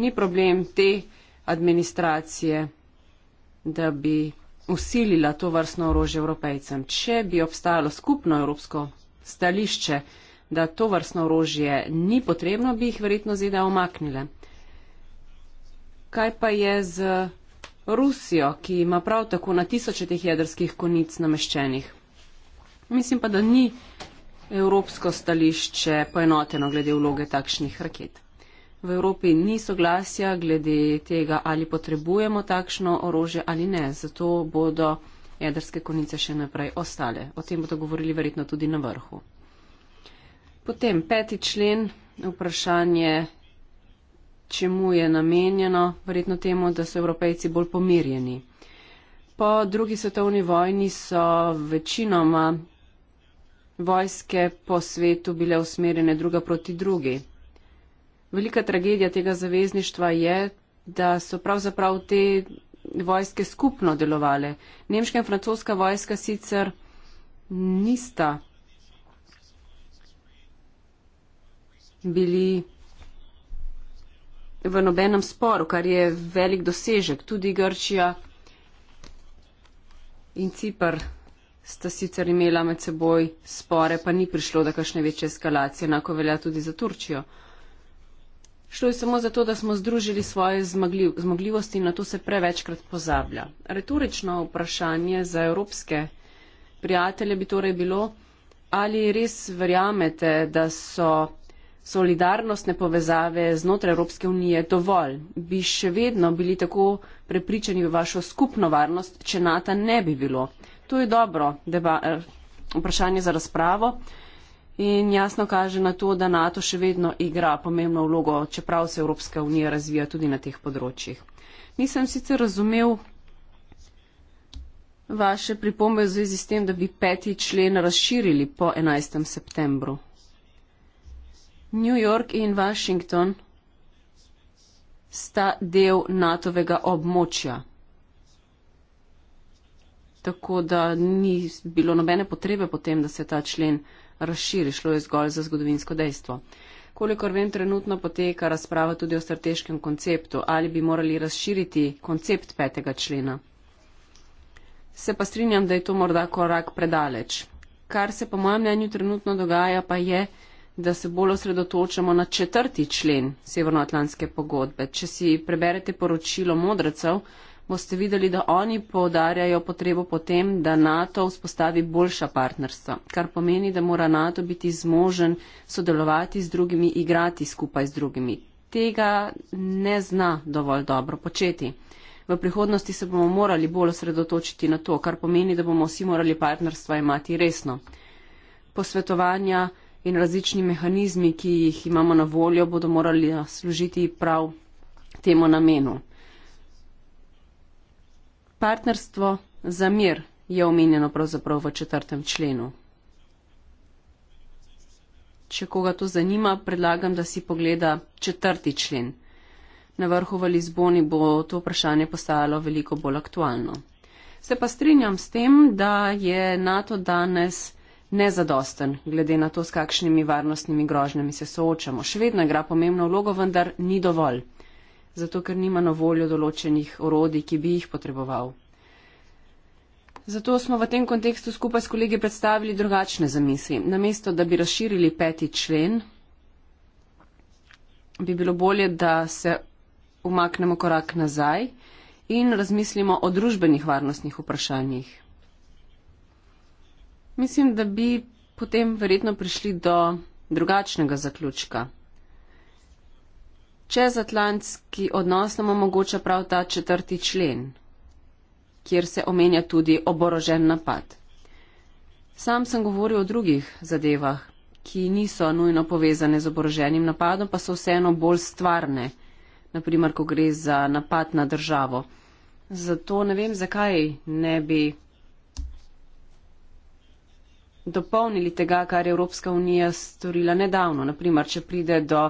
ni problem te administracije, da bi usilila to vrstno orožje evropejcem. Če bi obstajalo skupno evropsko stališče, da to vrstno orožje ni potrebno, bi jih verjetno zide omaknile kaj pa je z Rusijo, ki ima prav tako na tisoče teh jedrskih konic nameščenih. Mislim pa, da ni evropsko stališče poenoteno glede vloge takšnih raket. V Evropi ni soglasja glede tega, ali potrebujemo takšno orožje ali ne. Zato bodo jedrske konice še naprej ostale. O tem bodo govorili verjetno tudi na vrhu. Potem peti člen, vprašanje čemu je namenjeno, verjetno temu, da so evropejci bolj pomirjeni. Po drugi svetovni vojni so večinoma vojske po svetu bile usmerjene druga proti drugi. Velika tragedija tega zavezništva je, da so pravzaprav te vojske skupno delovale. Nemška in francoska vojska sicer nista bili v nobenem sporu, kar je velik dosežek. Tudi Grčija in Cipr sta sicer imela med seboj spore, pa ni prišlo do kakšne večje eskalacije, enako velja tudi za Turčijo. Šlo je samo zato, da smo združili svoje zmagljiv zmogljivosti in na to se prevečkrat pozablja. Retorično vprašanje za evropske prijatelje bi torej bilo, ali res verjamete, da so solidarnostne povezave znotraj Evropske unije dovolj? Bi še vedno bili tako prepričani v vašo skupno varnost, če NATO ne bi bilo? To je dobro deba, eh, vprašanje za razpravo in jasno kaže na to, da NATO še vedno igra pomembno vlogo, čeprav se Evropska unija razvija tudi na teh področjih. Nisem sicer razumel vaše pripombe v zvezi s tem, da bi peti člen razširili po 11. septembru. New York in Washington sta del NATO-vega območja. Tako da ni bilo nobene potrebe potem, da se ta člen razširi, šlo je zgolj za zgodovinsko dejstvo. Kolikor vem, trenutno poteka razprava tudi o strateškem konceptu, ali bi morali razširiti koncept petega člena. Se pa strinjam, da je to morda korak predaleč. Kar se po mojem mnenju trenutno dogaja, pa je, da se bolj osredotočamo na četrti člen Severoatlantske pogodbe. Če si preberete poročilo modrecev, boste videli, da oni podarjajo potrebo potem, da NATO vzpostavi boljša partnerstva, kar pomeni, da mora NATO biti zmožen sodelovati z drugimi, igrati skupaj z drugimi. Tega ne zna dovolj dobro početi. V prihodnosti se bomo morali bolj osredotočiti na to, kar pomeni, da bomo vsi morali partnerstva imati resno. Posvetovanja in različni mehanizmi, ki jih imamo na voljo, bodo morali ja, služiti prav temu namenu. Partnerstvo za mir je omenjeno pravzaprav v četrtem členu. Če koga to zanima, predlagam, da si pogleda četrti člen. Na vrhu v Lizboni bo to vprašanje postajalo veliko bolj aktualno. Se pa strinjam s tem, da je NATO danes nezadosten, glede na to, s kakšnimi varnostnimi grožnjami se soočamo. Še vedno igra pomembno vlogo, vendar ni dovolj, zato ker nima na voljo določenih orodij, ki bi jih potreboval. Zato smo v tem kontekstu skupaj s kolegi predstavili drugačne zamisli. Namesto, da bi razširili peti člen, bi bilo bolje, da se umaknemo korak nazaj in razmislimo o družbenih varnostnih vprašanjih. Mislim, da bi potem verjetno prišli do drugačnega zaključka. Čezatlantski odnos nam omogoča prav ta četrti člen, kjer se omenja tudi oborožen napad. Sam sem govoril o drugih zadevah, ki niso nujno povezane z oboroženim napadom, pa so vseeno bolj stvarne, naprimer, ko gre za napad na državo. Zato ne vem, zakaj ne bi dopolnili tega, kar je Evropska unija storila nedavno. Naprimer, če pride do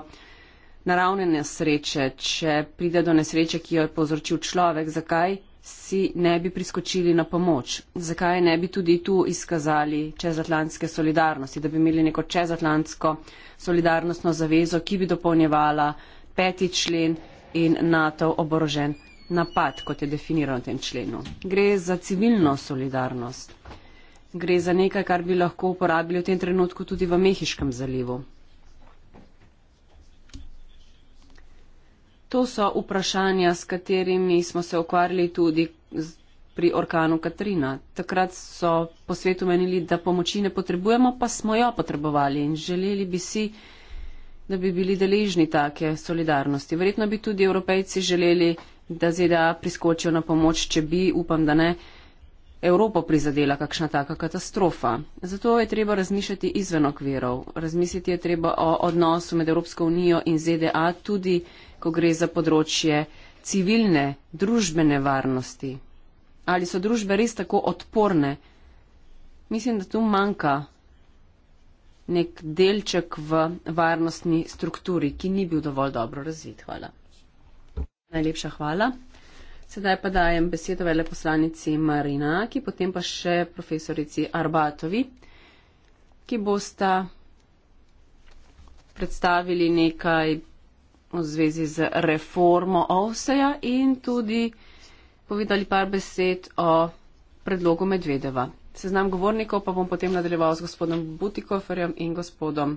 naravne nesreče, če pride do nesreče, ki jo je povzročil človek, zakaj si ne bi priskočili na pomoč? Zakaj ne bi tudi tu izkazali čezatlantske solidarnosti, da bi imeli neko čezatlantsko solidarnostno zavezo, ki bi dopolnjevala peti člen in NATO oborožen napad, kot je definiran v tem členu. Gre za civilno solidarnost. Gre za nekaj, kar bi lahko uporabili v tem trenutku tudi v Mehiškem zalivu. To so vprašanja, s katerimi smo se ukvarjali tudi pri orkanu Katrina. Takrat so po svetu menili, da pomoči ne potrebujemo, pa smo jo potrebovali in želeli bi si, da bi bili deležni take solidarnosti. Verjetno bi tudi evropejci želeli, da ZDA priskočijo na pomoč, če bi, upam, da ne, Evropo prizadela kakšna taka katastrofa. Zato je treba razmišljati izven okvirov. Razmisliti je treba o odnosu med Evropsko unijo in ZDA, tudi ko gre za področje civilne, družbene varnosti. Ali so družbe res tako odporne? Mislim, da tu manjka nek delček v varnostni strukturi, ki ni bil dovolj dobro razvit. Hvala. Najlepša hvala. Sedaj pa dajem besedo veleposlanici Marinaki, potem pa še profesorici Arbatovi, ki bosta predstavili nekaj v zvezi z reformo Ovseja in tudi povedali par besed o predlogu Medvedeva. Seznam govornikov pa bom potem nadaljeval s gospodom Butikoferjem in gospodom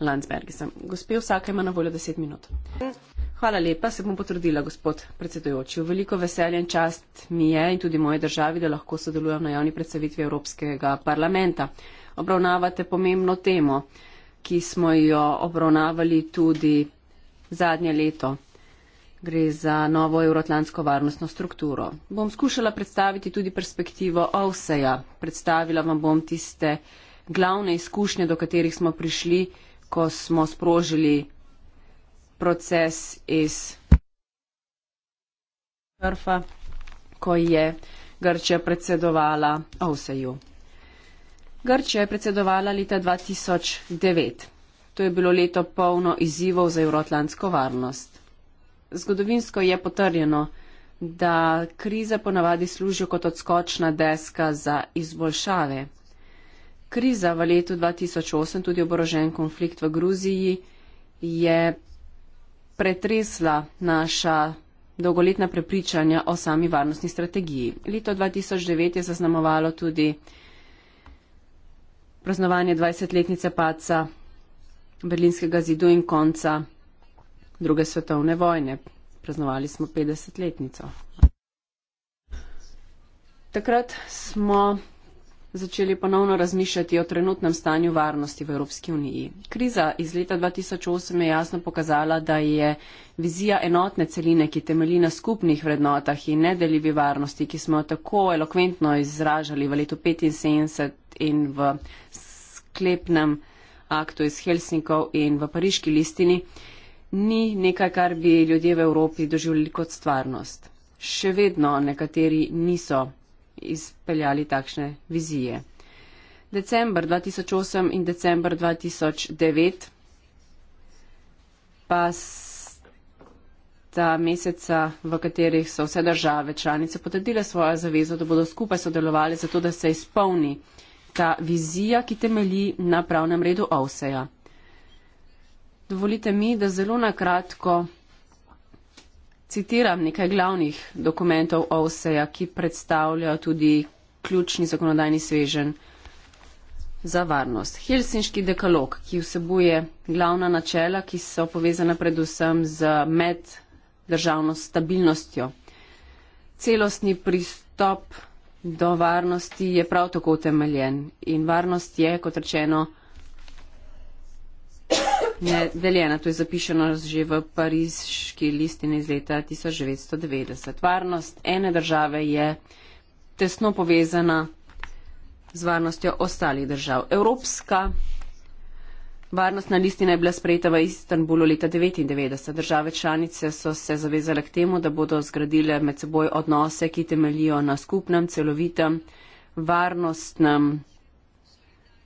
Landsbergisem. Gospe vsake ima na voljo 10 minut. Hmm. Hvala lepa, se bom potrudila, gospod predsedujoči. Veliko veselje in čast mi je in tudi moje državi, da lahko sodelujem na javni predstavitvi Evropskega parlamenta. Obravnavate pomembno temo, ki smo jo obravnavali tudi zadnje leto. Gre za novo euroatlantsko varnostno strukturo. Bom skušala predstaviti tudi perspektivo OVSE-ja. Predstavila vam bom tiste glavne izkušnje, do katerih smo prišli, ko smo sprožili proces iz Krfa, ko je Grčija predsedovala Ovseju. Grčija je predsedovala leta 2009. To je bilo leto polno izzivov za evroatlantsko varnost. Zgodovinsko je potrjeno, da krize ponavadi služijo kot odskočna deska za izboljšave. Kriza v letu 2008, tudi oborožen konflikt v Gruziji, je pretresla naša dolgoletna prepričanja o sami varnostni strategiji. Leto 2009 je zaznamovalo tudi praznovanje 20-letnice paca Berlinskega zidu in konca druge svetovne vojne. Praznovali smo 50-letnico. Takrat smo začeli ponovno razmišljati o trenutnem stanju varnosti v Evropski uniji. Kriza iz leta 2008 je jasno pokazala, da je vizija enotne celine, ki temeli na skupnih vrednotah in nedeljivi varnosti, ki smo jo tako elokventno izražali v letu 1975 in v sklepnem aktu iz Helsinkov in v pariški listini, ni nekaj, kar bi ljudje v Evropi doživljali kot stvarnost. Še vedno nekateri niso izpeljali takšne vizije. December 2008 in december 2009 pa sta meseca, v katerih so vse države članice potrdile svojo zavezo, da bodo skupaj sodelovali za to, da se izpolni ta vizija, ki temelji na pravnem redu OVSEJA. Dovolite mi, da zelo nakratko citiram nekaj glavnih dokumentov OVSE-ja, ki predstavljajo tudi ključni zakonodajni svežen za varnost. Helsinški dekalog, ki vsebuje glavna načela, ki so povezana predvsem z meddržavno stabilnostjo. Celostni pristop do varnosti je prav tako utemeljen in varnost je, kot rečeno, nedeljena. To je zapišeno že v pariški listini iz leta 1990. Varnost ene države je tesno povezana z varnostjo ostalih držav. Evropska varnostna listina je bila sprejeta v Istanbulu leta 1999. Države članice so se zavezale k temu, da bodo zgradile med seboj odnose, ki temelijo na skupnem, celovitem, varnostnem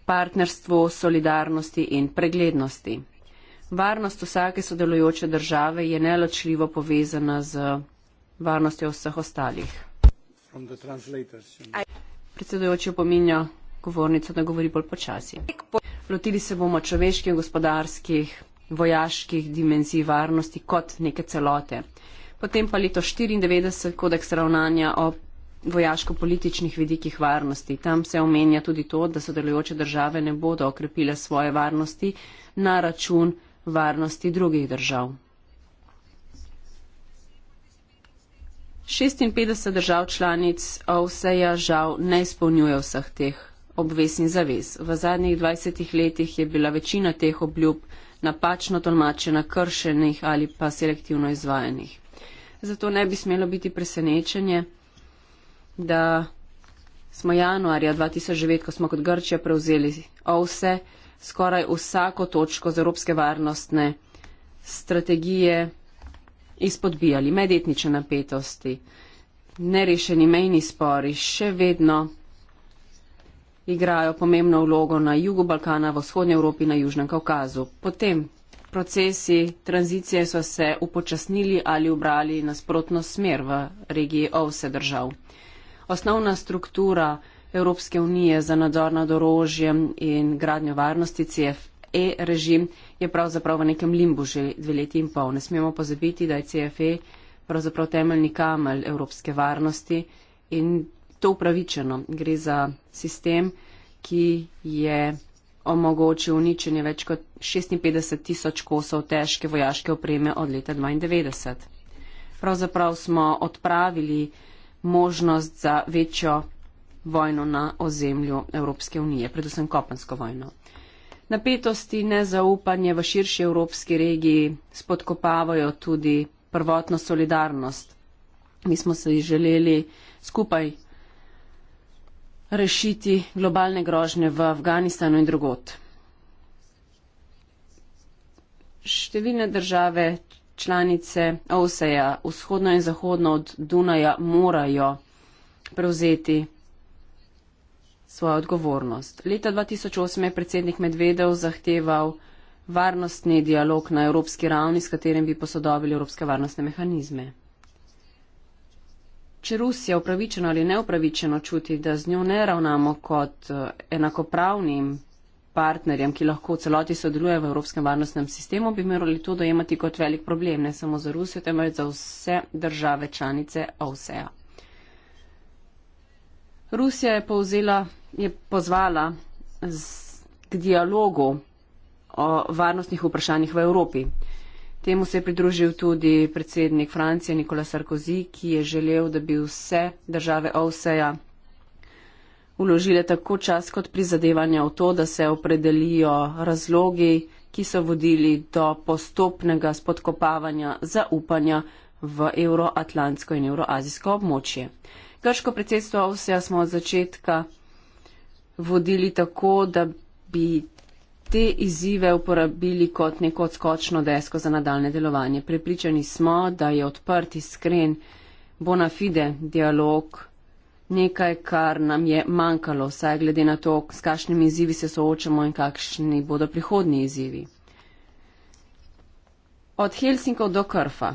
partnerstvu, solidarnosti in preglednosti. Varnost vsake sodelujoče države je neločljivo povezana z varnostjo vseh ostalih. Predsedujoči opominja govornico, da govori bolj počasi. Lotili se bomo človeških, gospodarskih, vojaških dimenzij varnosti kot neke celote. Potem pa leto 94 kodeks ravnanja o vojaško-političnih vidikih varnosti. Tam se omenja tudi to, da sodelujoče države ne bodo okrepile svoje varnosti na račun varnosti drugih držav. 56 držav članic OVSE-ja žal ne izpolnjuje vseh teh obvez in zavez. V zadnjih 20 letih je bila večina teh obljub napačno tolmačena, kršenih ali pa selektivno izvajanih. Zato ne bi smelo biti presenečenje, da smo januarja 2009, ko smo kot Grčija prevzeli OVSE, skoraj vsako točko z evropske varnostne strategije izpodbijali. Medetnične napetosti, nerešeni mejni spori še vedno igrajo pomembno vlogo na jugu Balkana, v vzhodnji Evropi, na Južnem Kaukazu. Potem procesi tranzicije so se upočasnili ali ubrali nasprotno smer v regiji OVSE držav. Osnovna struktura Evropske unije za nadzor nad orožjem in gradnjo varnosti CFE režim je pravzaprav v nekem limbu že dve leti in pol. Ne smemo pozabiti, da je CFE pravzaprav temeljni kamelj evropske varnosti in to upravičeno. Gre za sistem, ki je omogočil uničenje več kot 56 tisoč kosov težke vojaške opreme od leta 1992. Pravzaprav smo odpravili možnost za večjo vojno na ozemlju Evropske unije, predvsem kopensko vojno. Napetosti in nezaupanje v širši evropski regiji spodkopavajo tudi prvotno solidarnost. Mi smo se ji želeli skupaj rešiti globalne grožnje v Afganistanu in drugot. Številne države članice OSEA, vzhodno in zahodno od Dunaja, morajo prevzeti svojo odgovornost. Leta 2008 je predsednik Medvedev zahteval varnostni dialog na evropski ravni, s katerim bi posodobili evropske varnostne mehanizme. Če Rusija upravičeno ali neupravičeno čuti, da z njo ne ravnamo kot eh, enakopravnim partnerjem, ki lahko v celoti sodeluje v evropskem varnostnem sistemu, bi morali to dojemati kot velik problem, ne samo za Rusijo, temveč za vse države članice OSEA. Rusija je povzela je pozvala z, k dialogu o varnostnih vprašanjih v Evropi. Temu se je pridružil tudi predsednik Francije Nicolas Sarkozy, ki je želel, da bi vse države OVSE-a vložile tako čas kot prizadevanja v to, da se opredelijo razlogi, ki so vodili do postopnega spodkopavanja zaupanja v euroatlantsko in euroazijsko območje. Grško predsedstvo OVSE-a smo od začetka vodili tako, da bi te izzive uporabili kot neko odskočno desko za nadaljne delovanje. Prepričani smo, da je odprt, iskren, bona fide dialog nekaj, kar nam je manjkalo, saj glede na to, s kakšnimi izzivi se soočamo in kakšni bodo prihodni izzivi. Od Helsinkov do Krfa.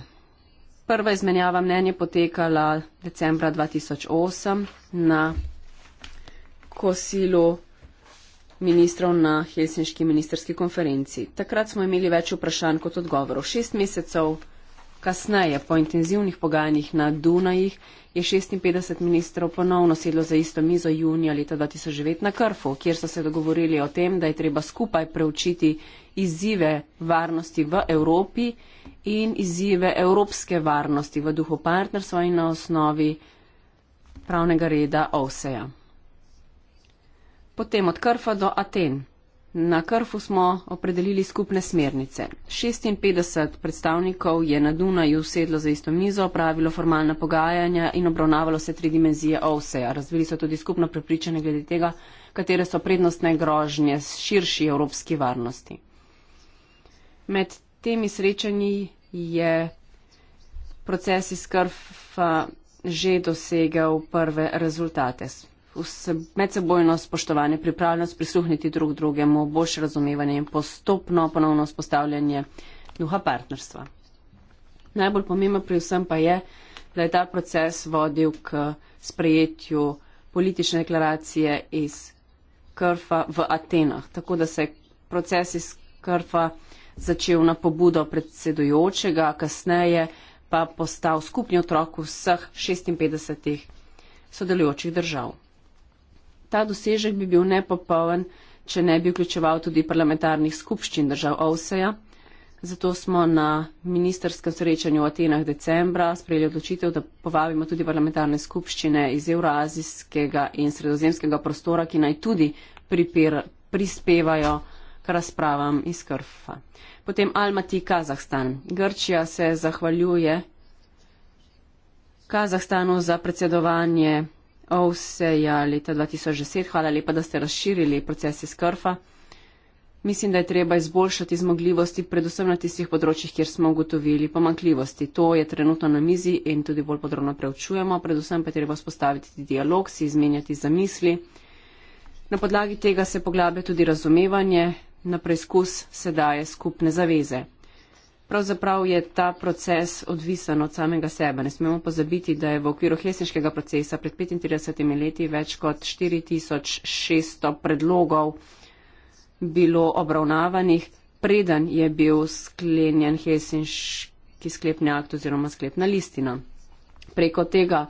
Prva izmenjava mnenje potekala decembra 2008 na kosilu ministrov na Helsinški ministerski konferenci. Takrat smo imeli več vprašanj kot odgovorov. Šest mesecev kasneje, po intenzivnih pogajanjih na Dunajih, je 56 ministrov ponovno sedlo za isto mizo junija leta 2009 na Krfu, kjer so se dogovorili o tem, da je treba skupaj preučiti izzive varnosti v Evropi in izzive evropske varnosti v duhu partnerstva in na osnovi pravnega reda OSEA potem od Krfa do Aten. Na Krfu smo opredelili skupne smernice. 56 predstavnikov je na Dunaju sedlo za isto mizo, pravilo formalna pogajanja in obravnavalo se tri dimenzije OVSE-a. Razvili so tudi skupno prepričanje glede tega, katere so prednostne grožnje širši evropski varnosti. Med temi srečanji je proces iz Krfa že dosegel prve rezultate vse, medsebojno spoštovanje, pripravljenost prisluhniti drug drugemu, boljše razumevanje in postopno ponovno spostavljanje duha partnerstva. Najbolj pomembno pri vsem pa je, da je ta proces vodil k sprejetju politične deklaracije iz Krfa v Atenah, tako da se je proces iz Krfa začel na pobudo predsedujočega, kasneje pa postal skupni otrok vseh 56 sodelujočih držav ta dosežek bi bil nepopoln, če ne bi vključeval tudi parlamentarnih skupščin držav OVSE-ja. Zato smo na ministerskem srečanju v Atenah decembra sprejeli odločitev, da povabimo tudi parlamentarne skupščine iz Euroazijskega in sredozemskega prostora, ki naj tudi priper, prispevajo k razpravam iz Krfa. Potem Almati, Kazahstan. Grčija se zahvaljuje Kazahstanu za predsedovanje OVSE-ja leta 2010. Hvala lepa, da ste razširili proces iz Krfa. Mislim, da je treba izboljšati zmogljivosti, predvsem na tistih področjih, kjer smo ugotovili pomankljivosti. To je trenutno na mizi in tudi bolj podrobno preučujemo. Predvsem pa je treba spostaviti dialog, si izmenjati zamisli. Na podlagi tega se poglabe tudi razumevanje, na preizkus se daje skupne zaveze pravzaprav je ta proces odvisen od samega sebe. Ne smemo pozabiti, da je v okviru hesniškega procesa pred 35 leti več kot 4600 predlogov bilo obravnavanih, preden je bil sklenjen hesniški sklepni akt oziroma sklepna listina. Preko tega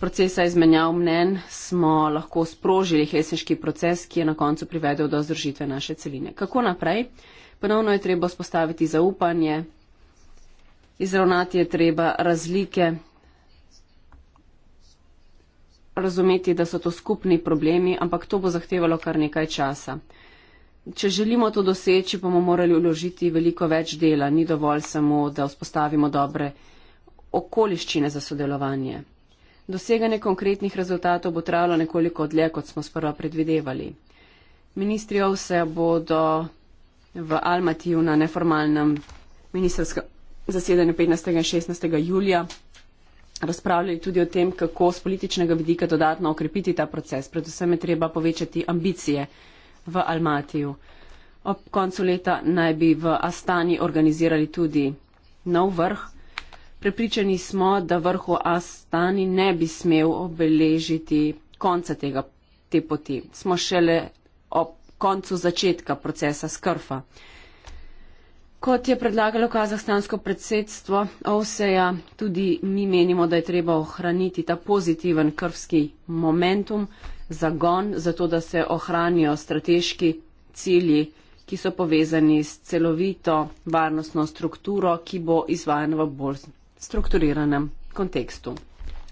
procesa izmenjav mnen smo lahko sprožili hesniški proces, ki je na koncu privedel do združitve naše celine. Kako naprej? ponovno je treba spostaviti zaupanje, izravnati je treba razlike, razumeti, da so to skupni problemi, ampak to bo zahtevalo kar nekaj časa. Če želimo to doseči, bomo morali uložiti veliko več dela. Ni dovolj samo, da vzpostavimo dobre okoliščine za sodelovanje. Doseganje konkretnih rezultatov bo trajalo nekoliko dlje, kot smo sprva predvidevali. Ministri OVSE bodo v Almatiju na neformalnem ministerskem zasedanju 15. in 16. julija razpravljali tudi o tem, kako z političnega vidika dodatno okrepiti ta proces. Predvsem je treba povečati ambicije v Almatiju. Ob koncu leta naj bi v Astani organizirali tudi nov vrh. Prepričani smo, da vrhu Astani ne bi smel obeležiti konca tega, te poti. Smo šele koncu začetka procesa skrfa. Kot je predlagalo kazahstansko predsedstvo Ovseja, tudi mi menimo, da je treba ohraniti ta pozitiven krvski momentum, zagon, zato da se ohranijo strateški cilji, ki so povezani s celovito varnostno strukturo, ki bo izvajana v bolj strukturiranem kontekstu.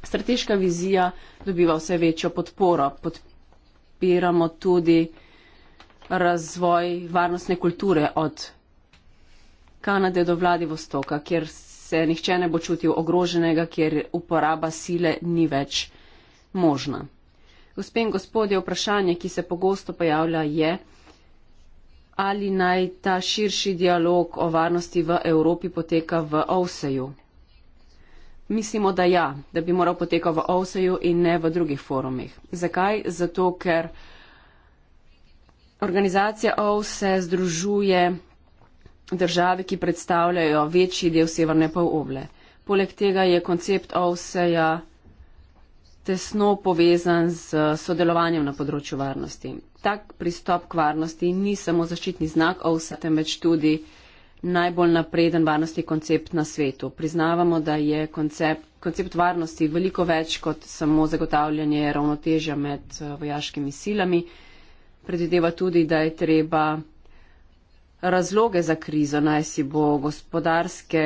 Strateška vizija dobiva vse večjo podporo. Podpiramo tudi razvoj varnostne kulture od Kanade do Vladivostoka, kjer se nihče ne bo čutil ogroženega, kjer uporaba sile ni več možna. Gospe in gospodje, vprašanje, ki se pogosto pojavlja, je, ali naj ta širši dialog o varnosti v Evropi poteka v OVSE-ju. Mislimo, da ja, da bi moral poteka v OVSE-ju in ne v drugih forumih. Zakaj? Zato, ker organizacija OVSE združuje države, ki predstavljajo večji del severne polovle. Poleg tega je koncept OVSE-ja tesno povezan z sodelovanjem na področju varnosti. Tak pristop k varnosti ni samo zaščitni znak OVSE, temveč tudi najbolj napreden varnostni koncept na svetu. Priznavamo, da je koncept, koncept varnosti veliko več kot samo zagotavljanje ravnotežja med eh, vojaškimi silami predvideva tudi, da je treba razloge za krizo, naj si bo gospodarske,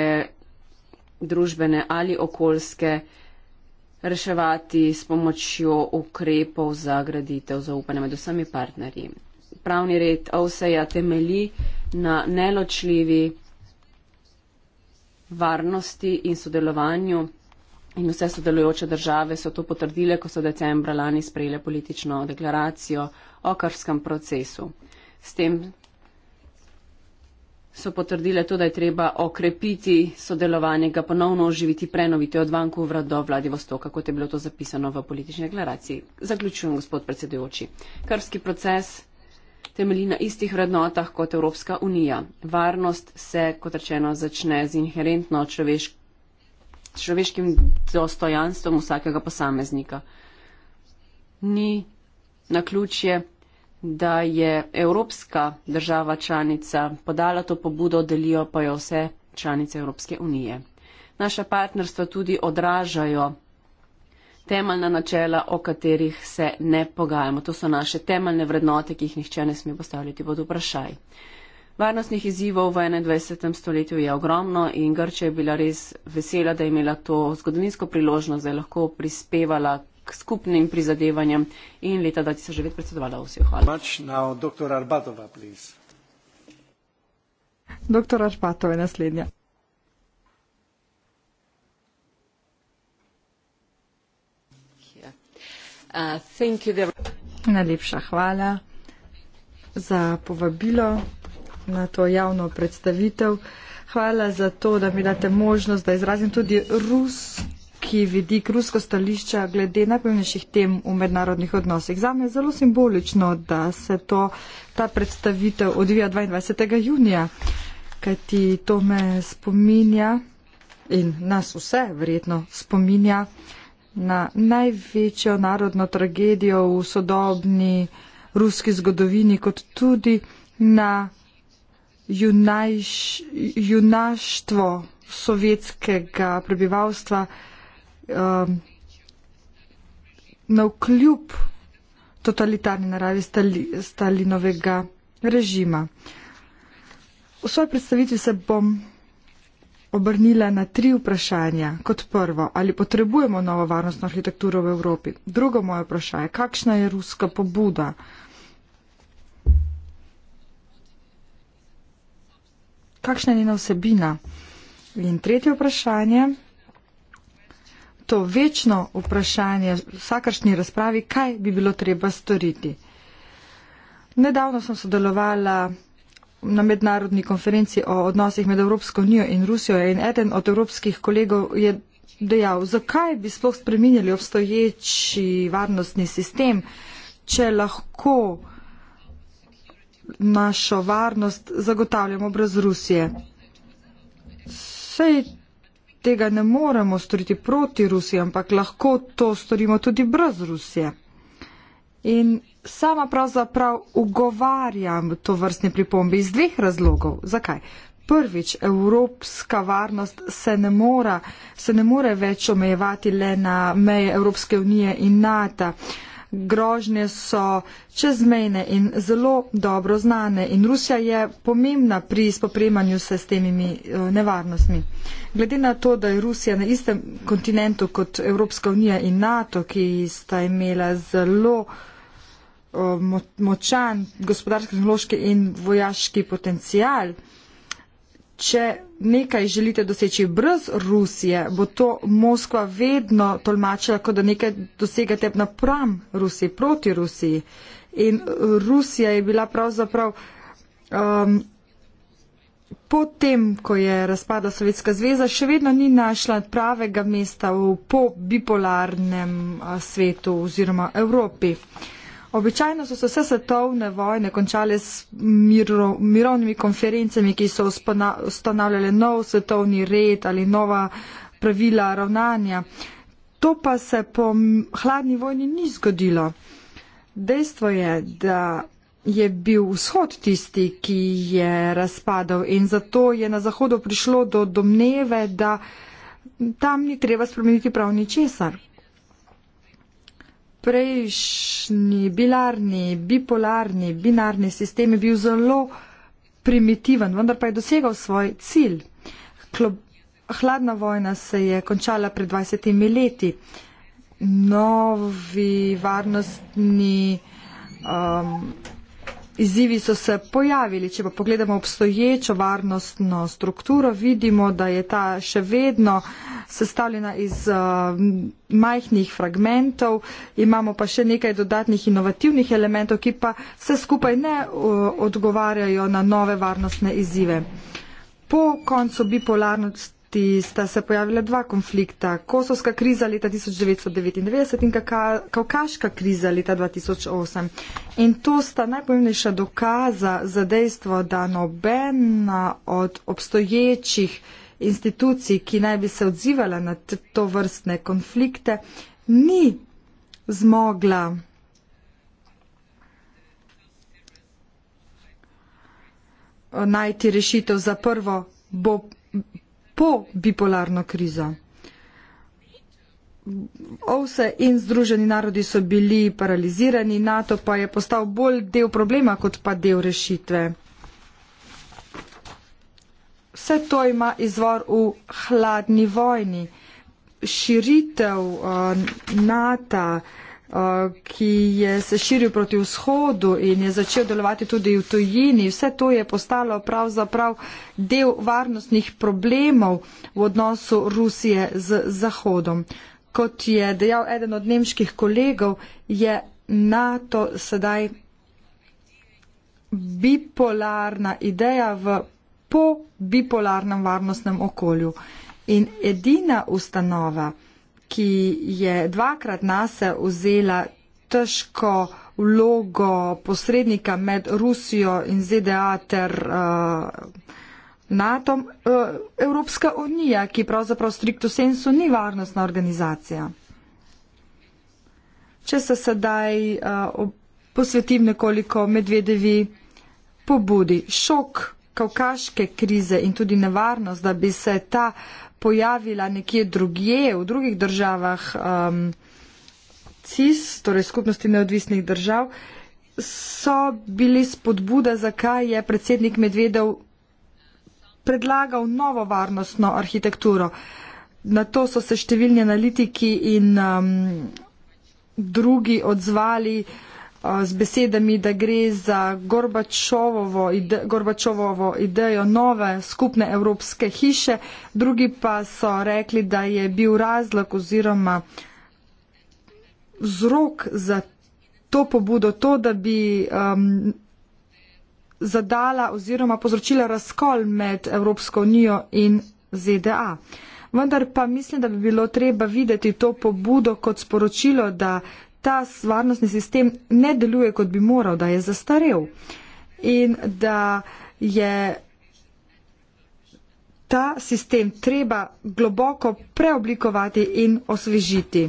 družbene ali okoljske, reševati s pomočjo ukrepov za graditev zaupanja med vsemi partnerji. Pravni red OSEJA temelji na neločljivi varnosti in sodelovanju In vse sodelujoče države so to potrdile, ko so decembra lani sprejele politično deklaracijo o karskem procesu. S tem so potrdile tudi, da je treba okrepiti sodelovanje, ga ponovno oživiti, prenoviti od Vankovra do Vladivostoka, kot je bilo to zapisano v politični deklaraciji. Zaključujem, gospod predsedujoči. Krski proces temelji na istih vrednotah kot Evropska unija. Varnost se, kot rečeno, začne z inherentno človeško človeškim dostojanstvom vsakega posameznika. Ni na ključje, da je Evropska država članica podala to pobudo, delijo pa jo vse članice Evropske unije. Naša partnerstva tudi odražajo temeljna načela, o katerih se ne pogajamo. To so naše temeljne vrednote, ki jih nihče ne sme postavljati pod vprašaj. Varnostnih izzivov v 21. stoletju je ogromno in Grčija je bila res vesela, da je imela to zgodovinsko priložnost, da je lahko prispevala k skupnim prizadevanjem in leta 2009 predsedovala vsi. Hvala. Dr. Arbatova, Dr. Arbatova je naslednja. Uh, Najlepša hvala za povabilo na to javno predstavitev. Hvala za to, da mi date možnost, da izrazim tudi ruski vidik, rusko stališče glede najpomembnejših tem v mednarodnih odnosih. Za me je zelo simbolično, da se to, ta predstavitev odvija 22. junija, kajti to me spominja in nas vse verjetno spominja na največjo narodno tragedijo v sodobni ruski zgodovini, kot tudi na junajš, junaštvo sovjetskega prebivalstva um, na vkljub totalitarni naravi stali, Stalinovega režima. V svoji predstavitvi se bom obrnila na tri vprašanja. Kot prvo, ali potrebujemo novo varnostno arhitekturo v Evropi? Drugo moje vprašanje, kakšna je ruska pobuda? kakšna je njena vsebina. In tretje vprašanje, to večno vprašanje v vsakršni razpravi, kaj bi bilo treba storiti. Nedavno sem sodelovala na mednarodni konferenci o odnosih med Evropsko unijo in Rusijo in eden od evropskih kolegov je dejal, zakaj bi sploh spreminjali obstoječi varnostni sistem, če lahko našo varnost zagotavljamo brez Rusije. Sej tega ne moremo storiti proti Rusiji, ampak lahko to storimo tudi brez Rusije. In sama pravzaprav ugovarjam to vrstne pripombe iz dveh razlogov. Zakaj? Prvič, evropska varnost se ne, mora, se ne more več omejevati le na meje Evropske unije in NATO grožnje so čezmejne in zelo dobro znane in Rusija je pomembna pri spopremanju se s temi eh, nevarnostmi. Glede na to, da je Rusija na istem kontinentu kot Evropska unija in NATO, ki sta imela zelo eh, močan gospodarski, tehnološki in vojaški potencial, če nekaj želite doseči brez Rusije, bo to Moskva vedno tolmačila, kot da nekaj dosegate napram Rusiji, proti Rusiji. In Rusija je bila pravzaprav um, potem, ko je razpadla Sovjetska zveza, še vedno ni našla pravega mesta v po bipolarnem uh, svetu oziroma Evropi. Uh, Običajno so se vse svetovne vojne končale s miro, mirovnimi konferencami, ki so ustanavljale nov svetovni red ali nova pravila ravnanja. To pa se po hladni vojni ni zgodilo. Dejstvo je, da je bil vzhod tisti, ki je razpadal in zato je na zahodu prišlo do domneve, da tam ni treba spremeniti prav ničesar prejšnji bilarni, bipolarni, binarni sistem je bil zelo primitiven, vendar pa je dosegal svoj cilj. Klob Hladna vojna se je končala pred 20 leti. Novi varnostni um, Izzivi so se pojavili, če pa pogledamo obstoječo varnostno strukturo, vidimo, da je ta še vedno sestavljena iz uh, majhnih fragmentov, imamo pa še nekaj dodatnih inovativnih elementov, ki pa vse skupaj ne uh, odgovarjajo na nove varnostne izzive. Po koncu bipolarnosti leti sta se pojavila dva konflikta, kosovska kriza leta 1999 in kaukaška kriza leta 2008. In to sta najpomembnejša dokaza za dejstvo, da nobena od obstoječih institucij, ki naj bi se odzivala na to vrstne konflikte, ni zmogla. najti rešitev za prvo bo po bipolarno krizo. OVSE in Združeni narodi so bili paralizirani, NATO pa je postal bolj del problema, kot pa del rešitve. Vse to ima izvor v hladni vojni, širitev uh, eh, NATO. Eh, ki je se širil proti vzhodu in je začel delovati tudi v tujini. Vse to je postalo pravzaprav del varnostnih problemov v odnosu Rusije z Zahodom. Kot je dejal eden od nemških kolegov, je NATO sedaj bipolarna ideja v po bipolarnem varnostnem okolju. In edina ustanova, ki je dvakrat nase vzela težko vlogo posrednika med Rusijo in ZDA ter uh, NATO, uh, Evropska unija, ki pravzaprav strikto sensu ni varnostna organizacija. Če se sedaj uh, posvetim nekoliko medvedevi pobudi, šok kavkaške krize in tudi nevarnost, da bi se ta uh, pojavila nekje drugje, v drugih državah um, CIS, torej skupnosti neodvisnih držav, so bili spodbuda, zakaj je predsednik Medvedev predlagal novo varnostno arhitekturo. Na to so se številni analitiki in um, drugi odzvali. Eh, z besedami, da gre za Gorbačovovo, ide, Gorbačovovo idejo nove skupne evropske hiše, drugi pa so rekli, da je bil razlog oziroma vzrok za to pobudo to, da bi um, zadala oziroma povzročila razkol med Evropsko unijo in ZDA. Vendar pa mislim, da bi bilo treba videti to pobudo kot sporočilo, da ta varnostni sistem ne deluje, kot bi moral, da je zastarel in da je ta sistem treba globoko preoblikovati in osvežiti.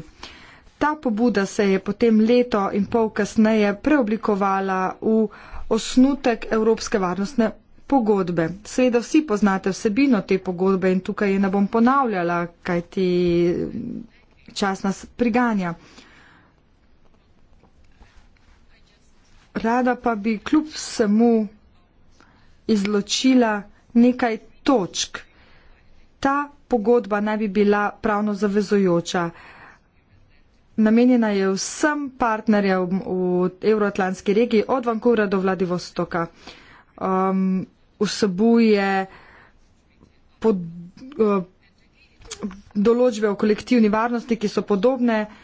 Ta pobuda se je potem leto in pol kasneje preoblikovala v osnutek Evropske varnostne pogodbe. Seveda vsi poznate vsebino te pogodbe in tukaj ne bom ponavljala, kaj ti čas nas priganja. rada pa bi kljub vsemu izločila nekaj točk. Ta pogodba naj bi bila pravno zavezojoča. Namenjena je vsem partnerjem v Euroatlantski regiji od Vancouvra do Vladivostoka. Um, vsebuje pod, uh, določbe o kolektivni varnosti, ki so podobne uh,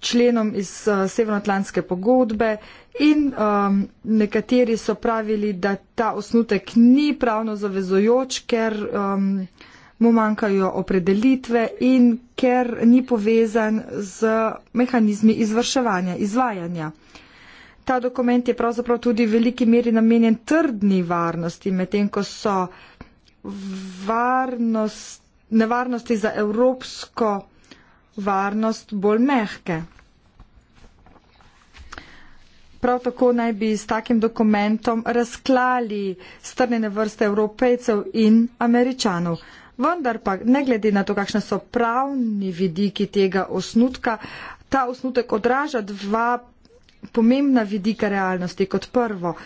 členom iz uh, eh, Severoatlantske pogodbe in um, nekateri so pravili, da ta osnutek ni pravno zavezojoč, ker um, mu manjkajo opredelitve in ker ni povezan z mehanizmi izvrševanja, izvajanja. Ta dokument je pravzaprav tudi v veliki meri namenjen trdni varnosti, medtem ko so varnost, nevarnosti za evropsko varnost bolj mehke. Prav tako naj bi s takim dokumentom razklali strnjene vrste evropejcev in američanov. Vendar pa ne glede na to, kakšne so pravni vidiki tega osnutka, ta osnutek odraža dva pomembna vidika realnosti kot prvo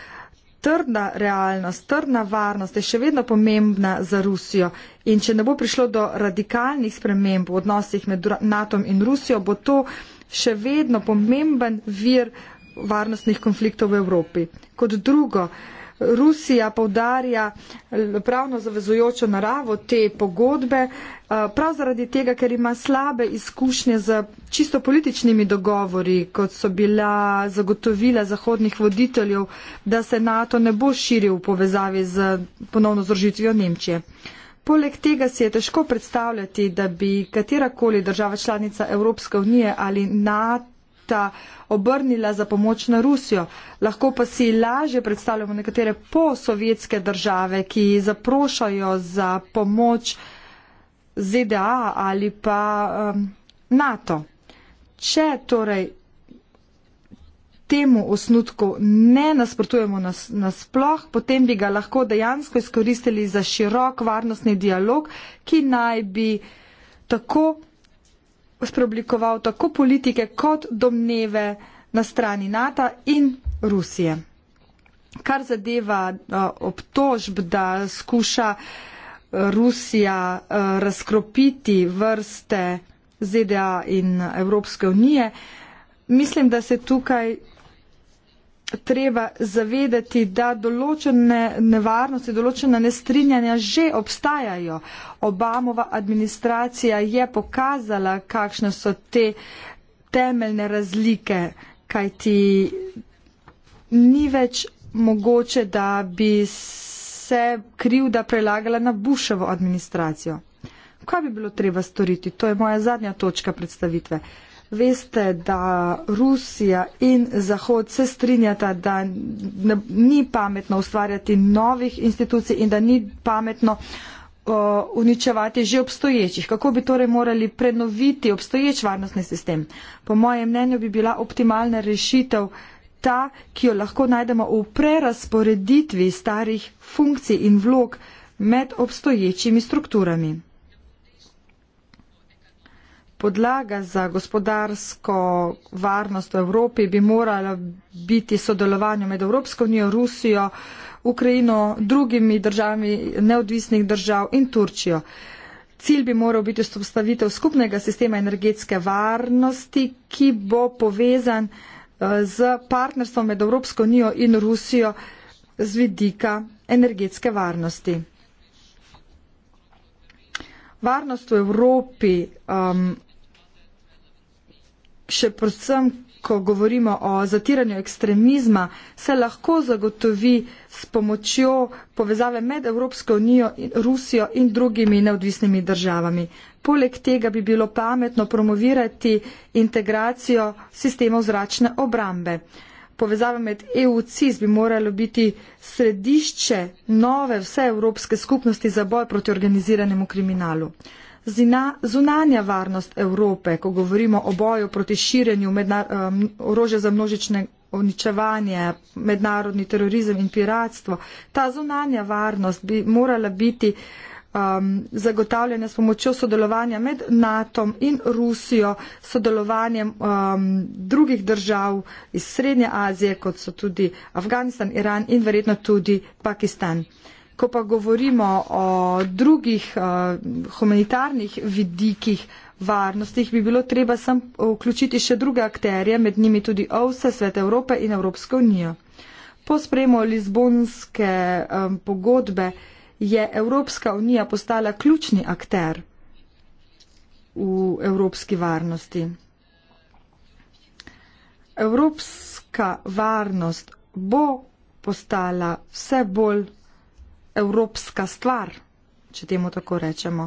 trdna realnost, trdna varnost je še vedno pomembna za Rusijo. In če ne bo prišlo do radikalnih sprememb v odnosih med NATO in Rusijo, bo to še vedno pomemben vir varnostnih konfliktov v Evropi. Kot drugo, Rusija povdarja pravno zavezujočo naravo te pogodbe, eh, prav zaradi tega, ker ima slabe izkušnje z čisto političnimi dogovori, kot so bila zagotovila zahodnih voditeljev, da se NATO ne bo širil v povezavi z ponovno zrožitvijo Nemčije. Poleg tega si je težko predstavljati, da bi katerakoli država članica Evropske unije ali NATO Egipta obrnila za pomoč na Rusijo. Lahko pa si lažje predstavljamo nekatere posovjetske države, ki zaprošajo za pomoč ZDA ali pa um, NATO. Če torej temu osnutku ne nasprotujemo nas, nasploh, potem bi ga lahko dejansko izkoristili za širok varnostni dialog, ki naj bi tako spreoblikoval tako politike kot domneve na strani NATO in Rusije. Kar zadeva eh, obtožb, da skuša eh, Rusija eh, razkropiti vrste ZDA in Evropske unije, mislim, da se tukaj treba zavedati, da določene nevarnosti, določene nestrinjanja že obstajajo. Obamova administracija je pokazala, kakšne so te temeljne razlike, kaj ti ni več mogoče, da bi se krivda prelagala na Bušovo administracijo. Kaj bi bilo treba storiti? To je moja zadnja točka predstavitve veste, da Rusija in Zahod se strinjata, da ne, ni pametno ustvarjati novih institucij in da ni pametno uničevati že obstoječih. Kako bi torej morali prenoviti obstoječ varnostni sistem? Po mojem mnenju bi bila optimalna rešitev ta, ki jo lahko najdemo v prerasporeditvi starih funkcij in vlog med obstoječimi strukturami podlaga za gospodarsko varnost v Evropi bi morala biti sodelovanje med Evropsko unijo, Rusijo, Ukrajino, drugimi državami neodvisnih držav in Turčijo. Cilj bi moral biti vzpostavitev skupnega sistema energetske varnosti, ki bo povezan eh, z partnerstvom med Evropsko unijo in Rusijo z vidika energetske varnosti. Varnost v Evropi um, še predvsem, ko govorimo o zatiranju ekstremizma, se lahko zagotovi s pomočjo povezave med Evropsko unijo in Rusijo in drugimi neodvisnimi državami. Poleg tega bi bilo pametno promovirati integracijo sistemov zračne obrambe. Povezava med EU in CIS bi moralo biti središče nove vseevropske skupnosti za boj proti organiziranemu kriminalu zina, zunanja varnost Evrope, ko govorimo o boju proti širjenju um, orožja za množične uničevanje, mednarodni terorizem in piratstvo. Ta zunanja varnost bi morala biti um, zagotavljena s pomočjo sodelovanja med NATO in Rusijo, sodelovanjem um, drugih držav iz Srednje Azije, kot so tudi Afganistan, Iran in verjetno tudi Pakistan. Uh, Ko pa govorimo o drugih uh, humanitarnih vidikih varnostih, bi bilo treba sem vključiti še druge akterje, med njimi tudi OVSE, Svet Evrope in Evropsko unijo. Po spremu Lizbonske um, pogodbe je Evropska unija postala ključni akter v evropski varnosti. Evropska varnost bo postala vse bolj evropska stvar, če temu tako rečemo.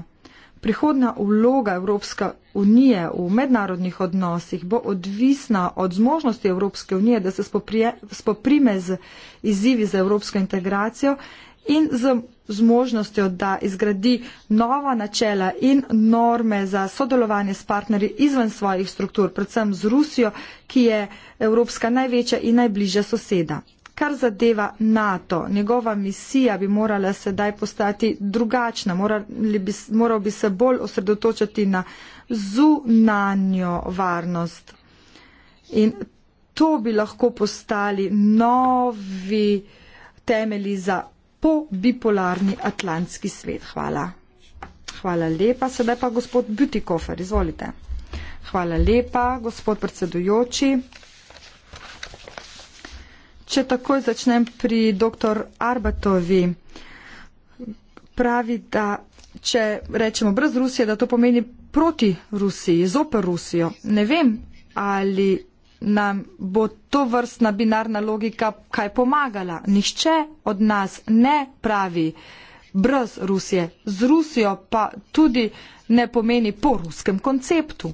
Prihodna vloga Evropske unije v mednarodnih odnosih bo odvisna od zmožnosti Evropske unije, da se spoprije, spoprime z izzivi za evropsko integracijo in z zmožnostjo, da izgradi nova načela in norme za sodelovanje s partnerji izven svojih struktur, predvsem z Rusijo, ki je Evropska največja in najbližja soseda kar zadeva NATO, njegova misija bi morala sedaj postati drugačna, bi, moral bi se bolj osredotočati na zunanjo varnost. In to bi lahko postali novi temeli za pobipolarni atlantski svet. Hvala. Hvala lepa. Sedaj pa gospod Butikofer, izvolite. Hvala lepa, gospod predsedujoči. Če takoj začnem pri dr. Arbatovi, pravi, da če rečemo brez Rusije, da to pomeni proti Rusiji, zoper Rusijo. Ne vem, ali nam bo to vrstna binarna logika kaj pomagala. Nihče od nas ne pravi brez Rusije. Z Rusijo pa tudi ne pomeni po ruskem konceptu.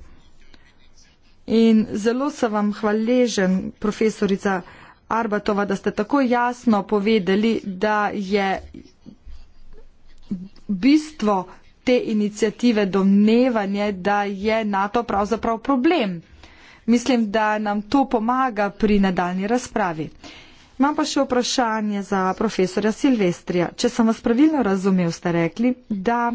In zelo sem vam hvaležen, profesorica, Arbatova, da ste tako jasno povedali, da je bistvo te inicijative domnevanje, da je NATO pravzaprav problem. Mislim, da nam to pomaga pri nadaljni razpravi. Imam pa še vprašanje za profesora Silvestrija. Če sem vas pravilno razumel, ste rekli, da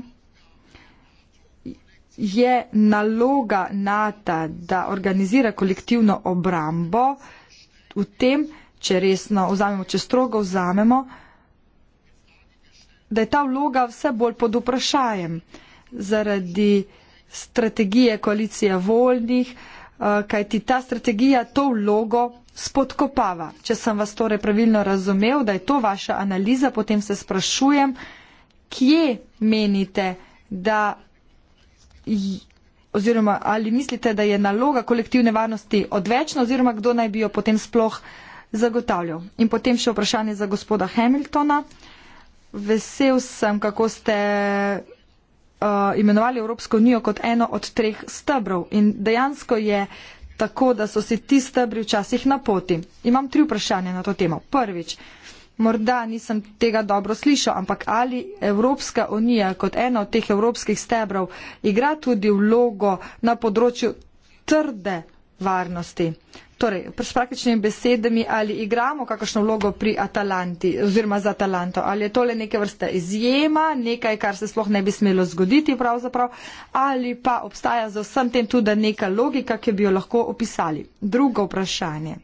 je naloga NATO, da organizira kolektivno obrambo v tem, če resno vzamemo, če strogo vzamemo, da je ta vloga vse bolj pod vprašajem zaradi strategije koalicije voljnih, eh, kajti ta strategija to vlogo spodkopava. Če sem vas torej pravilno razumev, da je to vaša analiza, potem se sprašujem, kje menite, da oziroma ali mislite, da je naloga kolektivne varnosti odvečna oziroma kdo naj bi jo potem sploh uh, zagotavljal. In potem še vprašanje za gospoda Hamiltona. Vesel sem, kako ste uh, imenovali Evropsko unijo kot eno od treh stebrov. In dejansko je tako, da so si ti stebri včasih na poti. Imam tri vprašanja na to temo. Prvič, morda nisem tega dobro slišal, ampak ali Evropska unija kot eno od teh evropskih stebrov igra tudi vlogo na področju trde varnosti. Torej, s praktičnimi besedami, ali igramo kakšno vlogo pri Atalanti oziroma za Atalanto, ali je to le neke vrste izjema, nekaj, kar se sploh ne bi smelo zgoditi pravzaprav, ali pa obstaja za vsem tem tudi neka logika, ki bi jo lahko opisali. Drugo vprašanje.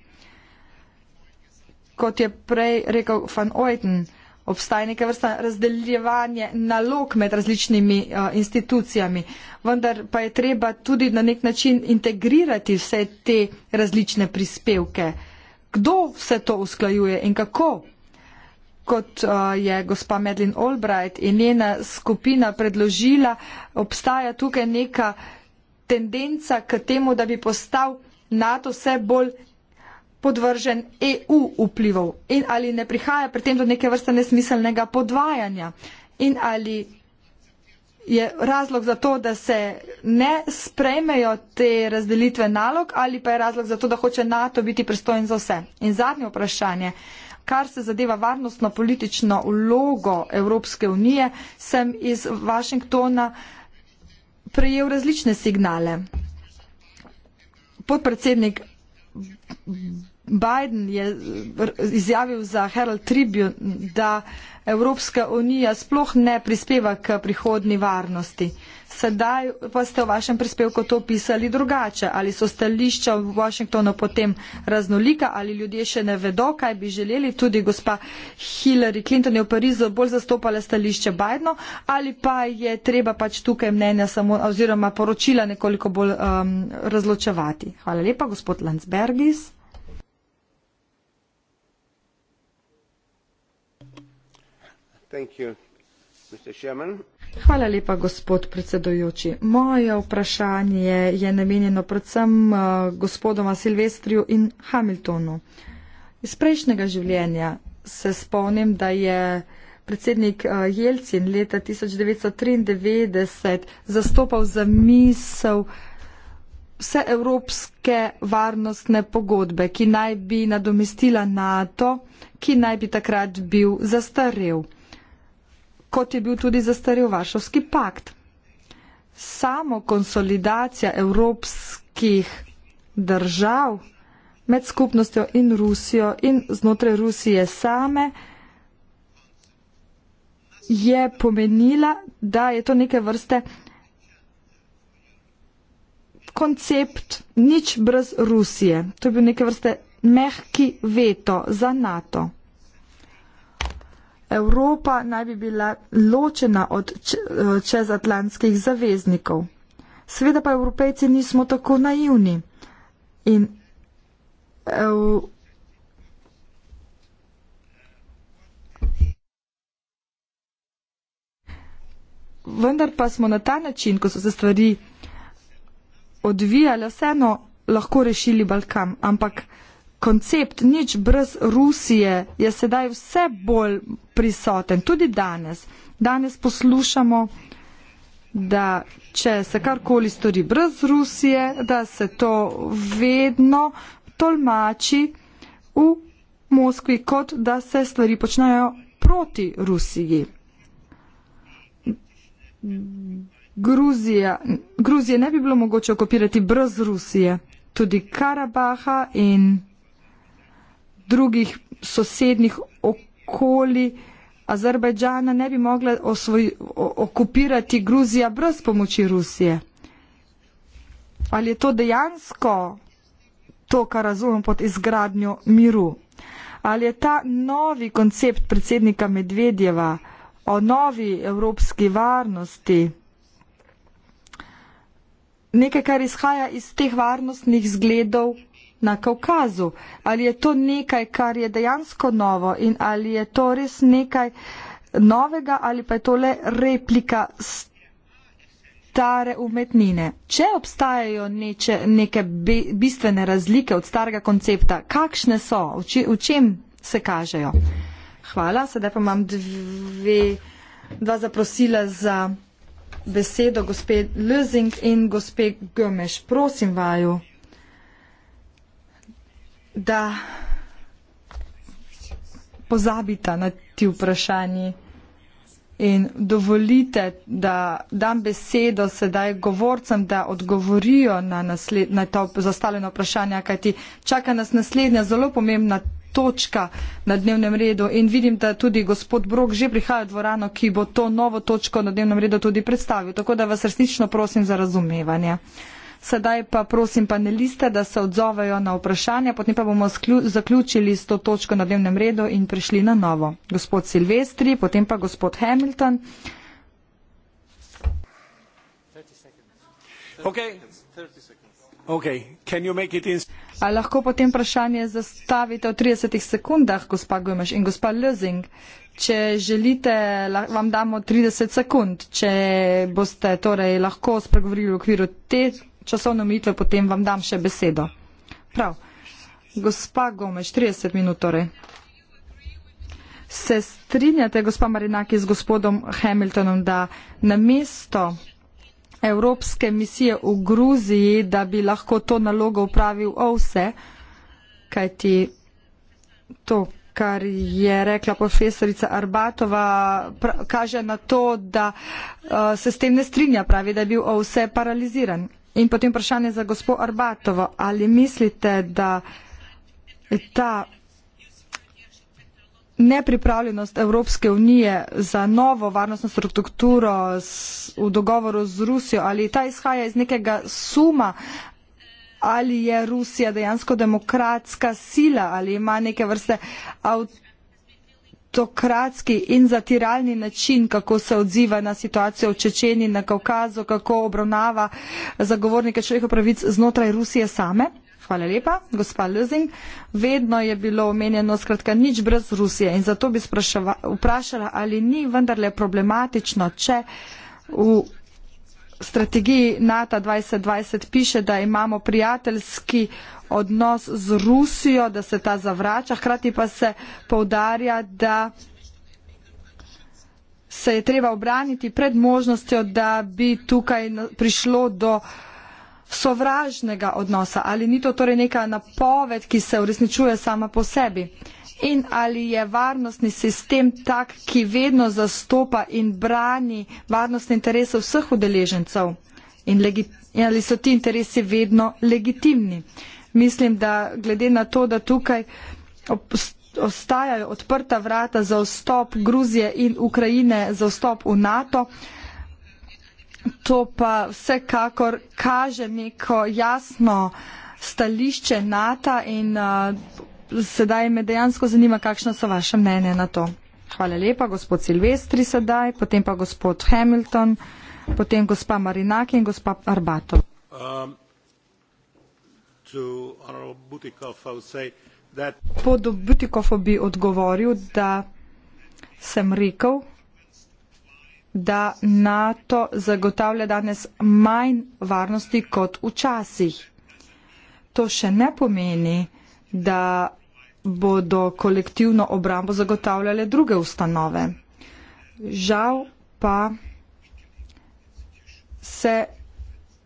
Kot je prej rekel Van Oyten, obstaja neka vrsta razdeljevanje nalog med različnimi uh, institucijami, vendar pa je treba tudi na nek način integrirati vse te različne prispevke. Kdo vse to usklajuje in kako? Kot uh, je gospa Medlin Albright in njena skupina predložila, obstaja tukaj neka tendenca k temu, da bi postal NATO vse bolj podvržen EU vplivov in ali ne prihaja pri tem do neke vrste nesmiselnega podvajanja in ali je razlog za to, da se ne sprejmejo te razdelitve nalog ali pa je razlog za to, da hoče NATO biti pristojen za vse. In zadnje vprašanje, kar se zadeva varnostno politično vlogo Evropske unije, sem iz Vašingtona prejel različne signale. Podpredsednik Biden je izjavil za Herald Tribune, da Evropska unija sploh ne prispeva k prihodni varnosti. Uh, sedaj pa ste v vašem prispevku to opisali drugače. Ali so stališča v Washingtonu potem raznolika, ali ljudje še ne vedo, kaj bi želeli. Tudi gospa Hillary Clinton je v Parizu bolj zastopala stališče Bidenu, ali pa je treba pač tukaj mnenja samo, oziroma poročila nekoliko bolj um, razločevati. Hvala lepa, gospod Landsbergis. Thank you, Mr. Sherman. Hvala lepa, gospod predsedojoči. Moje vprašanje je namenjeno predvsem eh, gospodoma Silvestriju in Hamiltonu. Iz prejšnjega življenja se spomnim, da je predsednik eh, Jelcin leta 1993 zastopal za misel vse evropske varnostne pogodbe, ki naj bi nadomestila NATO, ki naj bi takrat bil zastarel kot je bil tudi zastarel Varšavski pakt. Samo konsolidacija evropskih držav med skupnostjo in Rusijo in znotraj Rusije same je pomenila, da je to neke vrste koncept nič brez Rusije. To je bil neke vrste mehki veto za NATO. Evropa naj bi bila ločena od eh, čezatlantskih zaveznikov. Sveda pa evropejci nismo tako naivni in ev... vendar pa smo na ta način, ko so se stvari odvijale, vseeno lahko rešili Balkan, ampak koncept nič brez Rusije je sedaj vse bolj prisoten, tudi danes. Danes poslušamo, da če se karkoli stori brez Rusije, da se to vedno tolmači v Moskvi, kot da se stvari počnejo proti Rusiji. Gruzija, Gruzije ne bi bilo mogoče okupirati brez Rusije, tudi Karabaha in drugih sosednjih okoli Azerbajdžana ne bi mogla osvoj, okupirati Gruzija brez pomoči Rusije. Ali je to dejansko to, kar razumem pod izgradnjo miru? Ali je ta novi koncept predsednika Medvedjeva o novi evropski varnosti nekaj, kar izhaja iz teh varnostnih zgledov na Kaukazu. Ali je to nekaj, kar je dejansko novo in ali je to res nekaj novega ali pa je to le replika stare umetnine. Če obstajajo neče, neke bistvene razlike od starega koncepta, kakšne so, v, či, v čem se kažejo? Hvala, sedaj pa imam dve, dva zaprosila za besedo, gospe Lüzing in gospe Gömeš. Prosim, vaju da pozabite na ti vprašanji in dovolite, da dam besedo sedaj govorcem, da odgovorijo na, nasled, na to zastavljeno vprašanje, kajti čaka nas naslednja zelo pomembna točka na dnevnem redu in vidim, da tudi gospod Brok že prihaja v dvorano, ki bo to novo točko na dnevnem redu tudi predstavil. Tako da vas resnično prosim za razumevanje. Sedaj pa prosim paneliste, da se odzovejo na vprašanja, potem pa bomo zaključili s to točko na dnevnem redu in prišli na novo. Gospod Silvestri, potem pa gospod Hamilton. Okay. Okay. In... A lahko potem vprašanje zastavite v 30 sekundah, gospa Gumeš in gospa Lezing? Če želite, vam damo 30 sekund, če boste torej lahko spregovorili v okviru te časovne omejitve, potem vam dam še besedo. Prav. Gospa Gomeš, 30 minut torej. Se strinjate, gospa Marinaki, z gospodom Hamiltonom, da na mesto Evropske misije v Gruziji, da bi lahko to nalogo upravil OVSE, kajti to, kar je rekla profesorica Arbatova, pra, kaže na to, da uh, se s tem ne strinja, pravi, da je bil OVSE paraliziran. In potem vprašanje za gospod Arbatovo. Ali mislite, da ta nepripravljenost Evropske unije za novo varnostno strukturo v dogovoru z Rusijo, ali ta izhaja iz nekega suma, ali je Rusija dejansko demokratska sila, ali ima neke vrste avtomobilnosti, avtokratski in zatiralni način, kako se odziva na situacijo v Čečeni, na Kaukazu, kako obravnava zagovornike človekov pravic znotraj Rusije same. Hvala lepa, gospa Lezing. Vedno je bilo omenjeno skratka nič brez Rusije in zato bi vprašala, ali ni vendarle problematično, če v strategiji NATO 2020 piše, da imamo prijateljski odnos z Rusijo, da se ta zavrača, hkrati pa se povdarja, da se je treba obraniti pred možnostjo, da bi tukaj prišlo do sovražnega odnosa. Ali ni to torej neka napoved, ki se uresničuje sama po sebi? in ali je varnostni sistem tak, ki vedno zastopa in brani varnostne interese vseh udeležencev in, in ali so ti interesi vedno legitimni. Mislim, da glede na to, da tukaj ostajajo odprta vrata za vstop Gruzije in Ukrajine, za vstop v NATO, to pa vsekakor kaže neko jasno stališče NATO in uh, sedaj me dejansko zanima, kakšno so vaše mnenje na to. Hvala lepa, gospod Silvestri sedaj, potem pa gospod Hamilton, potem gospa Marinaki in gospa Arbato. Podo um, Butikofu bi odgovoril, da sem rekel, da NATO zagotavlja danes manj varnosti kot včasih. To še ne pomeni, da bodo kolektivno obrambo zagotavljale druge ustanove. Žal pa se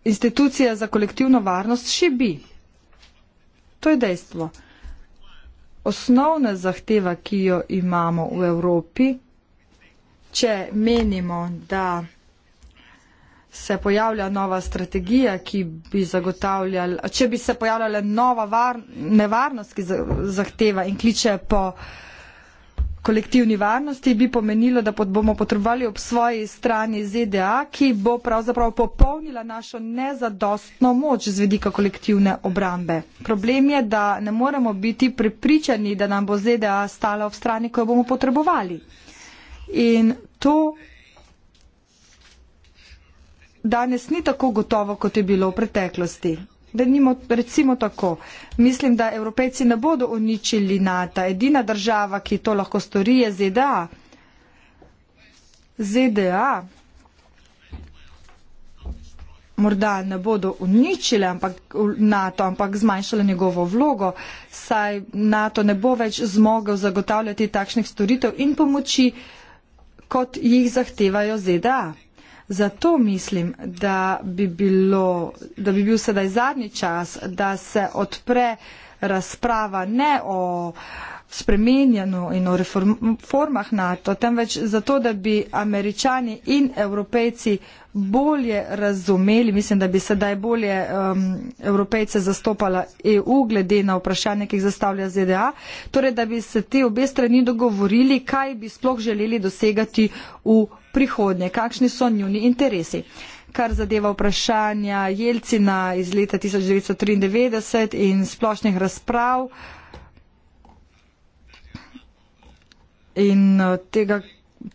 institucija za kolektivno varnost šibi. To je dejstvo. Osnovna zahteva, ki jo imamo v Evropi, če menimo, da se pojavlja nova strategija, ki bi zagotavljala, če bi se pojavljala nova var, nevarnost, ki zahteva in kliče po kolektivni varnosti, bi pomenilo, da pod, bomo potrebovali ob svoji strani ZDA, ki bo pravzaprav popolnila našo nezadostno moč z vedika kolektivne obrambe. Problem je, da ne moremo biti prepričani, da nam bo ZDA stala ob strani, ko jo bomo potrebovali. In to danes ni tako gotovo, kot je bilo v preteklosti. Da nimo, recimo tako, mislim, da evropejci ne bodo uničili NATO. Edina država, ki to lahko stori, je ZDA. ZDA morda ne bodo uničile ampak, NATO, ampak zmanjšale njegovo vlogo, saj NATO ne bo več zmogel zagotavljati takšnih storitev in pomoči, kot jih zahtevajo ZDA. Zato mislim, da bi, bilo, da bi bil sedaj zadnji čas, da se odpre razprava ne o spremenjanju in o reformah NATO, temveč zato, da bi američani in evropejci bolje razumeli, mislim, da bi sedaj bolje um, evropejce zastopala EU glede na vprašanje, ki jih zastavlja ZDA, torej da bi se ti obe strani dogovorili, kaj bi sploh želeli dosegati v prihodnje, kakšni so njuni interesi kar zadeva vprašanja Jelcina iz leta 1993 in splošnih razprav in eh, tega,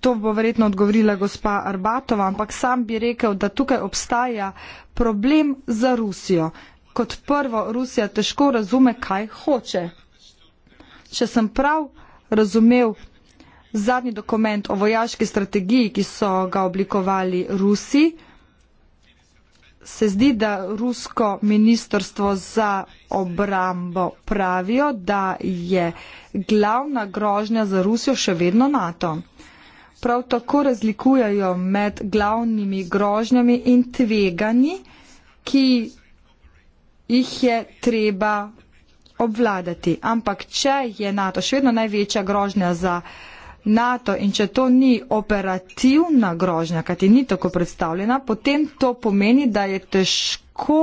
to bo verjetno odgovorila gospa Arbatova, ampak sam bi rekel, da tukaj obstaja problem za Rusijo. Kot prvo, Rusija težko razume, kaj hoče. Če sem prav razumel zadnji dokument o vojaški strategiji, ki so ga oblikovali Rusi, se zdi, da rusko ministrstvo za obrambo pravijo, da je glavna grožnja za Rusijo še vedno NATO. Prav tako razlikujajo med glavnimi grožnjami in tveganji, ki jih je treba obvladati. Ampak če je NATO še vedno največja grožnja za Rusijo, NATO in če to ni operativna grožnja, kajti ni tako predstavljena, potem to pomeni, da je težko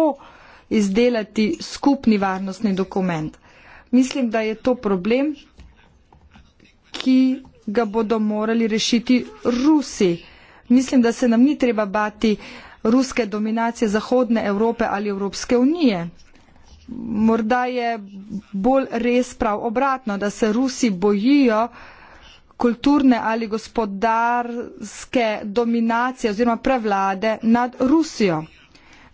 izdelati skupni varnostni dokument. Mislim, da je to problem, ki ga bodo morali rešiti Rusi. Mislim, da se nam ni treba bati ruske dominacije Zahodne Evrope ali Evropske unije. Morda je bolj res prav obratno, da se Rusi bojijo, kulturne ali gospodarske dominacije oziroma prevlade nad Rusijo.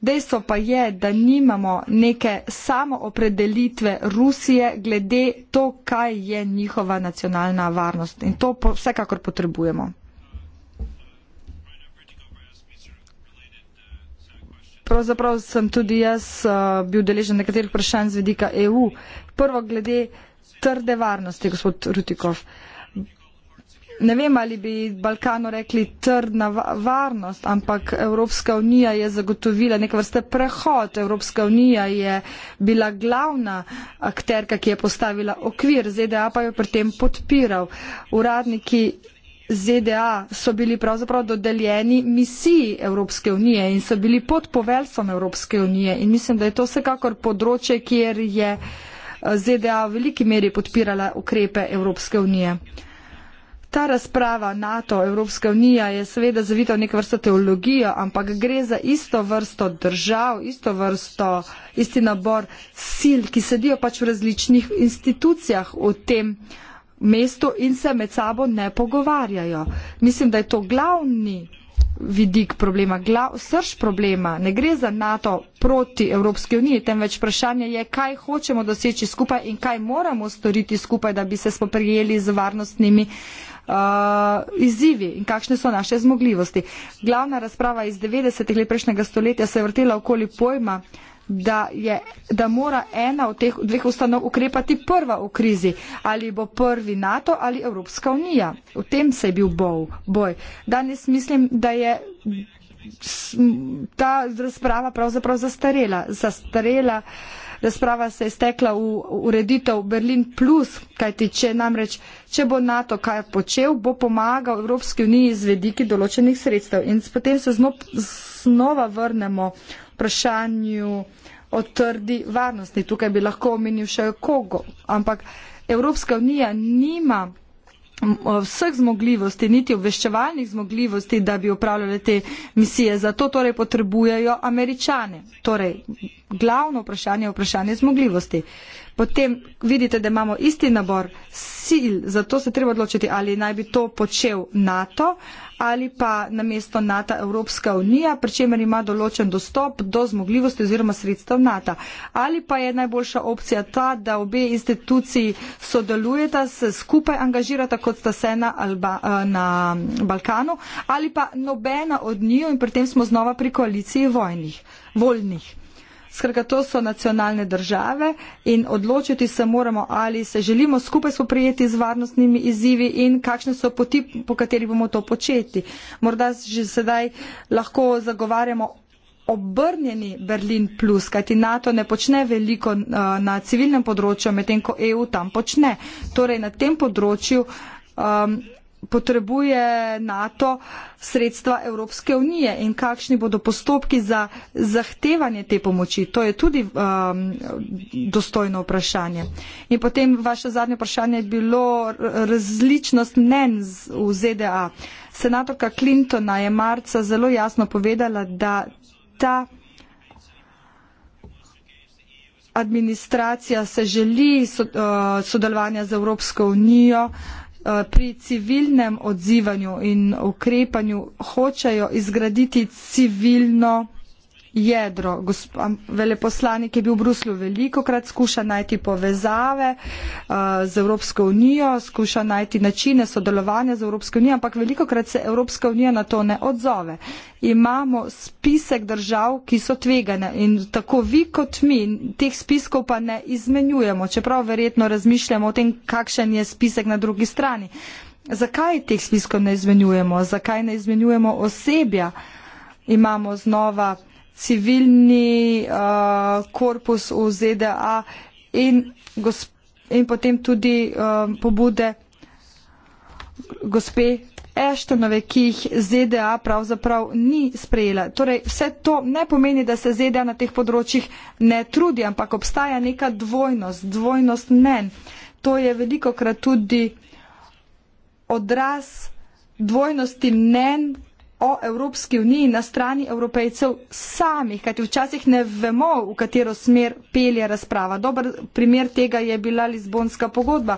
Dejstvo pa je, da nimamo neke samoopredelitve Rusije glede to, kaj je njihova nacionalna varnost. In to po, vsekakor potrebujemo. Pravzaprav sem tudi jaz uh, bil deležen nekaterih vprašanj z vedika EU. Prvo glede trde varnosti, gospod Rutikov. Uh, ne vem, ali bi Balkanu rekli trdna va varnost, ampak Evropska unija je zagotovila neke vrste prehod. Evropska unija je bila glavna akterka, ki je postavila okvir, ZDA pa jo pri tem podpiral. Uradniki ZDA so bili pravzaprav dodeljeni misiji Evropske unije in so bili pod poveljstvom Evropske unije. In mislim, da je to vsekakor področje, kjer je eh, ZDA v veliki meri podpirala ukrepe Evropske unije. Ta razprava NATO, Evropska unija je seveda zavita v nek vrsto teologijo, ampak gre za isto vrsto držav, isto vrsto, isti nabor sil, ki sedijo pač v različnih institucijah v tem mestu in se med sabo ne pogovarjajo. Mislim, da je to glavni vidik problema, glav, srž problema. Ne gre za NATO proti Evropski uniji, temveč vprašanje je, kaj hočemo doseči skupaj in kaj moramo storiti skupaj, da bi se spoprijeli z varnostnimi uh, uh, izzivi in kakšne so naše zmogljivosti. Glavna razprava iz 90-ih let prejšnjega stoletja se je vrtela okoli pojma, da, je, da mora ena od teh dveh ustanov ukrepati prva v krizi, ali bo prvi NATO ali Evropska unija. V tem se je bil bol, boj. Danes mislim, da je ta razprava pravzaprav zastarela. zastarela uh, Razprava se je stekla v ureditev Berlin plus, kajti če namreč, če bo NATO kaj počel, bo pomagal Evropski uniji z vediki določenih sredstev. In potem se znov, znova vrnemo vprašanju o trdi varnosti. Tukaj bi lahko omenil še kogo, ampak Evropska unija nima vseh zmogljivosti, niti obveščevalnih zmogljivosti, da bi upravljali te misije. Zato torej potrebujejo američane. Torej, glavno vprašanje je vprašanje zmogljivosti. Potem vidite, da imamo isti nabor sil, zato se treba odločiti, ali naj bi to počel NATO ali pa na mesto NATO Evropska unija, pri čemer ima določen dostop do zmogljivosti oziroma sredstev NATO. Ali pa je najboljša opcija ta, da obe instituciji sodelujeta, se skupaj angažirata, kot sta se na, Alba, eh, na Balkanu, ali pa nobena od njiju in pri tem smo znova pri koaliciji vojnih, voljnih. Skratka, to so nacionalne države in odločiti se moramo, ali se želimo skupaj spoprijeti z varnostnimi izzivi in kakšne so poti, po kateri bomo to početi. Morda že sedaj lahko zagovarjamo obrnjeni Berlin plus, kajti NATO ne počne veliko eh, na civilnem področju, medtem ko EU tam počne. Torej, na tem področju. Um, potrebuje NATO sredstva Evropske unije in kakšni bodo postopki za zahtevanje te pomoči. To je tudi um, dostojno vprašanje. In potem vaše zadnje vprašanje je bilo različnost mnen v ZDA. Senatorka Clintona je marca zelo jasno povedala, da ta administracija se želi uh, sodelovanja z Evropsko unijo. Eh, pri civilnem odzivanju in ukrepanju hočejo izgraditi civilno jedro. Gospa, veleposlanik je bil v Bruslju veliko krat skuša najti povezave uh, z Evropsko unijo, skuša najti načine sodelovanja z Evropsko unijo, ampak veliko krat se Evropska unija na to ne odzove. Imamo spisek držav, ki so tvegane in tako vi kot mi teh spiskov pa ne izmenjujemo, čeprav verjetno razmišljamo o tem, kakšen je spisek na drugi strani. Zakaj teh spiskov ne izmenjujemo? Zakaj ne izmenjujemo osebja? Imamo znova civilni uh, korpus v ZDA in, in potem tudi uh, pobude gospe Eštonove, ki jih ZDA pravzaprav ni sprejela. Torej, vse to ne pomeni, da se ZDA na teh področjih ne trudi, ampak obstaja neka dvojnost, dvojnost mnen. To je veliko krat tudi odraz dvojnosti mnen, o Evropski uniji na strani evropejcev samih, kajti včasih ne vemo, v katero smer pelje razprava. Dober primer tega je bila Lizbonska pogodba,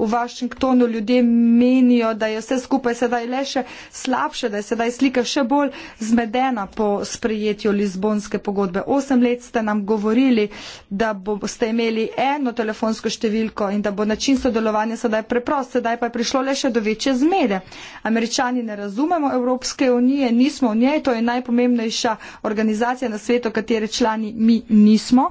v Vašingtonu ljudje menijo, da je vse skupaj sedaj le še slabše, da je sedaj slika še bolj zmedena po sprejetju Lizbonske pogodbe. Osem let ste nam govorili, da boste imeli eno telefonsko številko in da bo način sodelovanja sedaj preprost, sedaj pa je prišlo le še do večje zmede. Američani ne razumemo Evropske unije, nismo v njej, to je najpomembnejša organizacija na svetu, katere člani mi nismo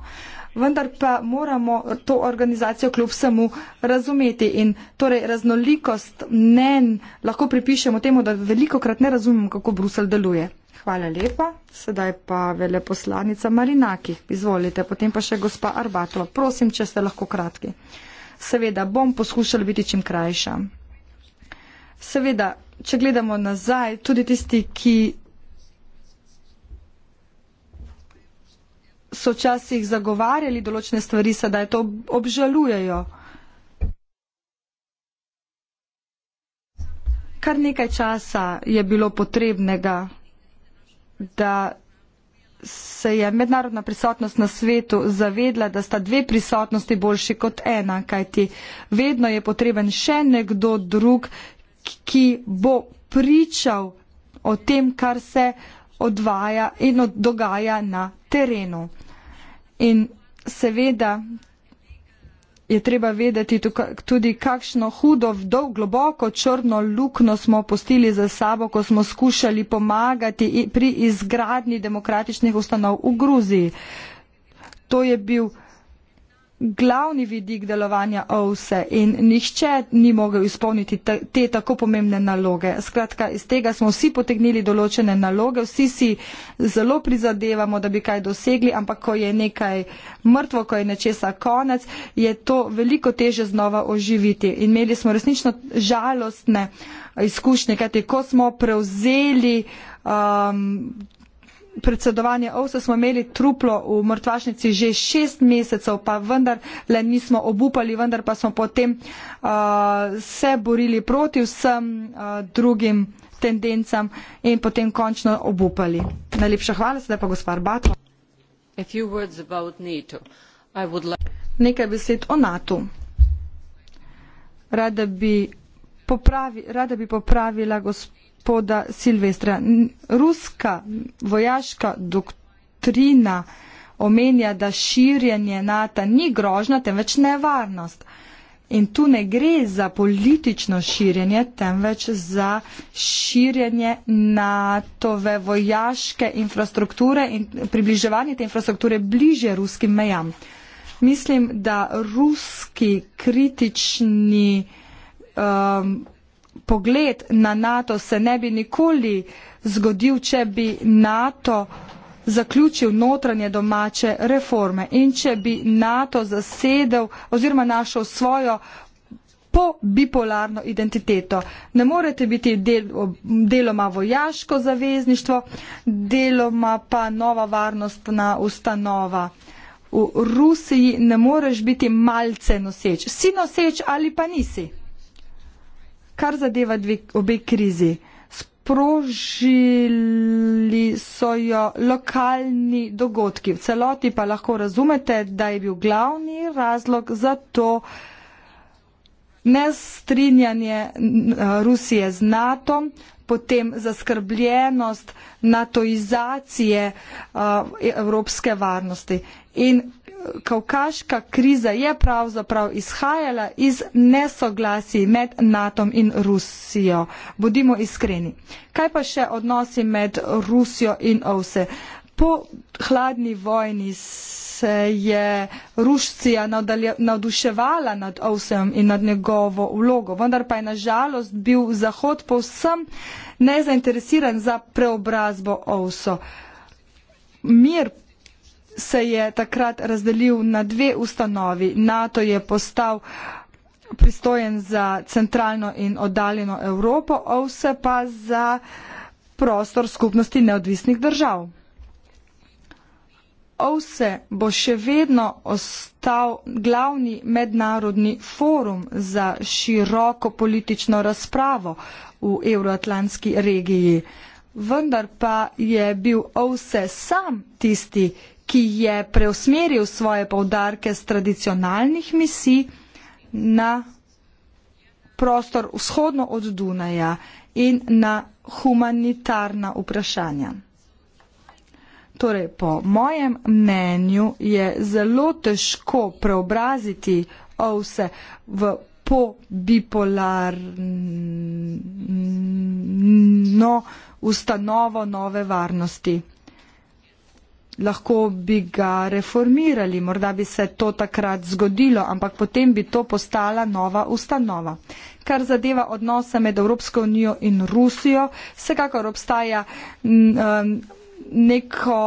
vendar pa moramo to organizacijo kljub vsemu razumeti. In torej raznolikost mnen lahko pripišemo temu, da veliko krat ne razumemo, kako Brusel deluje. Hvala lepa. Sedaj pa veleposlanica Marinaki. Izvolite, potem pa še gospa Arbatova. Prosim, če ste lahko kratki. Seveda, bom poskušala biti čim krajša. Seveda, če gledamo nazaj, tudi tisti, ki so včasih zagovarjali določene stvari, sedaj to obžalujejo. Kar nekaj časa je bilo potrebnega, da se je mednarodna prisotnost na svetu zavedla, da sta dve prisotnosti boljši kot ena, kajti vedno je potreben še nekdo drug, ki bo pričal o tem, kar se odvaja in dogaja na terenu. In seveda je treba vedeti tudi, kakšno hudo, dol, globoko črno lukno smo postili za sabo, ko smo skušali pomagati pri izgradnji demokratičnih ustanov v Gruziji. To je bil glavni vidik delovanja OVSE in nihče ni mogel izpolniti te, te tako pomembne naloge. Skratka, iz tega smo vsi potegnili določene naloge, vsi si zelo prizadevamo, da bi kaj dosegli, ampak ko je nekaj mrtvo, ko je nečesa konec, je to veliko teže znova oživiti. In imeli smo resnično žalostne izkušnje, kajte ko smo prevzeli um, predsedovanje OVSE smo imeli truplo v mrtvašnici že šest mesecev, pa vendar le nismo obupali, vendar pa smo potem uh, se borili proti vsem uh, drugim tendencam in potem končno obupali. Najlepša hvala, sedaj pa gospod Batro. Nekaj besed o NATO. Rada bi, popravi, rada bi popravila gospod gospoda Silvestra. Ruska vojaška doktrina omenja, da širjenje NATO ni grožna, temveč nevarnost. In tu ne gre za politično širjenje, temveč za širjenje NATO-ve vojaške infrastrukture in približevanje te infrastrukture bliže ruskim mejam. Mislim, da ruski kritični um, pogled na NATO se ne bi nikoli zgodil, če bi NATO zaključil notranje domače reforme in če bi NATO zasedel oziroma našel svojo po bipolarno identiteto. Ne morete biti del, deloma vojaško zavezništvo, deloma pa nova varnostna ustanova. V Rusiji ne moreš biti malce noseč. Si noseč ali pa nisi kar zadeva dve, obe krizi. Sprožili so jo lokalni dogodki. V celoti pa lahko razumete, da je bil glavni razlog za to nestrinjanje eh, Rusije z NATO, potem zaskrbljenost natoizacije uh, evropske varnosti. In kavkaška kriza je pravzaprav izhajala iz nesoglasij med NATO in Rusijo. Bodimo iskreni. Kaj pa še odnosi med Rusijo in OVSE? Po hladni vojni se je Rusija navduševala nad OVSEM in nad njegovo vlogo, vendar pa je nažalost bil Zahod povsem nezainteresiran za preobrazbo OVSO. Mir se je takrat razdelil na dve ustanovi. NATO je postal pristojen za centralno in oddaljeno Evropo, OVSE pa za prostor skupnosti neodvisnih držav. OVSE bo še vedno ostal glavni mednarodni forum za široko politično razpravo v evroatlantski regiji. Vendar pa je bil OVSE sam tisti, ki je preusmeril svoje povdarke z tradicionalnih misij na prostor vzhodno od Dunaja in na humanitarna vprašanja. Torej, po mojem mnenju je zelo težko preobraziti ovse v pobipolarno ustanovo nove varnosti lahko bi ga reformirali, morda bi se to takrat zgodilo, ampak potem bi to postala nova ustanova. Kar zadeva odnose med Evropsko unijo in Rusijo, vsekakor obstaja mm, neko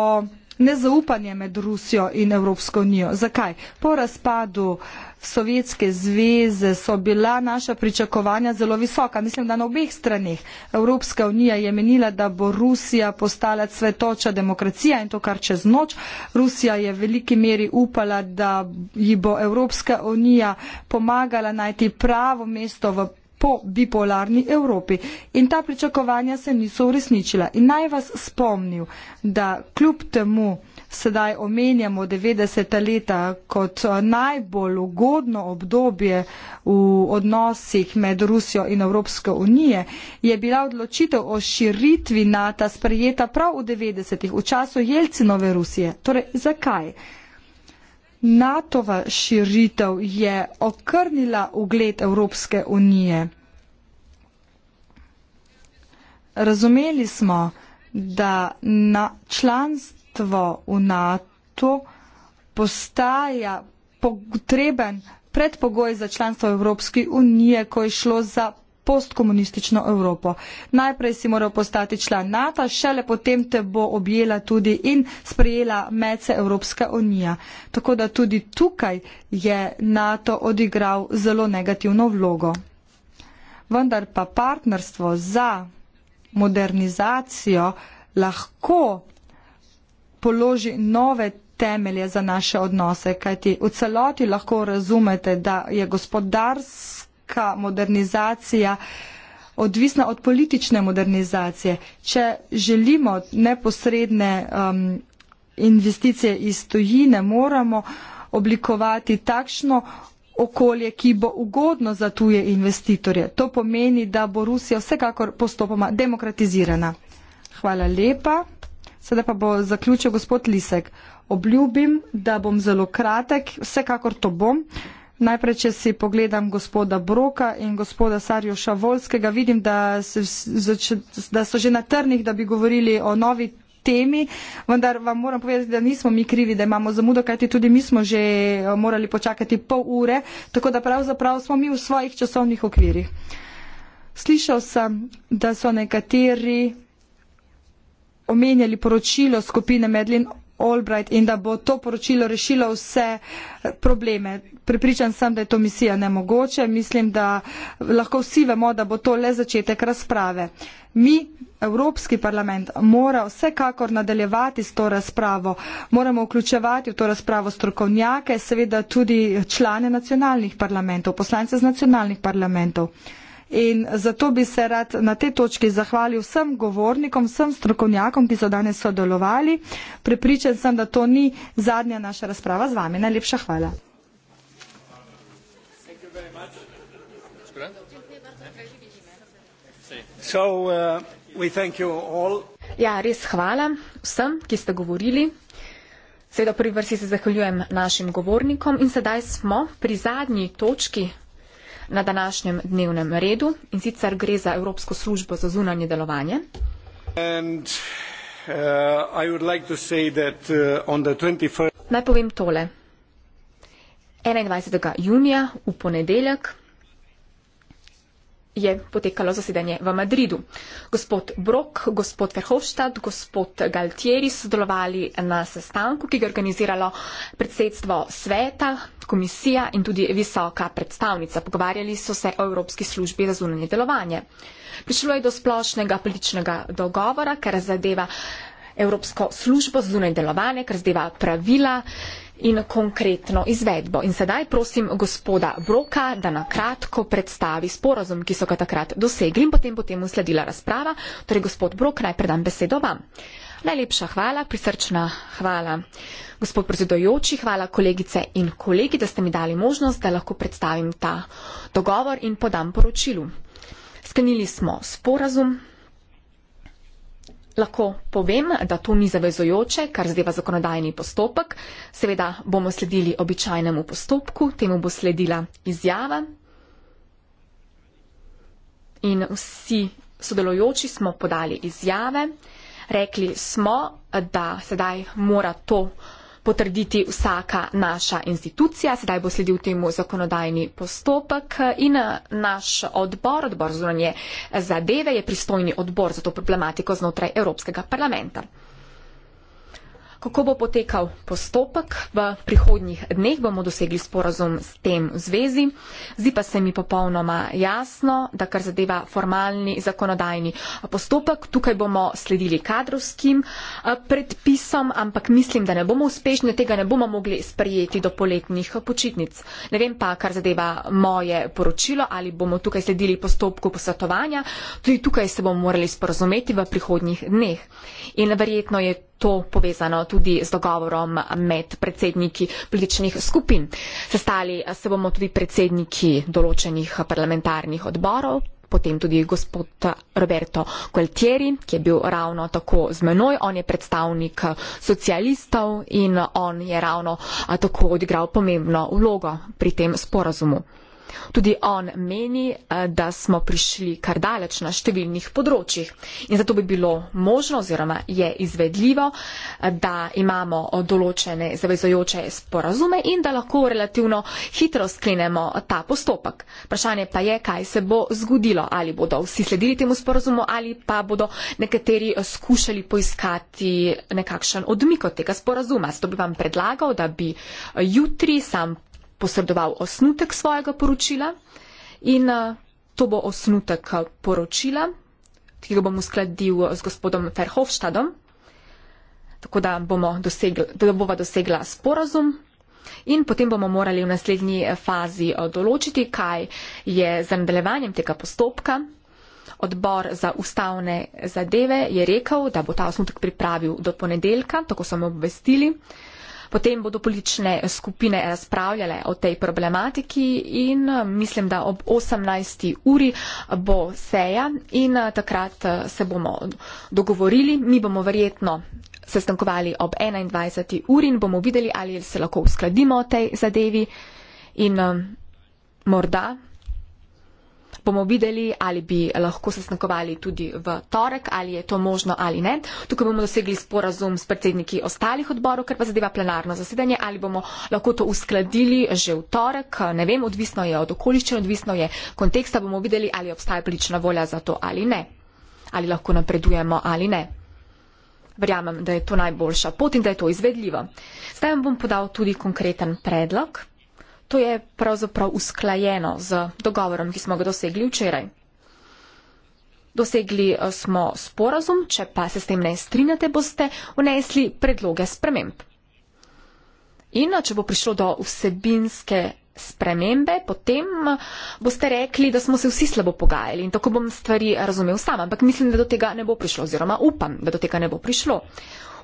nezaupanje med Rusijo in Evropsko unijo. Zakaj? Po razpadu Sovjetske zveze so bila naša pričakovanja zelo visoka. Mislim, da na obeh straneh Evropska unija je menila, da bo Rusija postala cvetoča demokracija in to kar čez noč. Rusija je v veliki meri upala, da ji bo Evropska unija pomagala najti pravo mesto v po bipolarni Evropi. In ta pričakovanja se niso uresničila. In naj vas spomnil, da kljub temu sedaj omenjamo 90. leta kot eh, najbolj ugodno obdobje v odnosih med Rusijo in Evropsko unijo, je bila odločitev o širitvi NATO sprejeta prav v 90. v času Jelcinove Rusije. Torej, zakaj? NATO-va širitev je okrnila ugled Evropske unije. Razumeli smo, da na članstvo v NATO postaja potreben predpogoj za članstvo Evropske unije, ko je šlo za postkomunistično Evropo. Najprej si moral postati član NATO, šele potem te bo objela tudi in sprejela mece Evropska unija. Tako da tudi tukaj je NATO odigral zelo negativno vlogo. Vendar pa partnerstvo za modernizacijo lahko položi nove temelje za naše odnose, kajti v celoti lahko razumete, da je gospodarstvo neka modernizacija odvisna od politične modernizacije. Če želimo neposredne um, investicije iz tujine, moramo oblikovati takšno okolje, ki bo ugodno za tuje investitorje. To pomeni, da bo Rusija vsekakor postopoma demokratizirana. Hvala lepa. Sedaj pa bo zaključil gospod Lisek. Obljubim, da bom zelo kratek, vsekakor to bom. Uh, Najprej, če si pogledam gospoda Broka in gospoda Sarjo Šavolskega, vidim, da, se, da so že na trnih, da bi govorili o novi temi, vendar vam moram povedati, da nismo mi krivi, da imamo zamudo, kajti tudi mi smo že eh, morali počakati pol ure, tako da pravzaprav smo mi v svojih časovnih okvirih. Slišal sem, da so nekateri omenjali poročilo skupine Medlin Albright in da bo to poročilo rešilo vse probleme. Pripričan sem, da je to misija nemogoče. Mislim, da lahko vsi vemo, da bo to le začetek razprave. Mi, Evropski parlament, mora vsekakor nadaljevati s to razpravo. Moramo vključevati v to razpravo strokovnjake, seveda tudi člane nacionalnih parlamentov, poslance z nacionalnih parlamentov. In zato bi se rad na tej točki zahvalil vsem govornikom, vsem strokovnjakom, ki so danes sodelovali. Pripričan sem, da to ni zadnja naša razprava z vami. Najlepša hvala. So, uh, ja, res hvala vsem, ki ste govorili. Seveda prvi vrsti se zahvaljujem našim govornikom in sedaj smo pri zadnji točki na današnjem dnevnem redu in sicer gre za Evropsko službo za zunanje delovanje. And, uh, like that, uh, 21... Naj povem tole. 21. junija v ponedeljek je potekalo zasedanje v Madridu. Gospod Brok, gospod Verhofstadt, gospod Galtieri so sodelovali na sestanku, ki ga je organiziralo predsedstvo sveta, komisija in tudi visoka predstavnica. Pogovarjali so se o Evropski službi za zunanje delovanje. Prišlo je do splošnega političnega dogovora, kar zadeva Evropsko službo za zunanje delovanje, kar zadeva pravila in konkretno izvedbo. In sedaj prosim gospoda Broka, da na kratko predstavi sporozum, ki so ga takrat dosegli in potem bo temu sledila razprava. Torej, gospod Brok, najprej dam besedo vam. Najlepša hvala, prisrčna hvala, gospod predsedojoči, hvala kolegice in kolegi, da ste mi dali možnost, da lahko predstavim ta dogovor in podam poročilu. Sklenili smo sporazum lahko povem, da to ni zavezojoče, kar zadeva zakonodajni postopek. Seveda bomo sledili običajnemu postopku, temu bo sledila izjava. In vsi sodelujoči smo podali izjave, rekli smo, da sedaj mora to potrditi vsaka naša institucija. Sedaj bo sledil temu zakonodajni postopek in eh, naš odbor, odbor zunanje zadeve, je pristojni odbor za to problematiko znotraj Evropskega parlamenta. Kako bo potekal postopek v prihodnjih dneh, bomo dosegli sporazum s tem v zvezi. Zdi pa se mi popolnoma jasno, da kar zadeva formalni zakonodajni postopek, tukaj bomo sledili kadrovskim eh, predpisom, ampak mislim, da ne bomo uspešni, tega ne bomo mogli sprejeti do poletnih počitnic. Ne vem pa, kar zadeva moje poročilo, ali bomo tukaj sledili postopku posvetovanja, tudi tukaj se bomo morali sporazumeti v prihodnjih dneh. In verjetno je to povezano tudi z dogovorom med predsedniki političnih skupin. Sestali se bomo tudi predsedniki določenih parlamentarnih odborov potem tudi gospod Roberto Gualtieri, ki je bil ravno tako z menoj, on je predstavnik socialistov in on je ravno tako odigral pomembno vlogo pri tem sporazumu. Tudi on meni, eh, da smo prišli kar daleč na številnih področjih in zato bi bilo možno oziroma je izvedljivo, eh, da imamo določene zavezojoče sporazume in da lahko relativno hitro sklenemo ta postopek. Vprašanje pa je, kaj se bo zgodilo, ali bodo vsi sledili temu sporazumu ali pa bodo nekateri skušali poiskati nekakšen odmik od tega sporazuma. Zato bi vam predlagal, da bi jutri sam posredoval osnutek svojega poročila in eh, to bo osnutek eh, poročila, ki ga bom uskladil eh, z gospodom Ferhofštadom, tako da, dosegli, da bova dosegla sporazum. In potem bomo morali v naslednji fazi določiti, kaj je z nadaljevanjem tega postopka. Odbor za ustavne zadeve je rekel, da bo ta osnutek pripravil do ponedeljka, tako so me obvestili. Uh, Potem bodo politične skupine razpravljale o tej problematiki in um, mislim, da ob 18. uri bo seja in uh, takrat uh, se bomo dogovorili. Mi bomo verjetno sestankovali ob 21. uri in bomo videli, ali se lahko uskladimo o tej zadevi in um, morda bomo videli, ali bi lahko sestankovali tudi v torek, ali je to možno ali ne. Tukaj bomo dosegli sporazum s predsedniki ostalih odborov, ker pa zadeva plenarno zasedanje, ali bomo lahko to uskladili že v torek. Ne vem, odvisno je od okoliščin, odvisno je konteksta, bomo videli, ali obstaja politična volja za to ali ne. Ali lahko napredujemo ali ne. Verjamem, da je to najboljša pot in da je to izvedljivo. Zdaj vam bom podal tudi konkreten predlog. To je pravzaprav usklajeno z dogovorom, ki smo ga dosegli včeraj. Dosegli eh, smo sporazum, če pa se s tem ne strinjate, boste vnesli predloge sprememb. In eh, če bo prišlo do vsebinske spremembe, potem eh, boste rekli, da smo se vsi slabo pogajali. In tako bom stvari razumel sam, ampak mislim, da do tega ne bo prišlo, oziroma upam, da do tega ne bo prišlo.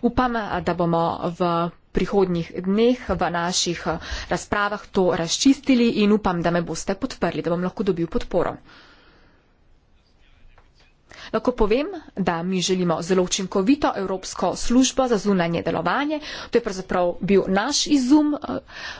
Upam, da bomo v prihodnjih dneh v naših eh, razpravah to razčistili in upam, da me boste podprli, da bom lahko dobil podporo. Lahko povem, da mi želimo zelo učinkovito Evropsko službo za zunanje delovanje. To je pravzaprav bil naš izum eh,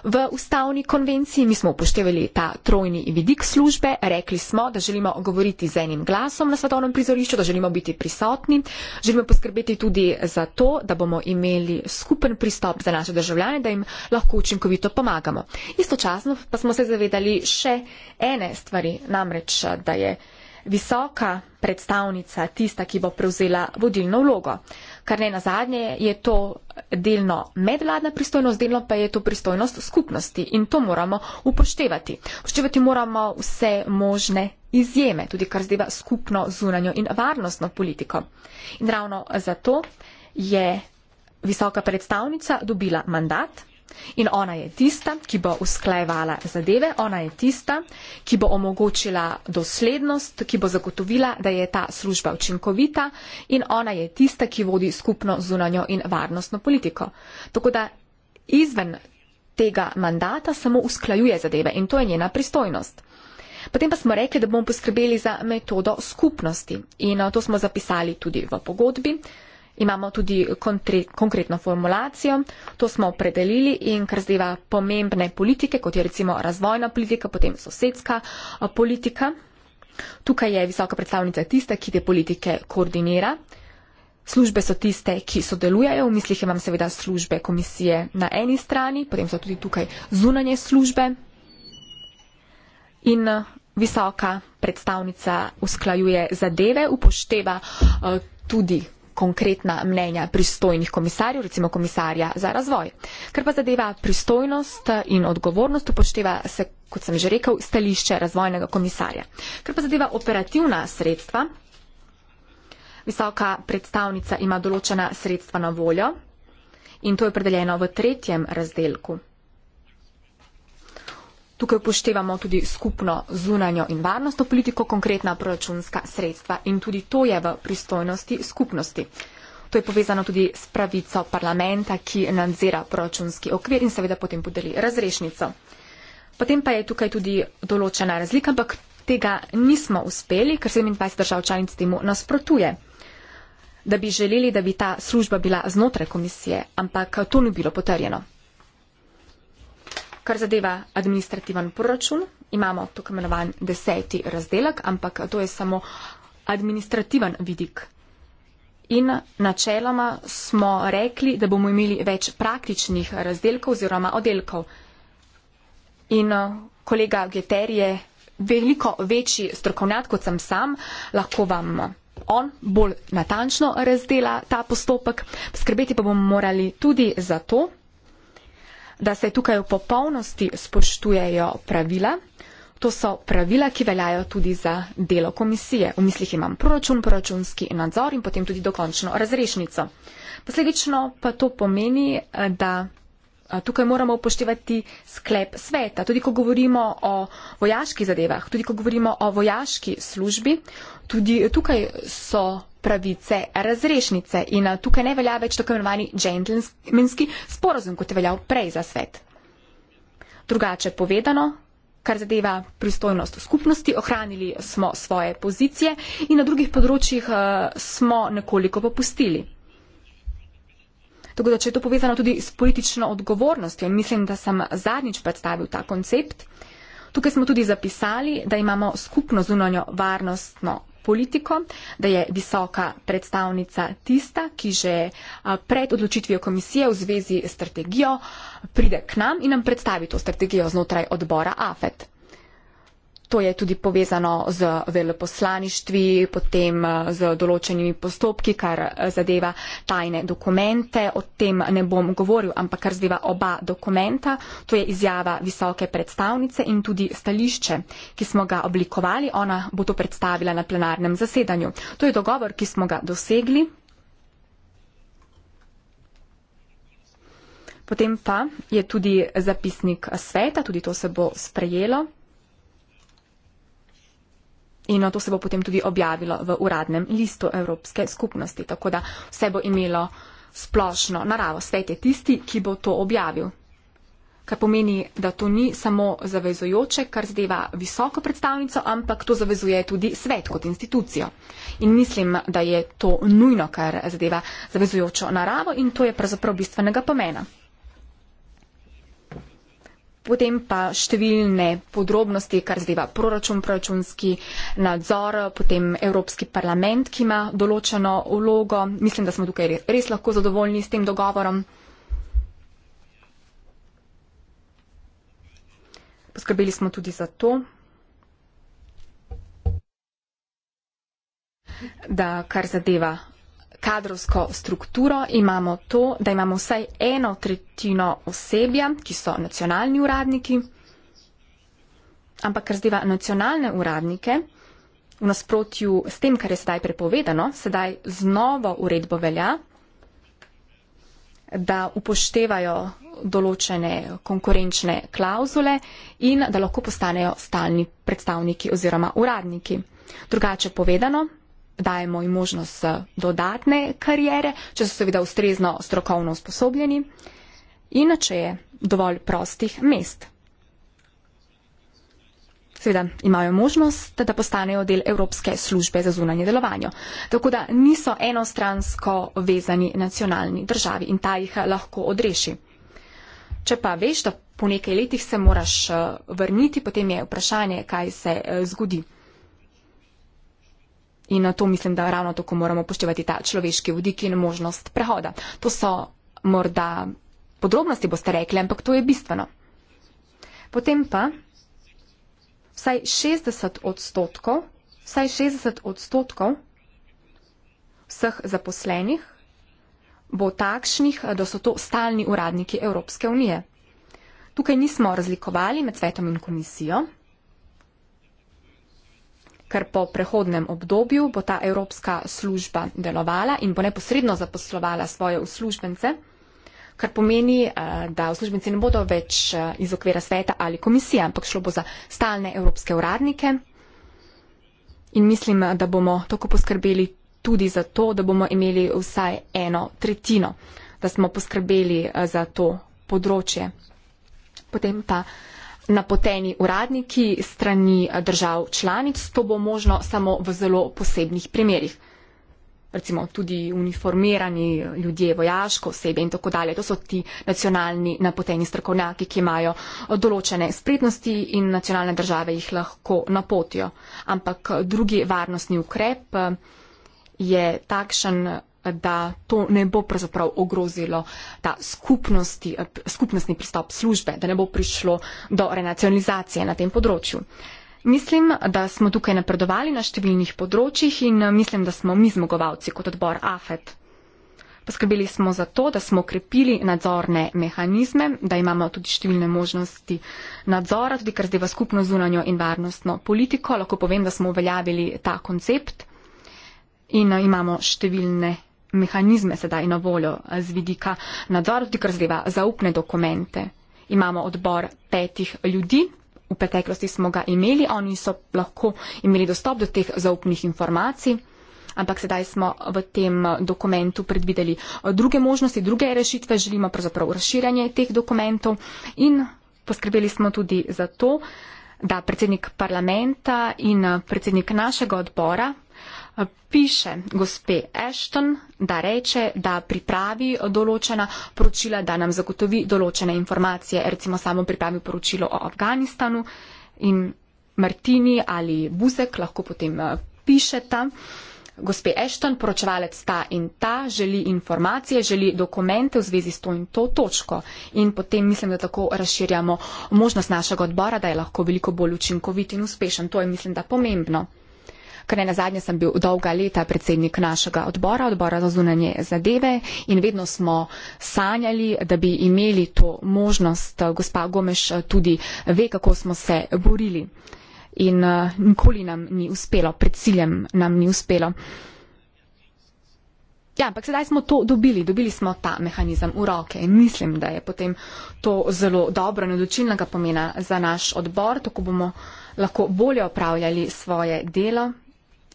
v ustavni konvenciji. Mi smo upoštevali ta trojni vidik službe. Rekli smo, da želimo govoriti z enim glasom na svetovnem prizorišču, da želimo biti prisotni. Želimo poskrbeti tudi za to, da bomo imeli skupen pristop za naše državljane, da jim lahko učinkovito pomagamo. Istočasno pa smo se zavedali še ene stvari, namreč, da je visoka predstavnica tista, ki bo prevzela vodilno vlogo. Kar ne na zadnje je to delno medvladna pristojnost, delno pa je to pristojnost skupnosti in to moramo upoštevati. Upoštevati moramo vse možne izjeme, tudi kar zdeva skupno zunanjo in varnostno politiko. In ravno zato je visoka predstavnica dobila mandat In ona je tista, ki bo usklajevala zadeve, ona je tista, ki bo omogočila doslednost, ki bo zagotovila, da je ta služba učinkovita in ona je tista, ki vodi skupno zunanjo in varnostno politiko. Tako da izven tega mandata samo usklajuje zadeve in to je njena pristojnost. Potem pa smo rekli, da bomo poskrbeli za metodo skupnosti in eh, to smo zapisali tudi v pogodbi. Imamo tudi konkretno formulacijo, to smo opredelili in kar zdeva pomembne politike, kot je recimo razvojna politika, potem sosedska politika. Tukaj je visoka predstavnica tista, ki te politike koordinira. Službe so tiste, ki sodelujejo, v mislih imam seveda službe komisije na eni strani, potem so tudi tukaj zunanje službe in visoka predstavnica usklajuje zadeve, upošteva tudi konkretna mnenja pristojnih komisarjev, recimo komisarja za razvoj. Ker pa zadeva pristojnost eh, in odgovornost, upošteva se, kot sem že rekel, stališče razvojnega komisarja. Ker pa zadeva operativna sredstva, visoka predstavnica ima določena sredstva na voljo in to je predeljeno v tretjem razdelku. Tukaj upoštevamo tudi skupno zunanjo in varnostno politiko, konkretna proračunska sredstva in tudi to je v pristojnosti skupnosti. To je povezano tudi s pravico parlamenta, ki nadzira proračunski okvir in seveda potem podeli razrešnico. Potem pa je tukaj tudi določena razlika, ampak tega nismo uspeli, ker 27 držav članic temu nasprotuje. Da bi želeli, da bi ta služba bila znotraj komisije, ampak to ni bilo potrjeno. Kar zadeva administrativen proračun, imamo tukaj imenovan deseti razdelek, ampak to je samo administrativen vidik. In načeloma smo rekli, da bomo imeli več praktičnih razdelkov oziroma oddelkov. In eh, kolega Geter je veliko večji strokovnjak kot sem sam, lahko vam eh, on bolj natančno razdela ta postopek, skrbeti pa bomo morali tudi za to, da se tukaj v popolnosti spoštujejo pravila. To so pravila, ki veljajo tudi za delo komisije. V mislih imam proračun, proračunski nadzor in potem tudi dokončno razrešnico. Posledično pa to pomeni, da tukaj moramo upoštevati sklep sveta. Tudi ko govorimo o vojaških zadevah, tudi ko govorimo o vojaški službi, tudi tukaj so pravice razrešnice. In eh, tukaj ne velja več tako imenovani džentlmenski sporozum, kot je veljal prej za svet. Drugače povedano, kar zadeva pristojnost v skupnosti, ohranili smo svoje pozicije in na drugih področjih eh, smo nekoliko popustili. Tako da, če je to povezano tudi s politično odgovornostjo, in mislim, da sem zadnjič predstavil ta koncept, tukaj smo tudi zapisali, da imamo skupno zunanjo varnostno politiko, da je visoka predstavnica tista, ki že pred odločitvijo komisije v zvezi s strategijo pride k nam in nam predstavi to strategijo znotraj odbora AFET. To je tudi povezano z veleposlaništvi, potem eh, z določenimi postopki, kar eh, zadeva tajne dokumente. O tem ne bom govoril, ampak kar zadeva oba dokumenta. To je izjava visoke predstavnice in tudi stališče, ki smo ga oblikovali. Ona bo to predstavila na plenarnem zasedanju. To je dogovor, ki smo ga dosegli. Potem pa je tudi zapisnik sveta, tudi to se bo sprejelo in to se bo potem tudi objavilo v uradnem listu Evropske skupnosti. Tako da vse bo imelo splošno naravo. Svet je tisti, ki bo to objavil. Kar pomeni, da to ni samo zavezujoče, kar zadeva visoko predstavnico, ampak to zavezuje tudi svet kot institucijo. In mislim, da je to nujno, kar zadeva zavezujočo naravo in to je pravzaprav bistvenega pomena potem pa številne podrobnosti, kar zdeva proračun, proračunski nadzor, potem Evropski parlament, ki ima določeno vlogo. Mislim, da smo tukaj res lahko zadovoljni s tem dogovorom. Poskrbeli smo tudi za to. da kar zadeva kadrovsko strukturo imamo to, da imamo vsaj eno tretjino osebja, ki so nacionalni uradniki, ampak kar zdeva nacionalne uradnike, v nasprotju s tem, kar je sedaj prepovedano, sedaj z novo uredbo velja, da upoštevajo določene konkurenčne klauzule in da lahko postanejo stalni predstavniki oziroma uradniki. Drugače povedano, dajemo jim možnost dodatne karijere, če so seveda ustrezno strokovno usposobljeni in če je dovolj prostih mest. Seveda imajo možnost, da postanejo del Evropske službe za zunanje delovanje. Tako da niso enostransko vezani nacionalni državi in ta jih lahko odreši. Če pa veš, da po nekaj letih se moraš eh, vrniti, potem je vprašanje, kaj se eh, zgodi. In to mislim, da ravno tako moramo poštevati ta človeški vodik in možnost prehoda. To so morda podrobnosti, boste rekli, ampak to je bistveno. Potem pa vsaj 60 odstotkov, vsaj 60 odstotkov vseh zaposlenih bo takšnih, da so to stalni uradniki Evropske unije. Tukaj nismo razlikovali med svetom in komisijo ker po prehodnem obdobju bo ta evropska služba delovala in bo neposredno zaposlovala svoje uslužbence, kar pomeni, eh, da uslužbenci ne bodo več eh, iz okvira sveta ali komisije, ampak šlo bo za stalne evropske uradnike. In mislim, da bomo tako poskrbeli tudi za to, da bomo imeli vsaj eno tretjino, da smo poskrbeli eh, za to področje. Potem pa uh, napoteni uradniki strani eh, držav članic, to bo možno samo v zelo posebnih primerjih. Recimo tudi uniformirani eh, ljudje, vojaško osebe in tako dalje. To so ti nacionalni napoteni strokovnjaki, ki imajo eh, določene spretnosti in nacionalne države jih lahko napotijo. Ampak drugi varnostni ukrep je takšen da to ne bo pravzaprav ogrozilo ta skupnostni pristop službe, da ne bo prišlo do renacionalizacije na tem področju. Mislim, da smo tukaj napredovali na številnih področjih in eh, mislim, da smo mi zmagovalci kot odbor AFET. Poskrbeli smo za to, da smo okrepili nadzorne mehanizme, da imamo tudi številne možnosti nadzora, tudi kar zdaj v skupno zunanjo in varnostno politiko. Lahko povem, da smo uveljavili ta koncept in eh, imamo številne mehanizme sedaj na voljo z vidika nadzora, tudi kar zadeva zaupne dokumente. Imamo odbor petih ljudi, v preteklosti smo ga imeli, oni so lahko imeli dostop do teh zaupnih informacij, ampak sedaj smo v tem dokumentu predvideli druge možnosti, druge rešitve, želimo pravzaprav razširanje teh dokumentov in poskrbeli smo tudi za to, da predsednik parlamenta in predsednik našega odbora Eh, piše gospe Ashton, da reče, da pripravi določena poročila, da nam zagotovi določene informacije, recimo samo pripravi poročilo o Afganistanu in Martini ali Buzek lahko potem eh, pišeta. Gospe Ashton, poročevalec ta in ta želi informacije, želi dokumente v zvezi s to in to točko. In potem mislim, da tako razširjamo možnost našega odbora, da je lahko veliko bolj učinkovit in uspešen. To je mislim, da pomembno ker ne na zadnje sem bil dolga leta predsednik našega odbora, odbora za zunanje zadeve in vedno smo sanjali, da bi imeli to možnost. Gospa Gomeš tudi ve, kako smo se borili in eh, nikoli nam ni uspelo, pred ciljem nam ni uspelo. Ja, ampak sedaj smo to dobili, dobili smo ta mehanizem v roke in mislim, da je potem to zelo dobro in odločilnega pomena za naš odbor, tako bomo lahko bolje opravljali svoje delo.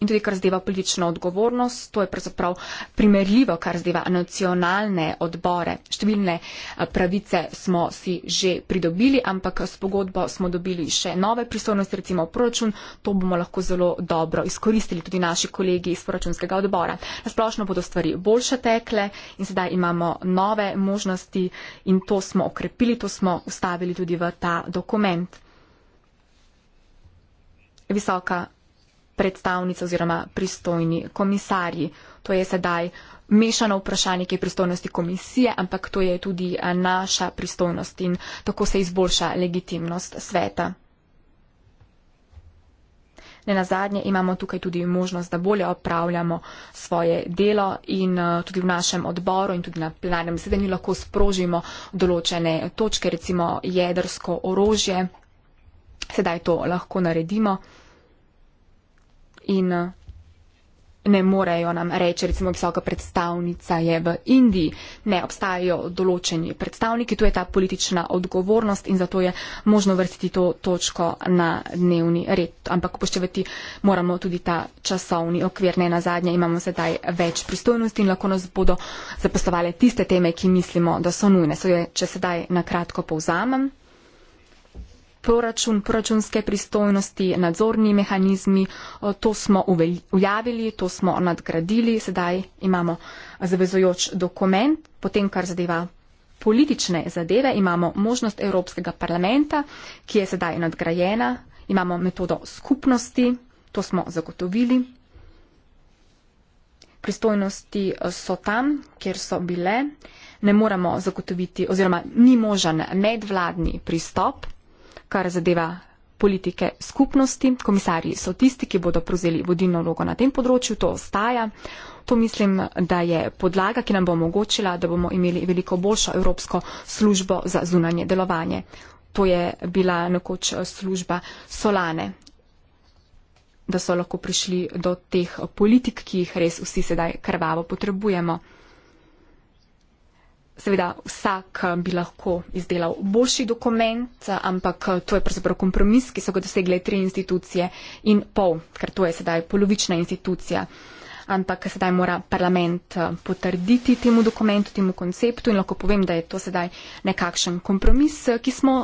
In tudi kar zdeva politično odgovornost, to je pravzaprav primerljivo, kar zdeva nacionalne odbore. Številne eh, pravice smo si že pridobili, ampak s pogodbo smo dobili še nove pristojnosti, recimo proračun. To bomo lahko zelo dobro izkoristili tudi naši kolegi iz proračunskega odbora. Nasplošno bodo stvari boljše tekle in sedaj imamo nove možnosti in to smo okrepili, to smo ustavili tudi v ta dokument. Visoka predstavnice oziroma pristojni komisarji. To je sedaj mešano vprašanje, ki je pristojnosti komisije, ampak to je tudi eh, naša pristojnost in tako se izboljša legitimnost sveta. Ne nazadnje imamo tukaj tudi možnost, da bolje opravljamo svoje delo in eh, tudi v našem odboru in tudi na plenarnem zasedanju lahko sprožimo določene točke, recimo jedrsko orožje. Sedaj to lahko naredimo in eh, ne morejo nam reči, recimo, visoka predstavnica je v Indiji. Ne obstajajo določeni predstavniki, tu je ta politična odgovornost in zato je možno vrstiti to točko na dnevni red. Ampak upoštevati moramo tudi ta časovni okvir. Ne na zadnje imamo sedaj več pristojnosti in lahko nas bodo zaposlovali tiste teme, ki mislimo, da so nujne. So je, če sedaj na kratko povzamem proračun, proračunske pristojnosti, nadzorni mehanizmi. To smo ujavili, to smo nadgradili, sedaj imamo zavezojoč dokument, potem kar zadeva politične zadeve, imamo možnost Evropskega parlamenta, ki je sedaj nadgrajena, imamo metodo skupnosti, to smo zagotovili. Pristojnosti so tam, kjer so bile. Ne moremo zagotoviti oziroma ni možen medvladni pristop, kar zadeva politike skupnosti. Komisarji so tisti, ki bodo prevzeli vodilno vlogo na tem področju, to ostaja. To mislim, da je podlaga, ki nam bo omogočila, da bomo imeli veliko boljšo Evropsko službo za zunanje delovanje. To je bila nekoč služba Solane, da so lahko prišli do teh politik, ki jih res vsi sedaj krvavo potrebujemo. Seveda, vsak eh, bi lahko izdelal boljši dokument, eh, ampak eh, to je pravzaprav kompromis, ki so ga dosegle tri institucije in pol, ker to je sedaj polovična institucija. Ampak sedaj mora parlament potrditi temu dokumentu, temu konceptu in lahko povem, da je to sedaj nekakšen kompromis, ki smo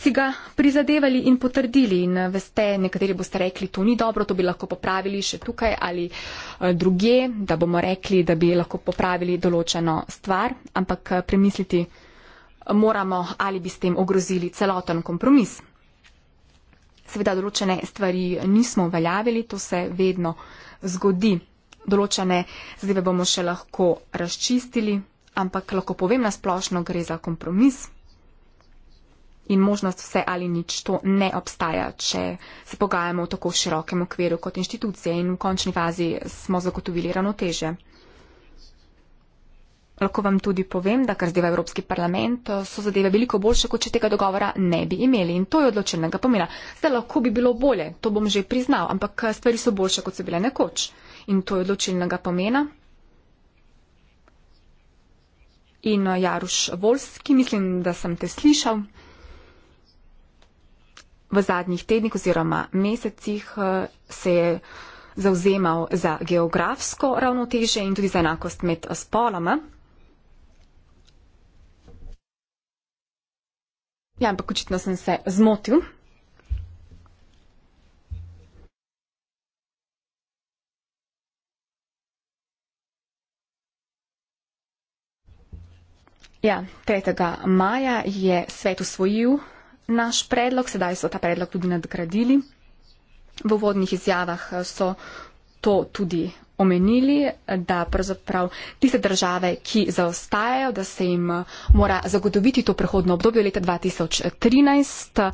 si ga prizadevali in potrdili in eh, veste, nekateri boste rekli, to ni dobro, to bi lahko popravili še tukaj ali eh, druge, da bomo rekli, da bi lahko popravili določeno stvar, ampak eh, premisliti moramo, ali bi s tem ogrozili celoten kompromis. Seveda določene stvari nismo uveljavili, to se vedno zgodi. Določene zadeve bomo še lahko razčistili, ampak lahko povem nasplošno, gre za kompromis in možnost vse ali nič, to ne obstaja, če se pogajamo v tako širokem okviru kot inštitucije in v končni fazi smo zagotovili ravnoteže. Lahko vam tudi povem, da kar zdaj v Evropski parlament eh, so zadeve veliko boljše, kot če tega dogovora ne bi imeli in to je odločenega pomena. Zdaj lahko bi bilo bolje, to bom že priznal, ampak eh, stvari so boljše, kot so bile nekoč in to je odločenega pomena. In eh, Jaruš Volski, mislim, da sem te slišal v zadnjih tednih oziroma mesecih eh, se je zauzemal za geografsko ravnoteže in tudi za enakost med spoloma. Ja, ampak očitno sem se zmotil. Ja, 5. maja je svet usvojil naš predlog, sedaj so ta predlog tudi nadgradili. V uvodnih izjavah eh, so to tudi omenili, eh, da pravzaprav tiste države, ki zaostajajo, da se jim eh, mora zagotoviti to prehodno obdobje leta 2013,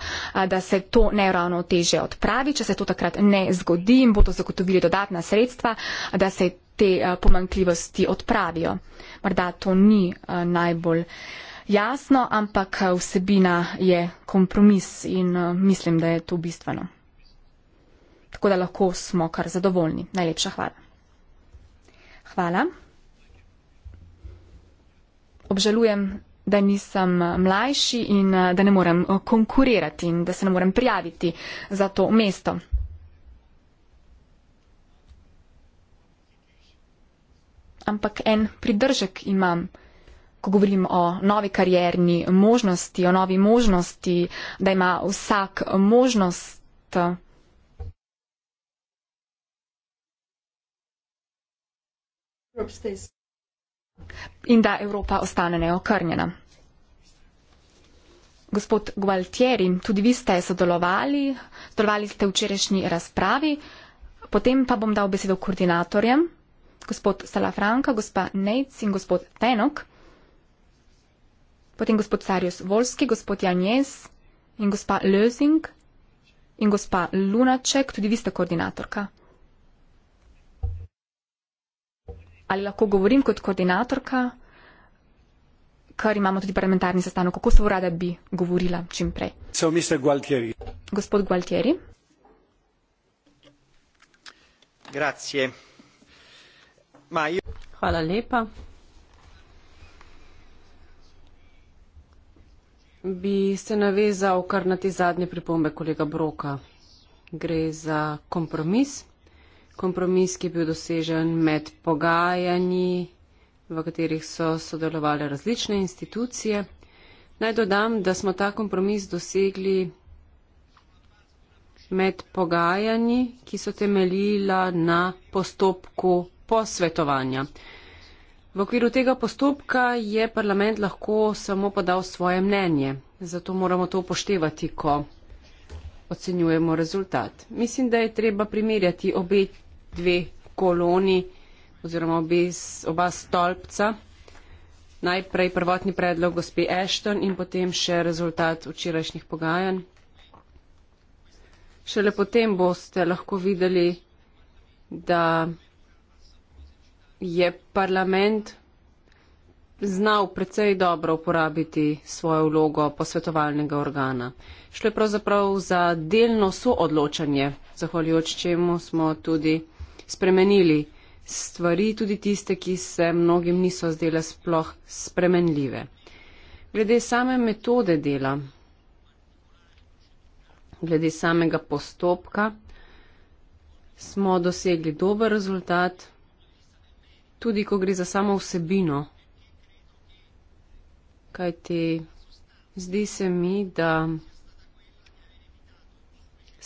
da se to neravno teže odpravi, če se to takrat ne zgodi in bodo zagotovili dodatna sredstva, da se te pomankljivosti odpravijo. Morda to ni najbolj. Uh, jasno, ampak eh, vsebina je kompromis in eh, mislim, da je to bistveno. Tako da lahko smo kar zadovoljni. Najlepša hvala. Hvala. Obžalujem, da nisem eh, mlajši in da ne morem konkurirati in da se ne morem prijaviti za to mesto. Ampak en pridržek imam ko govorim o novi karjerni možnosti, o novi možnosti, da ima vsak možnost. Eh, in da Evropa ostane neokrnjena. Gospod Gualtieri, tudi vi ste sodelovali, sodelovali ste v včerajšnji razpravi, potem pa bom dal besedo koordinatorjem, gospod Salafranka, gospa Nejc in gospod Tenok potem gospod Sarjus Volski, gospod Janjez in gospa Lözing in gospa Lunaček, tudi vi ste koordinatorka. Ali lahko govorim kot koordinatorka, kar imamo tudi parlamentarni sestanek, kako se bo rada bi govorila čim prej? So mister Gualtieri. Gospod Gualtieri. Grazie. Ma io... Hvala lepa. bi se navezal kar na te zadnje pripombe kolega Broka. Gre za kompromis. Kompromis, ki je bil dosežen med pogajanji, v katerih so sodelovali različne institucije. Naj dodam, da smo ta kompromis dosegli med pogajanji, ki so temeljila na postopku posvetovanja. Uh, V okviru tega postopka je parlament lahko samo podal svoje mnenje. Zato moramo to upoštevati, ko ocenjujemo rezultat. Mislim, da je treba primerjati obe dve koloni oziroma obe, oba stolpca. Najprej prvotni predlog gospe Ashton in potem še rezultat včerajšnjih pogajanj. Šele potem boste lahko videli, da je parlament znal precej dobro uporabiti svojo vlogo posvetovalnega organa. Šlo je pravzaprav za delno soodločanje, zahvaljujoč čemu smo tudi spremenili stvari, tudi tiste, ki se mnogim niso zdele sploh spremenljive. Glede same metode dela, glede samega postopka, smo dosegli dober rezultat tudi ko gre za samo vsebino. Kaj ti zdi se mi, da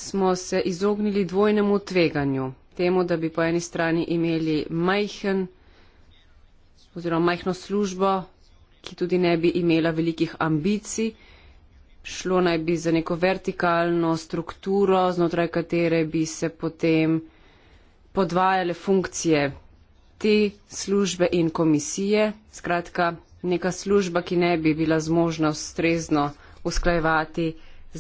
smo se izognili dvojnemu tveganju, temu, da bi po eni strani imeli majhen oziroma majhno službo, ki tudi ne bi imela velikih ambicij, šlo naj bi za neko vertikalno strukturo, znotraj katere bi se potem podvajale funkcije te službe in komisije, skratka neka služba, ki ne bi bila zmožna ustrezno usklajevati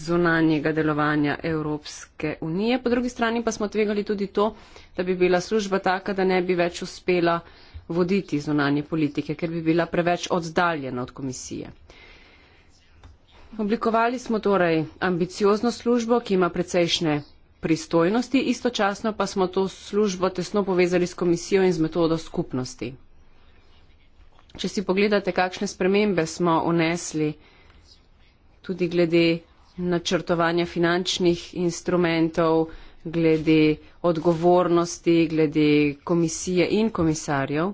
zunanjega delovanja Evropske unije. Po drugi strani pa smo tvegali tudi to, da bi bila služba taka, da ne bi več uspela voditi zunanje politike, ker bi bila preveč oddaljena od komisije. Oblikovali smo torej ambiciozno službo, ki ima precejšnje pristojnosti, istočasno pa smo to službo tesno povezali s komisijo in z metodo skupnosti. Če si pogledate, kakšne spremembe smo unesli tudi glede načrtovanja finančnih instrumentov, glede odgovornosti, glede komisije in komisarjev,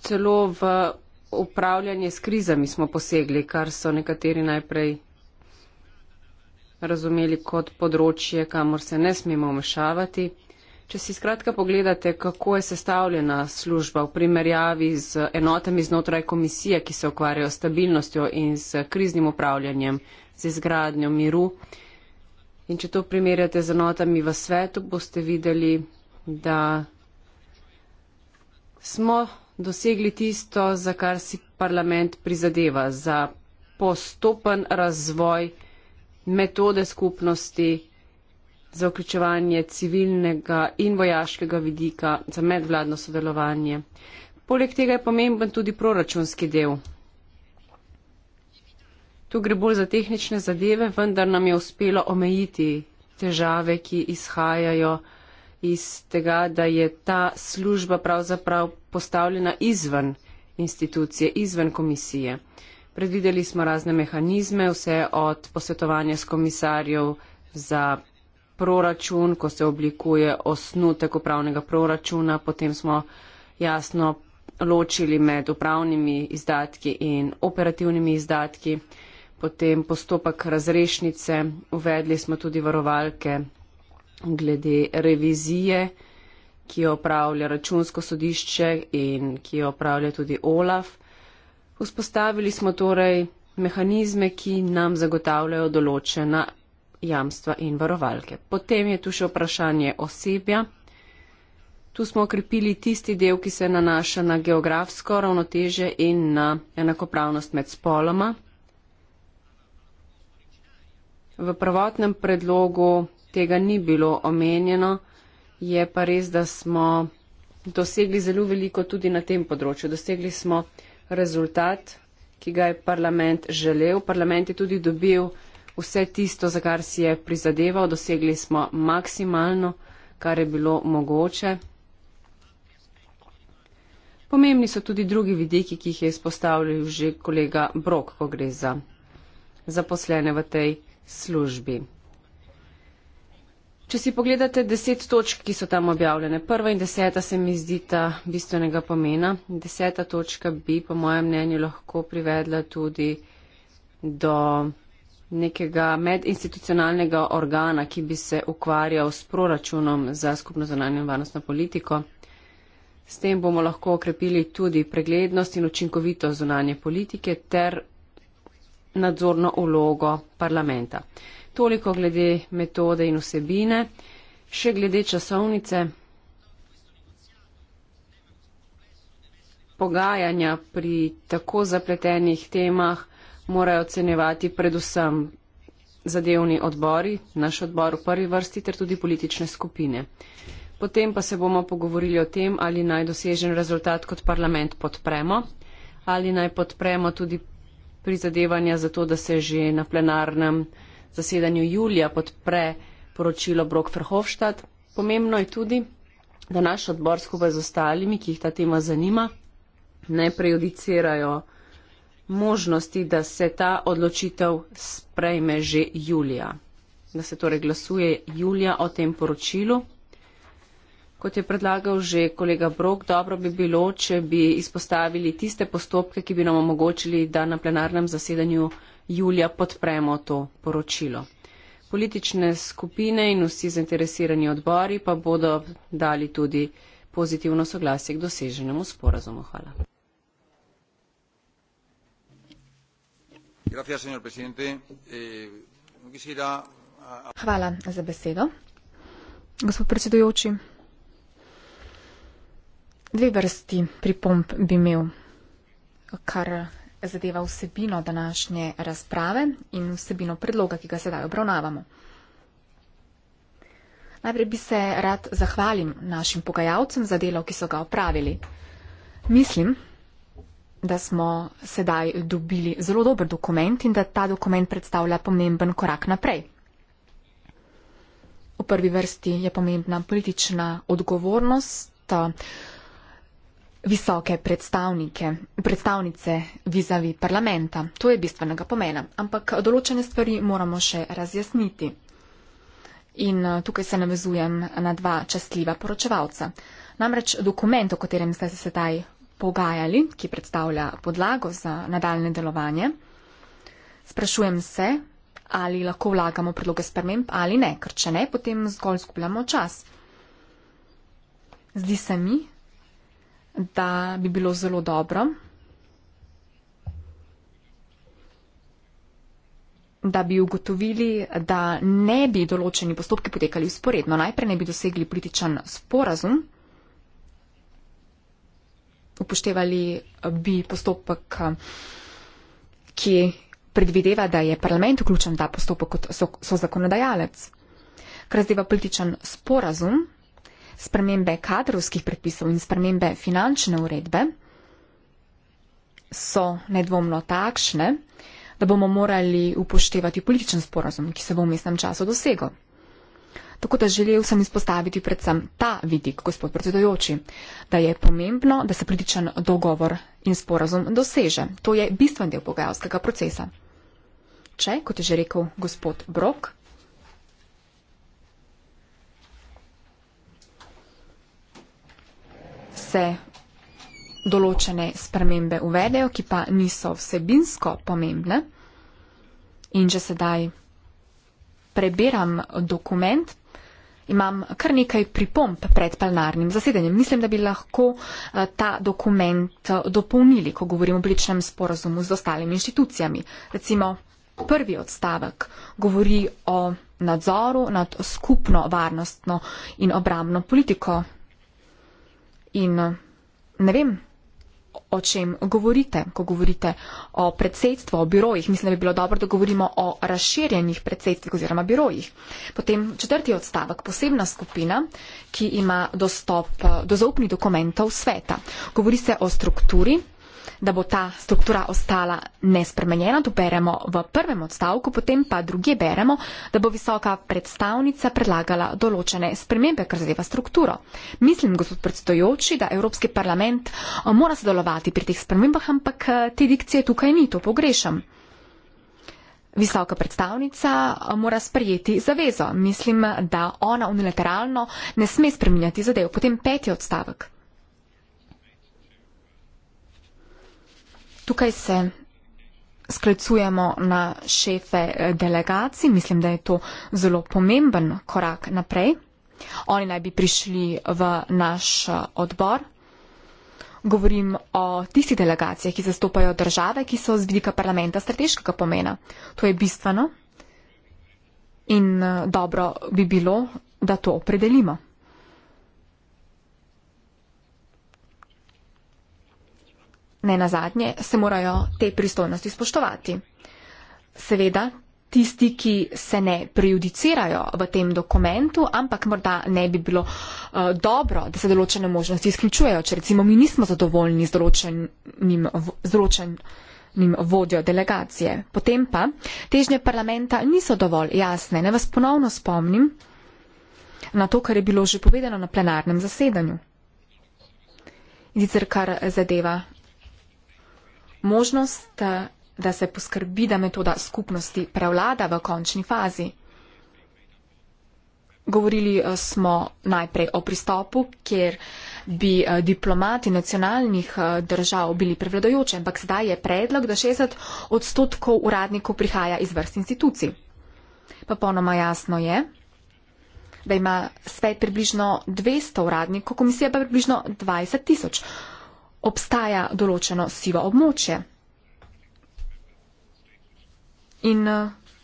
celo v upravljanje s krizami smo posegli, kar so nekateri najprej razumeli kot področje, kamor se ne smemo vmešavati. Če si skratka pogledate, kako je sestavljena služba v primerjavi z enotami znotraj komisije, ki se ukvarjajo s stabilnostjo in s kriznim upravljanjem, z izgradnjo miru. In če to primerjate z enotami v svetu, boste videli, da smo dosegli tisto, za kar si parlament prizadeva, za postopen razvoj metode skupnosti za vključevanje civilnega in vojaškega vidika za medvladno sodelovanje. Poleg tega je pomemben tudi proračunski del. Tu gre bolj za tehnične zadeve, vendar nam je uspelo omejiti težave, ki izhajajo iz tega, da je ta služba pravzaprav postavljena izven institucije, izven komisije. Predvideli smo razne mehanizme, vse od posvetovanja s komisarjev za proračun, ko se oblikuje osnutek upravnega proračuna, potem smo jasno ločili med upravnimi izdatki in operativnimi izdatki, potem postopek razrešnice, uvedli smo tudi varovalke glede revizije, ki jo opravlja računsko sodišče in ki jo opravlja tudi OLAF. Vzpostavili smo torej mehanizme, ki nam zagotavljajo določena jamstva in varovalke. Potem je tu še vprašanje osebja. Tu smo okrepili tisti del, ki se nanaša na geografsko ravnoteže in na enakopravnost med spoloma. V prvotnem predlogu tega ni bilo omenjeno, je pa res, da smo dosegli zelo veliko tudi na tem področju. Dosegli smo rezultat, ki ga je parlament želel. Parlament je tudi dobil vse tisto, za kar si je prizadeval. Dosegli smo maksimalno, kar je bilo mogoče. Pomembni so tudi drugi vidiki, ki jih je izpostavljal že kolega Brok, ko gre za zaposlene v tej službi. Če si pogledate deset točk, ki so tam objavljene, prva in deseta se mi zdita bistvenega pomena. Deseta točka bi, po mojem mnenju, lahko privedla tudi do nekega medinstitucionalnega organa, ki bi se ukvarjal s proračunom za skupno zonanje in varnostno politiko. S tem bomo lahko okrepili tudi preglednost in učinkovito zonanje politike ter nadzorno ulogo parlamenta. Toliko glede metode in vsebine. Še glede časovnice. Pogajanja pri tako zapletenih temah morajo ocenjevati predvsem zadevni odbori, naš odbor v prvi vrsti ter tudi politične skupine. Potem pa se bomo pogovorili o tem, ali naj dosežen rezultat kot parlament podpremo, ali naj podpremo tudi prizadevanja za to, da se že na plenarnem zasedanju julija podpre poročilo Brok Verhofstadt. Pomembno je tudi, da naš odbor skupaj z ostalimi, ki jih ta tema zanima, ne prejudicirajo možnosti, da se ta odločitev sprejme že julija. Da se torej glasuje julija o tem poročilu. Kot je predlagal že kolega Brok, dobro bi bilo, če bi izpostavili tiste postopke, ki bi nam omogočili, da na plenarnem zasedanju julija podpremo to poročilo. Politične skupine in vsi zainteresirani odbori pa bodo dali tudi pozitivno soglasje k doseženemu sporazumu. Hvala. Eh, ah, ah, Hvala za besedo. Gospod predsedujoči, dve vrsti pripomb bi imel, kar zadeva vsebino današnje razprave in vsebino predloga, ki ga sedaj obravnavamo. Najprej bi se rad zahvalim našim pogajalcem za delo, ki so ga opravili. Mislim, da smo sedaj dobili zelo dober dokument in da ta dokument predstavlja pomemben korak naprej. V prvi vrsti je pomembna politična odgovornost visoke predstavnike, predstavnice vizavi parlamenta. To je bistvenega pomena. Ampak določene stvari moramo še razjasniti. In eh, tukaj se navezujem na dva častljiva poročevalca. Namreč dokument, o katerem ste se sedaj pogajali, ki predstavlja podlago za nadaljne delovanje, sprašujem se, ali lahko vlagamo predloge sprememb ali ne, ker če ne, potem zgolj zgubljamo čas. Zdi se mi, da bi bilo zelo dobro, da bi ugotovili, da ne bi določeni postopki potekali usporedno. Najprej ne bi dosegli političen sporazum, upoštevali bi postopek, ki predvideva, da je parlament vključen v ta postopek kot so, so zakonodajalec. Ker zdaj je pa političen sporazum, spremembe kadrovskih predpisov in spremembe finančne uredbe so nedvomno takšne, da bomo morali upoštevati političen sporozum, ki se bo v mestnem času dosego. Tako da želel sem izpostaviti predvsem ta vidik, gospod predsedojoči, da je pomembno, da se političen dogovor in sporozum doseže. To je bistven del pogajalskega procesa. Če, kot je že rekel gospod Brok, se določene spremembe uvedejo, ki pa niso vsebinsko pomembne. In že sedaj preberam dokument, imam kar nekaj pripomp pred plenarnim zasedanjem. Mislim, da bi lahko eh, ta dokument eh, dopolnili, ko govorimo o bličnem sporazumu z ostalimi inštitucijami. Recimo, prvi odstavek govori o nadzoru nad skupno varnostno in obramno politiko In eh, ne vem, o čem govorite, ko govorite o predsedstvu, o birojih. Mislim, da bi bilo dobro, da govorimo o razširjenih predsedstvih oziroma birojih. Potem četrti odstavek, posebna skupina, ki ima dostop eh, do zaupnih dokumentov sveta. Govori se o strukturi da bo ta struktura ostala nespremenjena. To beremo v prvem odstavku, potem pa druge beremo, da bo visoka predstavnica predlagala določene spremembe, kar zadeva strukturo. Mislim, gospod predstojoči, da Evropski parlament eh, mora sodelovati pri teh spremembah, ampak eh, te dikcije tukaj ni, to pogrešam. Visoka predstavnica eh, mora sprejeti zavezo. Mislim, da ona unilateralno ne sme spreminjati zadev. Potem peti odstavek. Tukaj se sklicujemo na šefe eh, delegacij, mislim, da je to zelo pomemben korak naprej. Oni naj bi prišli v naš eh, odbor. Govorim o tistih delegacijah, ki zastopajo države, ki so z vidika parlamenta strateškega pomena. To je bistveno in eh, dobro bi bilo, da to opredelimo. Ne na zadnje se morajo te pristojnosti spoštovati. Seveda, tisti, ki se ne prejudicirajo v tem dokumentu, ampak morda ne bi bilo uh, dobro, da se določene možnosti izključujejo, če recimo mi nismo zadovoljni z določenim, z določenim vodjo delegacije. Potem pa težnje parlamenta niso dovolj jasne. Ne vas ponovno spomnim na to, kar je bilo že povedano na plenarnem zasedanju. In sicer kar zadeva možnost, eh, da se poskrbi, da metoda skupnosti prevlada v končni fazi. Govorili eh, smo najprej o pristopu, kjer bi eh, diplomati nacionalnih držav bili prevladojoče, ampak zdaj je predlog, da 60 odstotkov uradnikov prihaja iz vrst institucij. Pa ponoma jasno je, da ima svet približno 200 uradnikov, komisija pa približno 20 tisoč obstaja določeno sivo območje. In eh,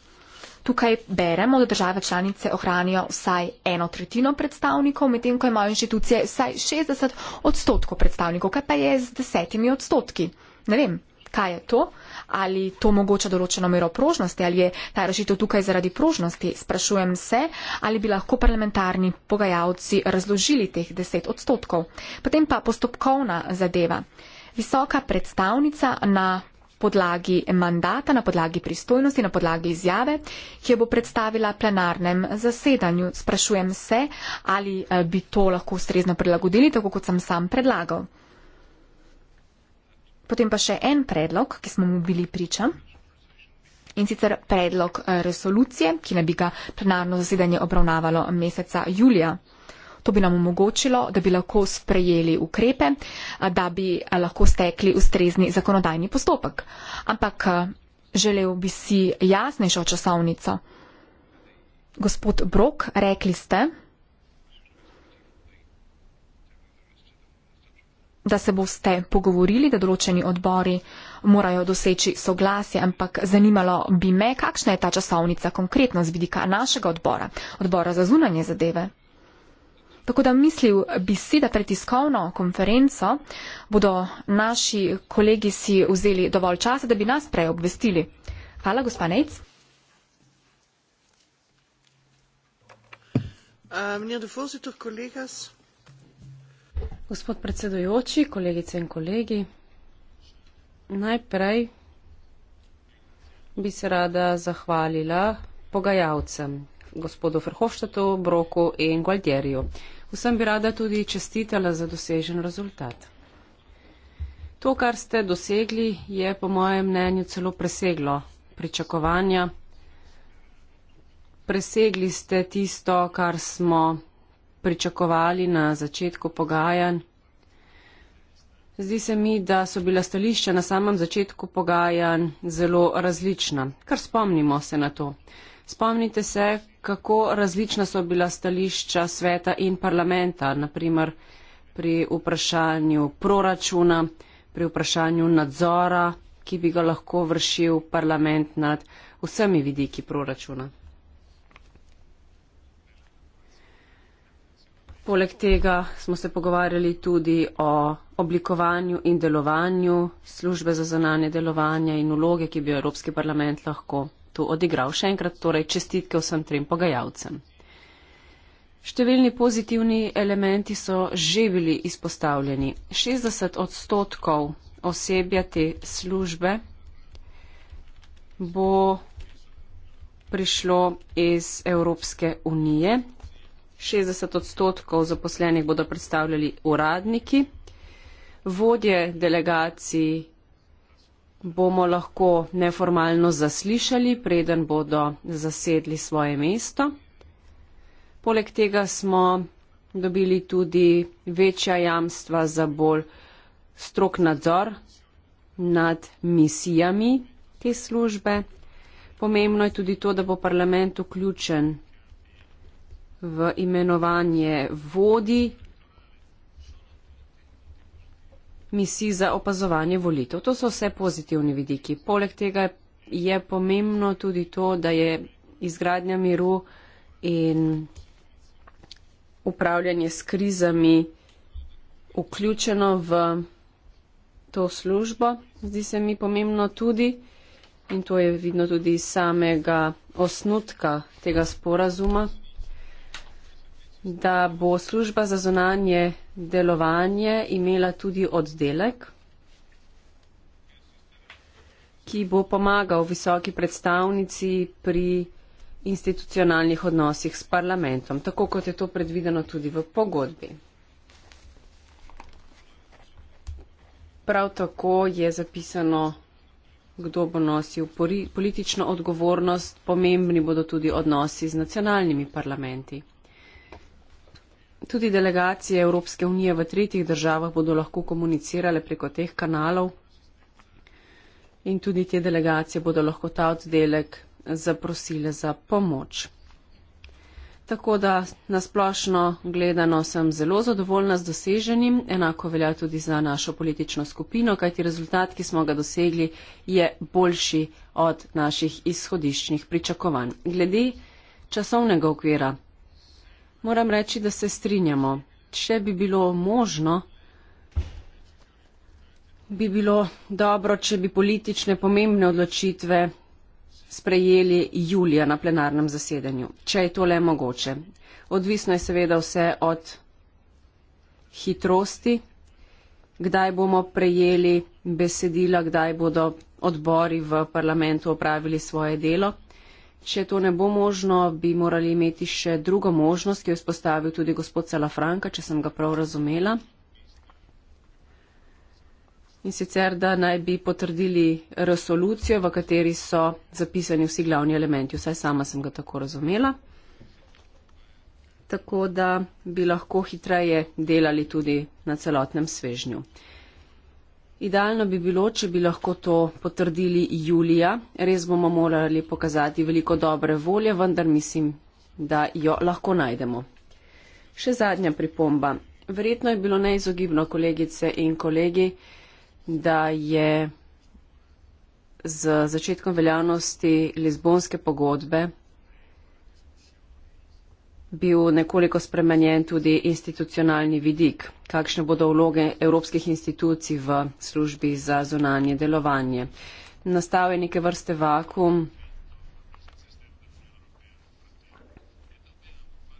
tukaj beremo, da države članice ohranijo vsaj eno tretjino predstavnikov, medtem ko imajo inštitucije vsaj 60 odstotkov predstavnikov. Kaj pa je z desetimi odstotki? Ne vem, kaj je to ali to omogoča določeno mero prožnosti, ali je ta rešitev tukaj zaradi prožnosti. Sprašujem se, ali bi lahko parlamentarni pogajalci razložili teh 10 odstotkov. Potem pa postopkovna zadeva. Visoka predstavnica na podlagi mandata, na podlagi pristojnosti, na podlagi izjave, ki jo bo predstavila plenarnem zasedanju. Sprašujem se, ali eh, bi to lahko ustrezno prilagodili, tako kot sem sam predlagal. Potem pa še en predlog, ki smo mu bili priča. In sicer predlog eh, resolucije, ki naj bi ga plenarno zasedanje obravnavalo meseca julija. To bi nam omogočilo, da bi lahko sprejeli ukrepe, eh, da bi eh, lahko stekli ustrezni zakonodajni postopek. Ampak želel bi si jasnejšo časovnico. Gospod Brok, rekli ste, da se boste pogovorili, da določeni odbori morajo doseči soglasje, ampak zanimalo bi me, kakšna je ta časovnica konkretno z vidika našega odbora, odbora za zunanje zadeve. Tako da mislil bi si, da pred tiskovno konferenco bodo naši kolegi si vzeli dovolj časa, da bi nas prej obvestili. Hvala, gospa Nec. Uh, eh, meneer de voorzitter, collega's. Gospod predsedujoči, kolegice in kolegi, najprej bi se rada zahvalila pogajalcem, gospodu Frhoštetu, Broku in Gualtjeriju. Vsem bi rada tudi čestitala za dosežen rezultat. To, kar ste dosegli, je po mojem mnenju celo preseglo pričakovanja. Presegli ste tisto, kar smo pričakovali na začetku pogajanj. Zdi se mi, da so bila stališča na samem začetku pogajanj zelo različna. Kar spomnimo se na to. Spomnite se, kako različna so bila stališča sveta in parlamenta, naprimer pri vprašanju proračuna, pri vprašanju nadzora, ki bi ga lahko vršil parlament nad vsemi vidiki proračuna. Poleg tega smo se pogovarjali tudi o oblikovanju in delovanju službe za zonanje delovanje in uloge, ki bi jo Evropski parlament lahko tu odigral. Še enkrat torej čestitke vsem trem pogajalcem. Številni pozitivni elementi so že bili izpostavljeni. 60 odstotkov osebja te službe bo prišlo iz Evropske unije, 60 odstotkov zaposlenih bodo predstavljali uradniki. Vodje delegacij bomo lahko neformalno zaslišali, preden bodo zasedli svoje mesto. Poleg tega smo dobili tudi večja jamstva za bolj strok nadzor nad misijami te službe. Pomembno je tudi to, da bo parlament vključen v imenovanje vodi misij za opazovanje volitev. To so vse pozitivni vidiki. Poleg tega je pomembno tudi to, da je izgradnja miru in upravljanje s krizami vključeno v to službo. Zdi se mi pomembno tudi in to je vidno tudi iz samega osnutka tega sporazuma, da bo služba za zunanje delovanje imela tudi oddelek, ki bo pomagal visoki predstavnici pri institucionalnih odnosih s parlamentom, tako kot je to predvideno tudi v pogodbi. Prav tako je zapisano, kdo bo nosil politično odgovornost, pomembni bodo tudi odnosi z nacionalnimi parlamenti. Tudi delegacije Evropske unije v tretjih državah bodo lahko komunicirale preko teh kanalov in tudi te delegacije bodo lahko ta oddelek zaprosile za pomoč. Tako da nasplošno gledano sem zelo zadovoljna z doseženim, enako velja tudi za našo politično skupino, kajti rezultat, ki smo ga dosegli, je boljši od naših izhodiščnih pričakovanj. Glede časovnega okvira. Moram reči, da se strinjamo. Če bi bilo možno, bi bilo dobro, če bi politične pomembne odločitve sprejeli julija na plenarnem zasedanju, če je to le mogoče. Odvisno je seveda vse od hitrosti, kdaj bomo prejeli besedila, kdaj bodo odbori v parlamentu opravili svoje delo, če to ne bo možno, bi morali imeti še drugo možnost, ki jo je spostavil tudi gospod Salafranka, če sem ga prav razumela. In sicer, da naj bi potrdili resolucijo, v kateri so zapisani vsi glavni elementi. Vsaj sama sem ga tako razumela. Tako da bi lahko hitreje delali tudi na celotnem svežnju. Idealno bi bilo, če bi lahko to potrdili julija. Res bomo morali pokazati veliko dobre volje, vendar mislim, da jo lahko najdemo. Še zadnja pripomba. Verjetno je bilo neizogibno, kolegice in kolegi, da je z začetkom veljavnosti Lizbonske pogodbe bil nekoliko spremenjen tudi institucionalni vidik. Kakšne bodo vloge evropskih institucij v službi za zunanje delovanje? Nastal je neke vrste vakum.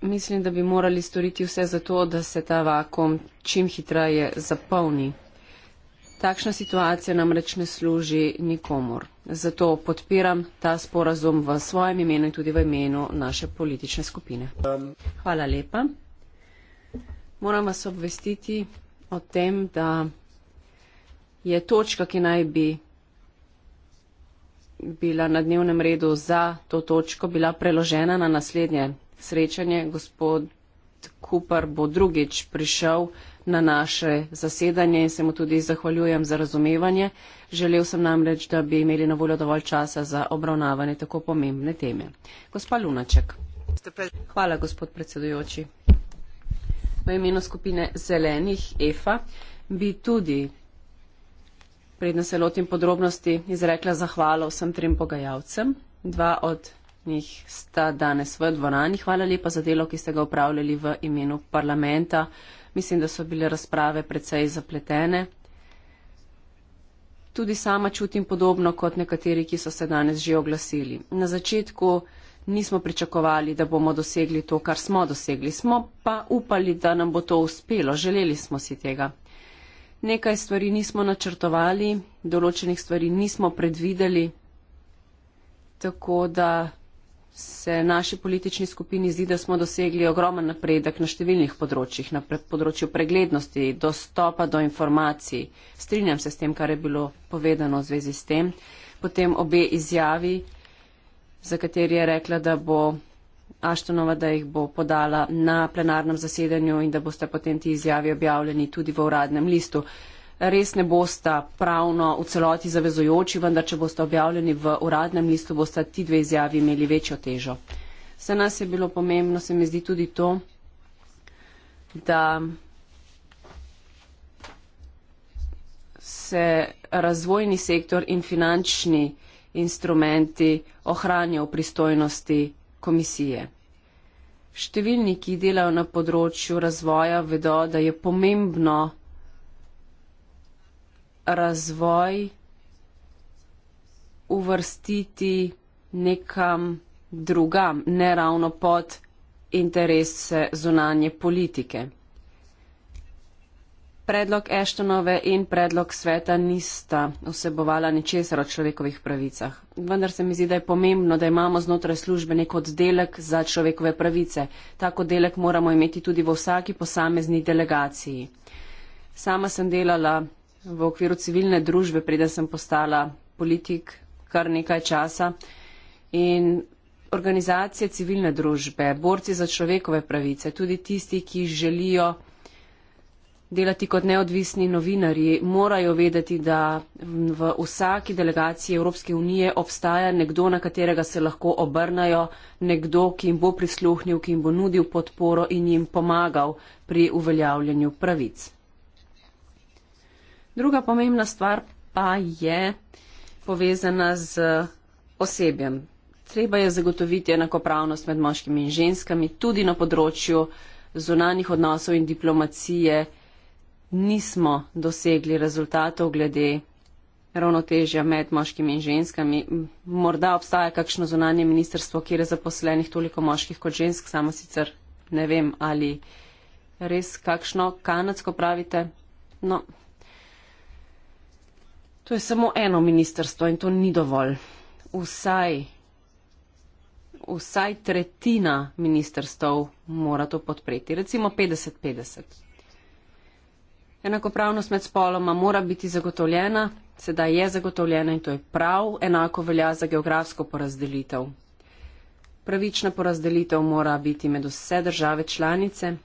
Mislim, da bi morali storiti vse za to, da se ta vakum čim hitreje zapolni. Takšna situacija namreč ne služi nikomor. Zato podpiram ta sporazum v svojem imenu in tudi v imenu naše politične skupine. Hvala lepa. Moram vas obvestiti o tem, da je točka, ki naj bi bila na dnevnem redu za to točko, bila preložena na naslednje srečanje. Gospod Kupar bo drugič prišel na naše zasedanje in se mu tudi zahvaljujem za razumevanje. Želel sem namreč, da bi imeli na voljo dovolj časa za obravnavanje tako pomembne teme. Gospa Lunaček. Hvala, gospod predsedujoči. V imenu skupine zelenih EFA bi tudi predna se lotim podrobnosti, izrekla zahvalo vsem trem pogajalcem. Dva od njih sta danes v dvorani. Hvala lepa za delo, ki ste ga upravljali v imenu parlamenta. Mislim, da so bile razprave precej zapletene. Tudi sama čutim podobno kot nekateri, ki so se danes že oglasili. Na začetku nismo pričakovali, da bomo dosegli to, kar smo dosegli. Smo pa upali, da nam bo to uspelo. Želeli smo si tega. Nekaj stvari nismo načrtovali, določenih stvari nismo predvideli. Tako da se naši politični skupini zdi, da smo dosegli ogromen napredek na številnih področjih, na področju preglednosti, dostopa do informacij. Strinjam se s tem, kar je bilo povedano v zvezi s tem. Potem obe izjavi, za kateri je rekla, da bo Aštonova, da jih bo podala na plenarnem zasedanju in da boste potem ti izjavi objavljeni tudi v uradnem listu res ne bosta pravno v celoti zavezojoči, vendar če boste objavljeni v uradnem listu, boste ti dve izjavi imeli večjo težo. Za nas je bilo pomembno, se mi zdi tudi to, da se razvojni sektor in finančni instrumenti ohranijo v pristojnosti komisije. Številni, ki delajo na področju razvoja, vedo, da je pomembno, razvoj uvrstiti nekam drugam, ne ravno pod interese zunanje politike. Predlog Eštonove in predlog sveta nista vsebovala ničesar o človekovih pravicah. Vendar se mi zdi, da je pomembno, da imamo znotraj službe nek oddelek za človekove pravice. Tako oddelek moramo imeti tudi v vsaki posamezni delegaciji. Sama sem delala v okviru civilne družbe, preden sem postala politik kar nekaj časa. In organizacije civilne družbe, borci za človekove pravice, tudi tisti, ki želijo delati kot neodvisni novinarji, morajo vedeti, da v vsaki delegaciji Evropske unije obstaja nekdo, na katerega se lahko obrnajo, nekdo, ki jim bo prisluhnil, ki jim bo nudil podporo in jim pomagal pri uveljavljanju pravic. Druga pomembna stvar pa je povezana z osebjem. Treba je zagotoviti enakopravnost med moškimi in ženskami, tudi na področju zunanih odnosov in diplomacije nismo dosegli rezultatov glede ravnotežja med moškimi in ženskami. Morda obstaja kakšno zunanje ministerstvo, kjer je zaposlenih toliko moških kot žensk, samo sicer ne vem, ali res kakšno kanadsko pravite. No, To je samo eno ministrstvo in to ni dovolj. Vsaj, vsaj tretjina ministrstv mora to podpreti, recimo 50-50. Enakopravnost med spoloma mora biti zagotovljena, sedaj je zagotovljena in to je prav, enako velja za geografsko porazdelitev. Pravična porazdelitev mora biti med vse države članice,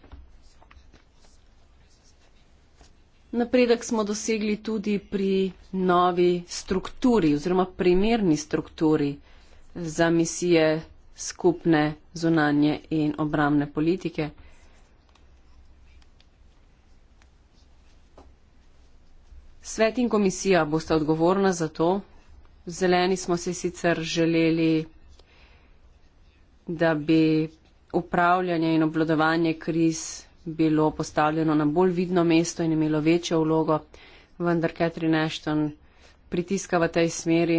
Napredek smo dosegli tudi pri novi strukturi oziroma primerni strukturi za misije skupne zunanje in obramne politike. Svet in komisija bosta odgovorna za to. Zeleni smo se sicer želeli, da bi upravljanje in obvladovanje kriz bilo postavljeno na bolj vidno mesto in imelo večjo vlogo, vendar Catherine Ashton pritiska v tej smeri.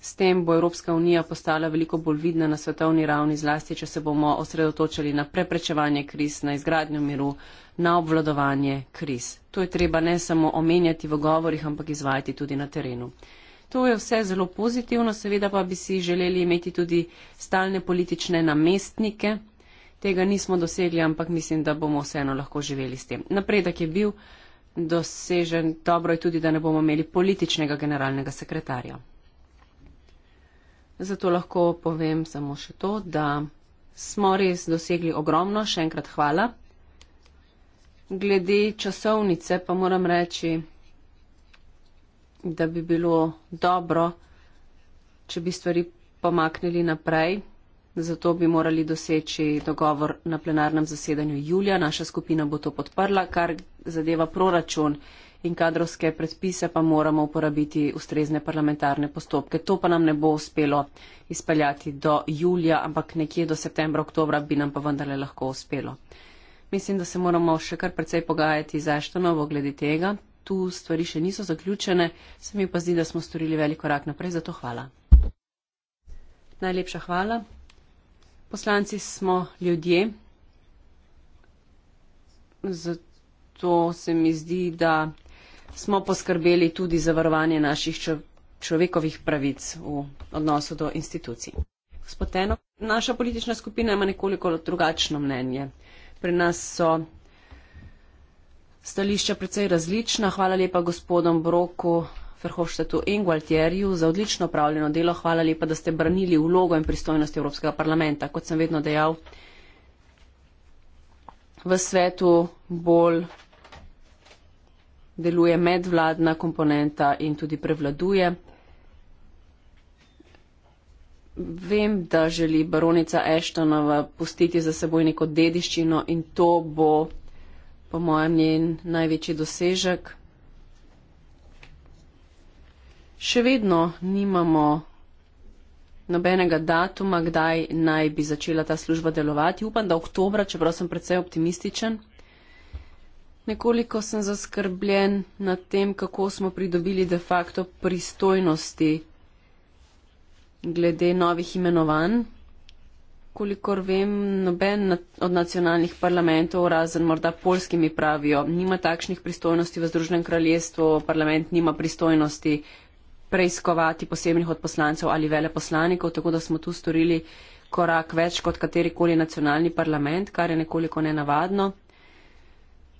S tem bo Evropska unija postala veliko bolj vidna na svetovni ravni, zlasti če se bomo osredotočili na preprečevanje kriz, na izgradnjo miru, na obvladovanje kriz. To je treba ne samo omenjati v govorih, ampak izvajati tudi na terenu. To je vse zelo pozitivno, seveda pa bi si želeli imeti tudi stalne politične namestnike tega nismo dosegli, ampak mislim, da bomo vseeno lahko živeli s tem. Napredek je bil dosežen, dobro je tudi, da ne bomo imeli političnega generalnega sekretarja. Zato lahko povem samo še to, da smo res dosegli ogromno, še enkrat hvala. Glede časovnice pa moram reči, da bi bilo dobro, če bi stvari pomaknili naprej, Zato bi morali doseči dogovor na plenarnem zasedanju julija. Naša skupina bo to podprla, kar zadeva proračun in kadrovske predpise, pa moramo uporabiti ustrezne parlamentarne postopke. To pa nam ne bo uspelo izpeljati do julija, ampak nekje do septembra, oktobra bi nam pa vendarle lahko uspelo. Mislim, da se moramo še kar precej pogajati za Eštonovo glede tega. Tu stvari še niso zaključene, se mi pa zdi, da smo storili velik korak naprej, zato hvala. Najlepša hvala poslanci smo ljudje, zato se mi zdi, da smo poskrbeli tudi za varovanje naših človekovih pravic v odnosu do institucij. Spoteno, naša politična skupina ima nekoliko drugačno mnenje. Pri nas so stališča precej različna. Hvala lepa gospodom Broku, Verhoštetu in Gualtjerju za odlično upravljeno delo. Hvala lepa, da ste branili vlogo in pristojnost Evropskega parlamenta. Kot sem vedno dejal, v svetu bolj deluje medvladna komponenta in tudi prevladuje. Vem, da želi baronica Eštonova pustiti za seboj neko dediščino in to bo, po mojem mnenju, največji dosežek. Še vedno nimamo nobenega datuma, kdaj naj bi začela ta služba delovati. Upam, da oktobra, čeprav sem predvsej optimističen. Nekoliko sem zaskrbljen nad tem, kako smo pridobili de facto pristojnosti glede novih imenovanj. Kolikor vem, noben od nacionalnih parlamentov, razen morda polskimi pravijo, nima takšnih pristojnosti v Združenem kraljestvu, parlament nima pristojnosti preiskovati posebnih odposlancev ali veleposlanikov, tako da smo tu storili korak več kot katerikoli nacionalni parlament, kar je nekoliko nenavadno.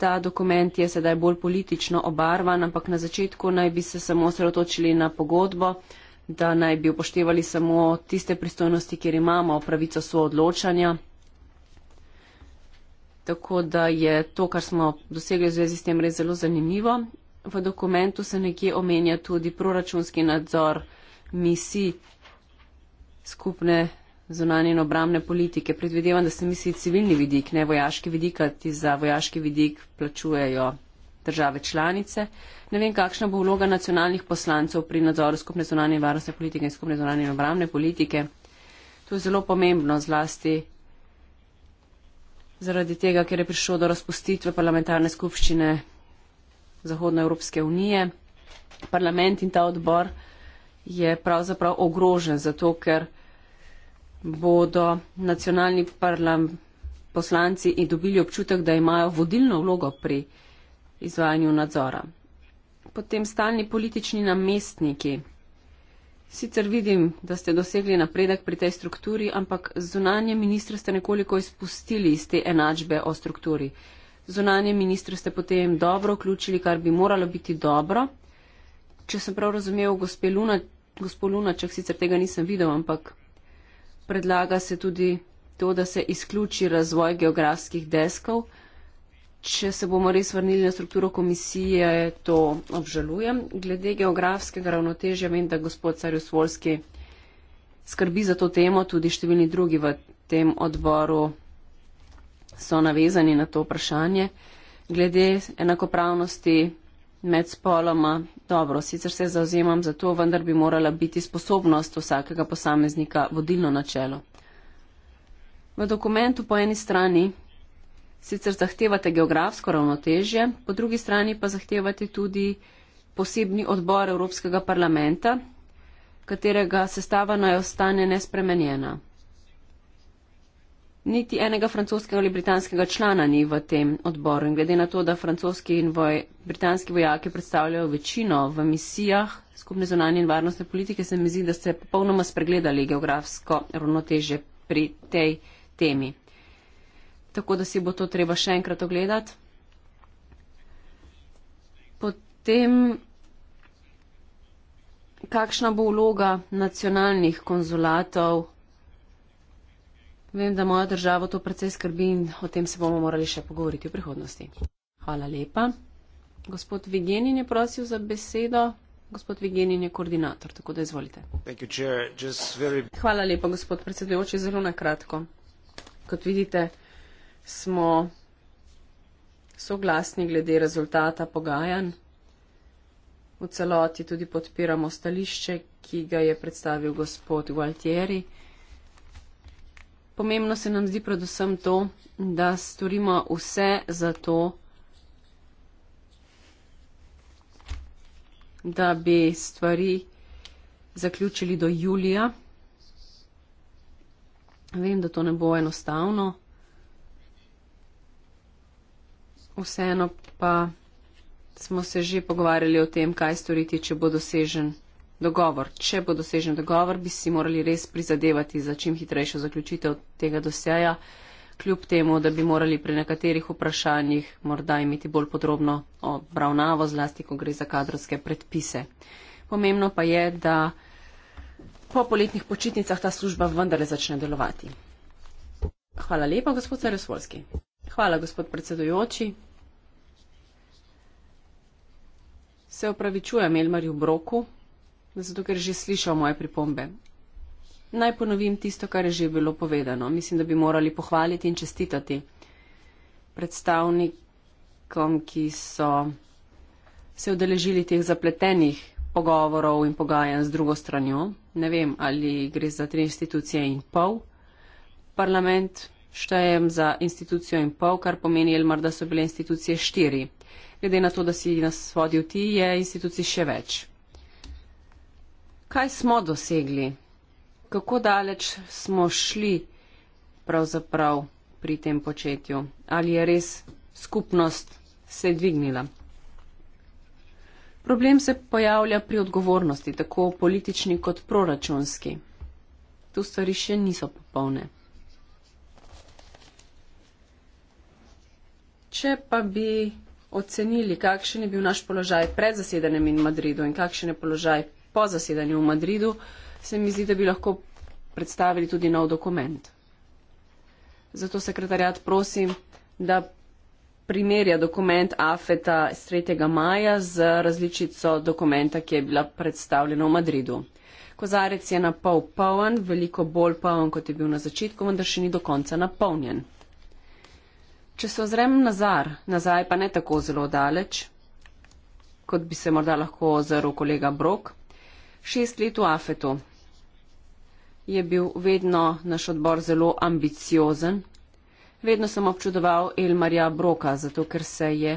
Ta dokument je sedaj bolj politično obarvan, ampak na začetku naj bi se samo osredotočili na pogodbo, da naj bi upoštevali samo tiste pristojnosti, kjer imamo pravico soodločanja. Tako da je to, kar smo dosegli v zvezi s tem, res zelo zanimivo v dokumentu se nekje omenja tudi proračunski nadzor misij skupne zunanje in obramne politike. Predvidevam, da se misli civilni vidik, ne vojaški vidik, ti za vojaški vidik plačujejo države članice. Ne vem, kakšna bo vloga nacionalnih poslancev pri nadzoru skupne zunanje varnostne politike in skupne zunanje in obramne politike. To je zelo pomembno, zlasti zaradi tega, ker je prišlo do razpustitve parlamentarne skupščine Zahodnoevropske unije. Parlament in ta odbor je pravzaprav ogrožen zato, ker bodo nacionalni poslanci in dobili občutek, da imajo vodilno vlogo pri izvajanju nadzora. Potem stalni politični namestniki. Sicer vidim, da ste dosegli napredek pri tej strukturi, ampak zunanje ministre ste nekoliko izpustili iz te enačbe o strukturi zunanje ministre ste potem dobro vključili, kar bi moralo biti dobro. Če sem prav razumel, gospod Lunaček sicer tega nisem videl, ampak predlaga se tudi to, da se izključi razvoj geografskih deskov. Če se bomo res vrnili na strukturo komisije, to obžalujem. Glede geografskega ravnotežja, vem, da gospod Carjus Volski skrbi za to temo, tudi številni drugi v tem odboru so navezani na to vprašanje. Glede enakopravnosti med spoloma, dobro, sicer se zauzemam za to, vendar bi morala biti sposobnost vsakega posameznika vodilno načelo. V dokumentu po eni strani sicer zahtevate geografsko ravnotežje, po drugi strani pa zahtevate tudi posebni odbor Evropskega parlamenta, katerega sestava naj ostane nespremenjena. Niti enega francoskega ali britanskega člana ni v tem odboru in glede na to, da francoski in voj, britanski vojaki predstavljajo večino v misijah skupne zonanje in varnostne politike, se mi zdi, da ste popolnoma spregledali geografsko ravnoteže pri tej temi. Tako da si bo to treba še enkrat ogledati. Potem, kakšna bo vloga nacionalnih konzulatov Vem, da mojo državo to precej skrbi in o tem se bomo morali še pogovoriti v prihodnosti. Hvala lepa. Gospod Vigenin je prosil za besedo. Gospod Vigenin je koordinator, tako da izvolite. You, very... Hvala lepa, gospod predsedujoči, zelo na kratko. Kot vidite, smo soglasni glede rezultata pogajanj. V celoti tudi podpiramo stališče, ki ga je predstavil gospod Gualtieri pomembno se nam zdi predvsem to, da storimo vse za to, da bi stvari zaključili do julija. Vem, da to ne bo enostavno. Vseeno pa smo se že pogovarjali o tem, kaj storiti, če bo dosežen dogovor. Če bo dosežen dogovor, bi si morali res prizadevati za čim hitrejšo zaključitev tega doseja, kljub temu, da bi morali pri nekaterih vprašanjih morda imeti bolj podrobno obravnavo, zlasti, ko gre za kadrovske predpise. Pomembno pa je, da po poletnih počitnicah ta služba vendarle začne delovati. Hvala lepa, gospod Sarjusvolski. Hvala, gospod predsedujoči. Se opravičujem, Elmarju Broku zato ker že slišal moje pripombe. Naj ponovim tisto, kar je že bilo povedano. Mislim, da bi morali pohvaliti in čestitati predstavnikom, ki so se odeležili teh zapletenih pogovorov in pogajanj z drugo stranjo. Ne vem, ali gre za tri institucije in pol. Parlament štejem za institucijo in pol, kar pomeni, Elmar, da so bile institucije štiri. Glede na to, da si nas vodil ti, je institucij še več kaj smo dosegli, kako daleč smo šli pravzaprav pri tem početju, ali je res skupnost se dvignila. Problem se pojavlja pri odgovornosti, tako politični kot proračunski. Tu stvari še niso popolne. Če pa bi ocenili, kakšen je bil naš položaj pred zasedanjem in Madridu in kakšen je položaj po zasedanju v Madridu, se mi zdi, da bi lahko predstavili tudi nov dokument. Zato sekretarjat prosim, da primerja dokument AFETA z 3. maja z različico dokumenta, ki je bila predstavljena v Madridu. Kozarec je na pol poln, veliko bolj poln, kot je bil na začetku, vendar še ni do konca napolnjen. Če se ozrem nazar, nazaj pa ne tako zelo daleč, kot bi se morda lahko ozrl kolega Brok, Šest let v Afetu je bil vedno naš odbor zelo ambiciozen. Vedno sem občudoval Elmarja Broka, zato ker se je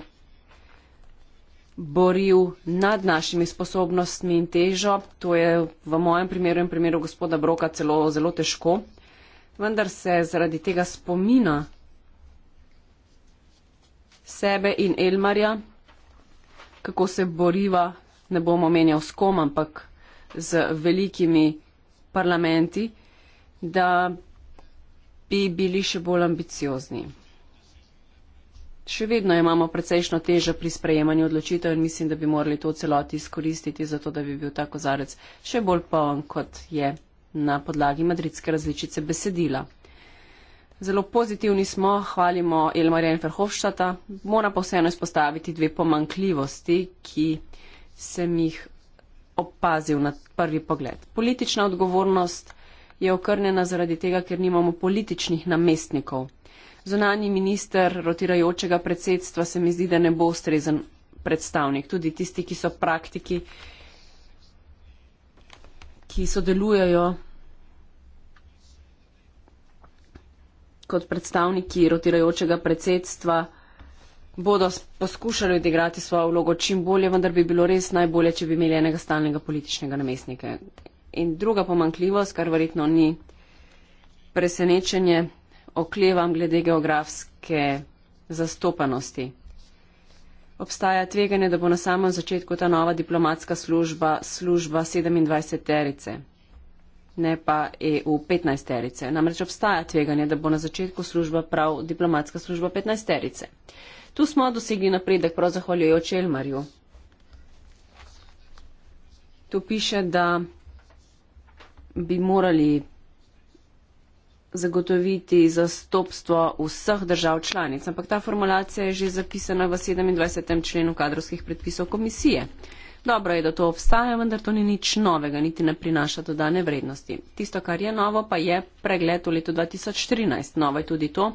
boril nad našimi sposobnostmi in težo. To je v mojem primeru in primeru gospoda Broka celo zelo težko. Vendar se zaradi tega spomina sebe in Elmarja, kako se boriva, ne bom omenjal s kom, ampak z velikimi parlamenti, da bi bili še bolj ambiciozni. Še vedno imamo precejšno težo pri sprejemanju odločitev in mislim, da bi morali to celoti izkoristiti, zato da bi bil ta kozarec še bolj poln, kot je na podlagi madridske različice besedila. Zelo pozitivni smo, hvalimo Elmarja Enferhofštata, mora pa vseeno izpostaviti dve pomankljivosti, ki sem jih opazil na prvi pogled. Politična odgovornost je okrnjena zaradi tega, ker nimamo političnih namestnikov. Zunani minister rotirajočega predsedstva se mi zdi, da ne bo ustrezen predstavnik. Tudi tisti, ki so praktiki, ki sodelujejo kot predstavniki rotirajočega predsedstva, bodo poskušali odigrati svojo vlogo čim bolje, vendar bi bilo res najbolje, če bi imeli enega stalnega političnega namestnika. In druga pomankljivost, kar verjetno ni presenečenje, oklevam glede geografske zastopanosti. Obstaja tveganje, da bo na samem začetku ta nova diplomatska služba služba 27 terice, ne pa EU 15 terice. Namreč obstaja tveganje, da bo na začetku služba prav diplomatska služba 15 terice. Tu smo dosegli napredek prav zahvaljujoč Elmarju. Tu piše, da bi morali zagotoviti zastopstvo vseh držav članic, ampak ta formulacija je že zapisana v 27. členu kadrovskih predpisov komisije. Dobro je, da to obstaja, vendar to ni nič novega, niti ne prinaša dodane vrednosti. Tisto, kar je novo, pa je pregled v letu 2013. Novo je tudi to,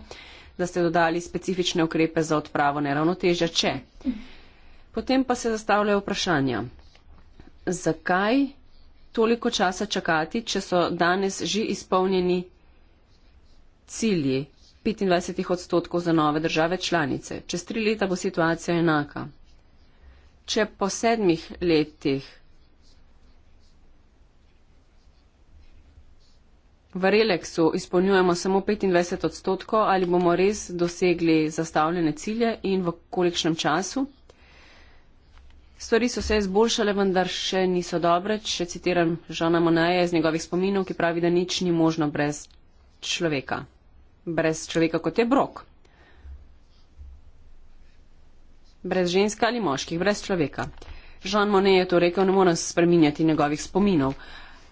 da ste dodali specifične ukrepe za odpravo neravnotežja, če. Potem pa se zastavljajo vprašanja. Zakaj toliko časa čakati, če so danes že izpolnjeni cilji 25 odstotkov za nove države članice? Čez tri leta bo situacija enaka. Če po sedmih letih V Relexu izpolnjujemo samo 25 odstotkov, ali bomo res dosegli zastavljene cilje in v kolikšnem času. Stvari so se izboljšale, vendar še niso dobre. Še citiram Žana Monaje iz njegovih spominov, ki pravi, da nič ni možno brez človeka. Brez človeka kot je brok. Brez ženske ali moških, brez človeka. Žan Monet je to rekel, ne morem spreminjati njegovih spominov.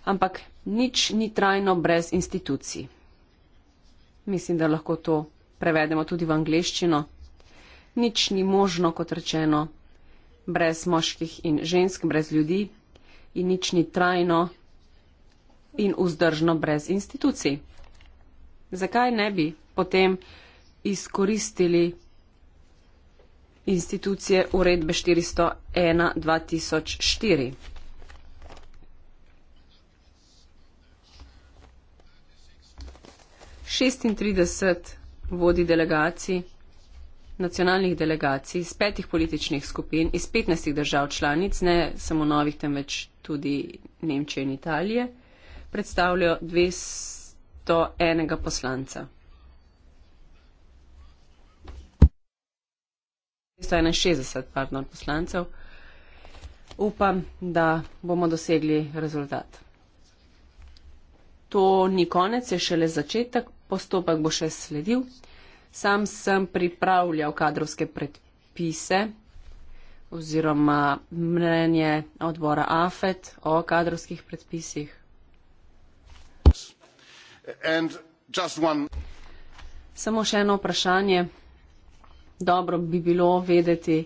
Ampak nič ni trajno brez institucij. Mislim, da lahko to prevedemo tudi v angleščino. Nič ni možno, kot rečeno, brez moških in žensk, brez ljudi in nič ni trajno in vzdržno brez institucij. Zakaj ne bi potem izkoristili institucije uredbe 401-2004? 36 vodi delegacij, nacionalnih delegacij iz petih političnih skupin, iz 15 držav članic, ne samo novih, temveč tudi Nemčije in Italije, predstavljajo 201 poslanca. 261, pardon, poslancev. Upam, da bomo dosegli rezultat. To ni konec, je šele začetek, postopek bo še sledil. Sam sem pripravljal kadrovske predpise oziroma mnenje odbora AFET o kadrovskih predpisih. Samo še eno vprašanje. Dobro bi bilo vedeti,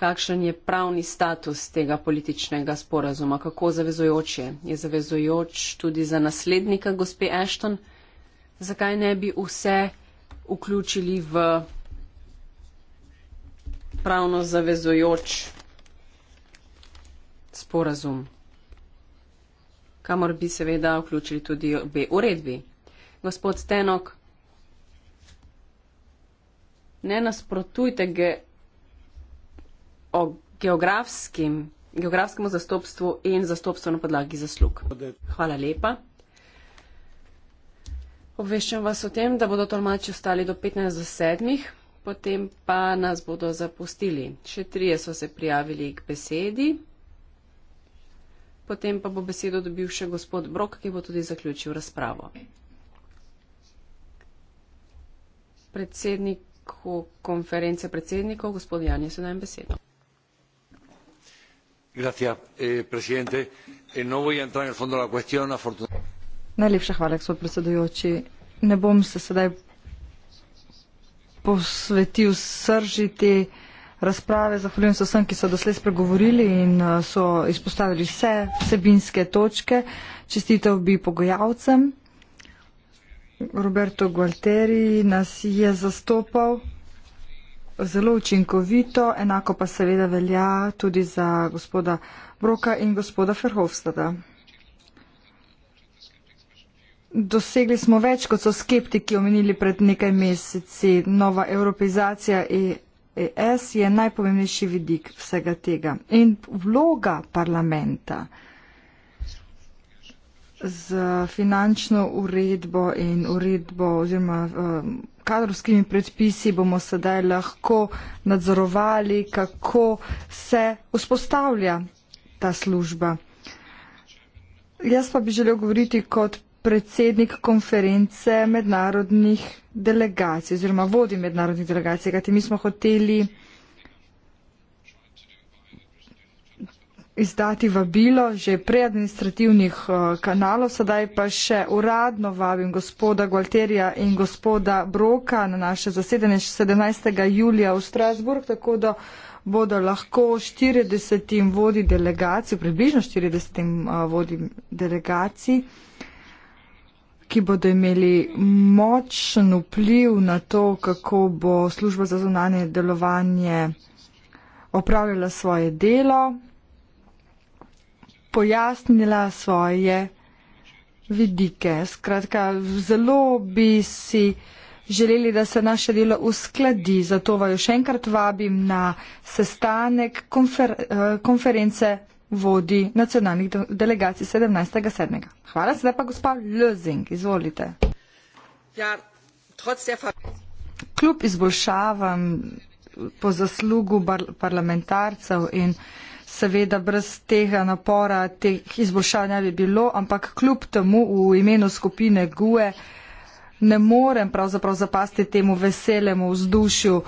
kakšen je pravni status tega političnega sporazuma, kako zavezujoč je. Je zavezujoč tudi za naslednika gospe Ashton? zakaj ne bi vse vključili v pravno zavezojoč sporazum, kamor bi seveda vključili tudi obe uredbi. Gospod Stenok, ne nasprotujte ge o geografskim, geografskemu zastopstvu in zastopstvu na podlagi zaslug. Hvala lepa. Obveščam vas o tem, da bodo tolmači ostali do 15 do 7, potem pa nas bodo zapustili. Še trije so se prijavili k besedi, potem pa bo besedo dobil še gospod Brok, ki bo tudi zaključil razpravo. Predsedniku konference predsednikov, gospod Janje, se dajem besedo. Gracias, eh, presidente. Eh, no voy a entrar en el fondo de la cuestión, afortunadamente. Najlepša hvala, gospod predsedujoči. Ne bom se sedaj posvetil srži te razprave. Zahvaljujem se vsem, ki so doslej spregovorili in eh, so izpostavili vse vsebinske točke. Čestitev bi pogojavcem. Roberto Gualteri nas je zastopal zelo učinkovito, enako pa seveda velja tudi za gospoda Broka in gospoda Ferhofstada. Dosegli smo več, kot so skeptiki omenili pred nekaj meseci. Nova evropizacija EES je najpomembnejši vidik vsega tega. In vloga parlamenta z finančno uredbo in uredbo oziroma um, kadrovskimi predpisi bomo sedaj lahko nadzorovali, kako se vzpostavlja ta služba. Jaz pa bi želel govoriti kot predsednik konference mednarodnih delegacij oziroma vodi mednarodnih delegacij, kajti mi smo hoteli izdati vabilo že prej administrativnih eh, kanalov, sedaj pa še uradno vabim gospoda Gualterija in gospoda Broka na naše zasedanje 17. julija v Strasburg, tako da bodo lahko 40 vodi delegacij, približno 40 eh, vodi delegacij, ki bodo imeli močen vpliv na to, kako bo služba za zunanje delovanje opravljala svoje delo, pojasnila svoje vidike. Skratka, zelo bi si želeli, da se naše delo uskladi. Zato vaju še enkrat vabim na sestanek konfer eh, konference vodi nacionalnih delegacij 17.7. Hvala, sedaj pa gospa Lözing, izvolite. Ja, Kljub izboljšavam po zaslugu parlamentarcev in Seveda brez tega napora teh izboljšav ne bi bilo, ampak kljub temu v imenu skupine GUE ne morem pravzaprav zapasti temu veselemu vzdušju,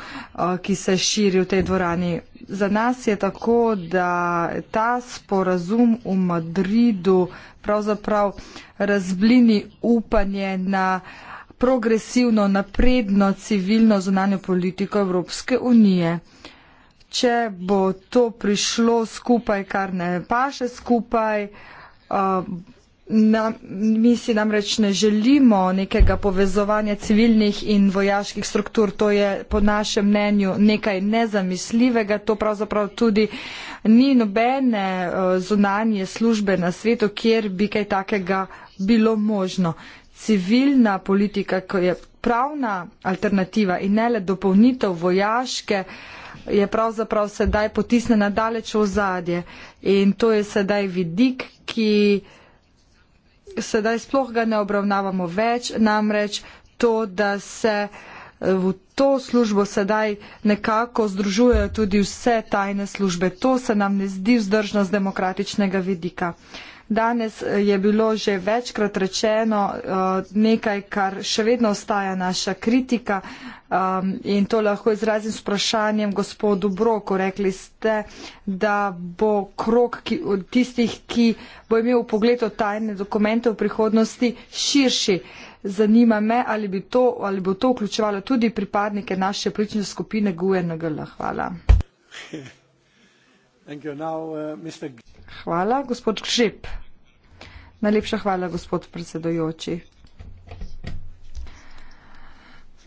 ki se širi v tej dvorani za nas je tako, da ta sporazum v Madridu pravzaprav razblini upanje na progresivno, napredno civilno zunanjo politiko Evropske unije. Če bo to prišlo skupaj, kar ne paše skupaj, uh, Na, mi si namreč ne želimo nekega povezovanja civilnih in vojaških struktur. To je po našem mnenju nekaj nezamisljivega. To pravzaprav tudi ni nobene eh, zunanje službe na svetu, kjer bi kaj takega bilo možno. Civilna politika, ko je pravna alternativa in ne le dopolnitev vojaške, je pravzaprav sedaj potisnjena daleč v zadje. In to je sedaj vidik, ki sedaj sploh ga ne obravnavamo več, namreč to, da se eh, v to službo sedaj nekako združujejo tudi vse tajne službe. To se nam ne zdi vzdržno z demokratičnega vidika. Danes eh, je bilo že večkrat rečeno eh, nekaj, kar še vedno ostaja naša kritika um, in to lahko izrazim s vprašanjem gospodu Broku. Rekli ste, da bo krok ki, tistih, ki bo imel pogled o tajne dokumente v prihodnosti širši. Zanima me, ali, to, ali bo to vključevalo tudi pripadnike naše politične skupine GUNGL. E Hvala. Uh, hvala, gospod Žip. Najlepša hvala, gospod predsedojoči.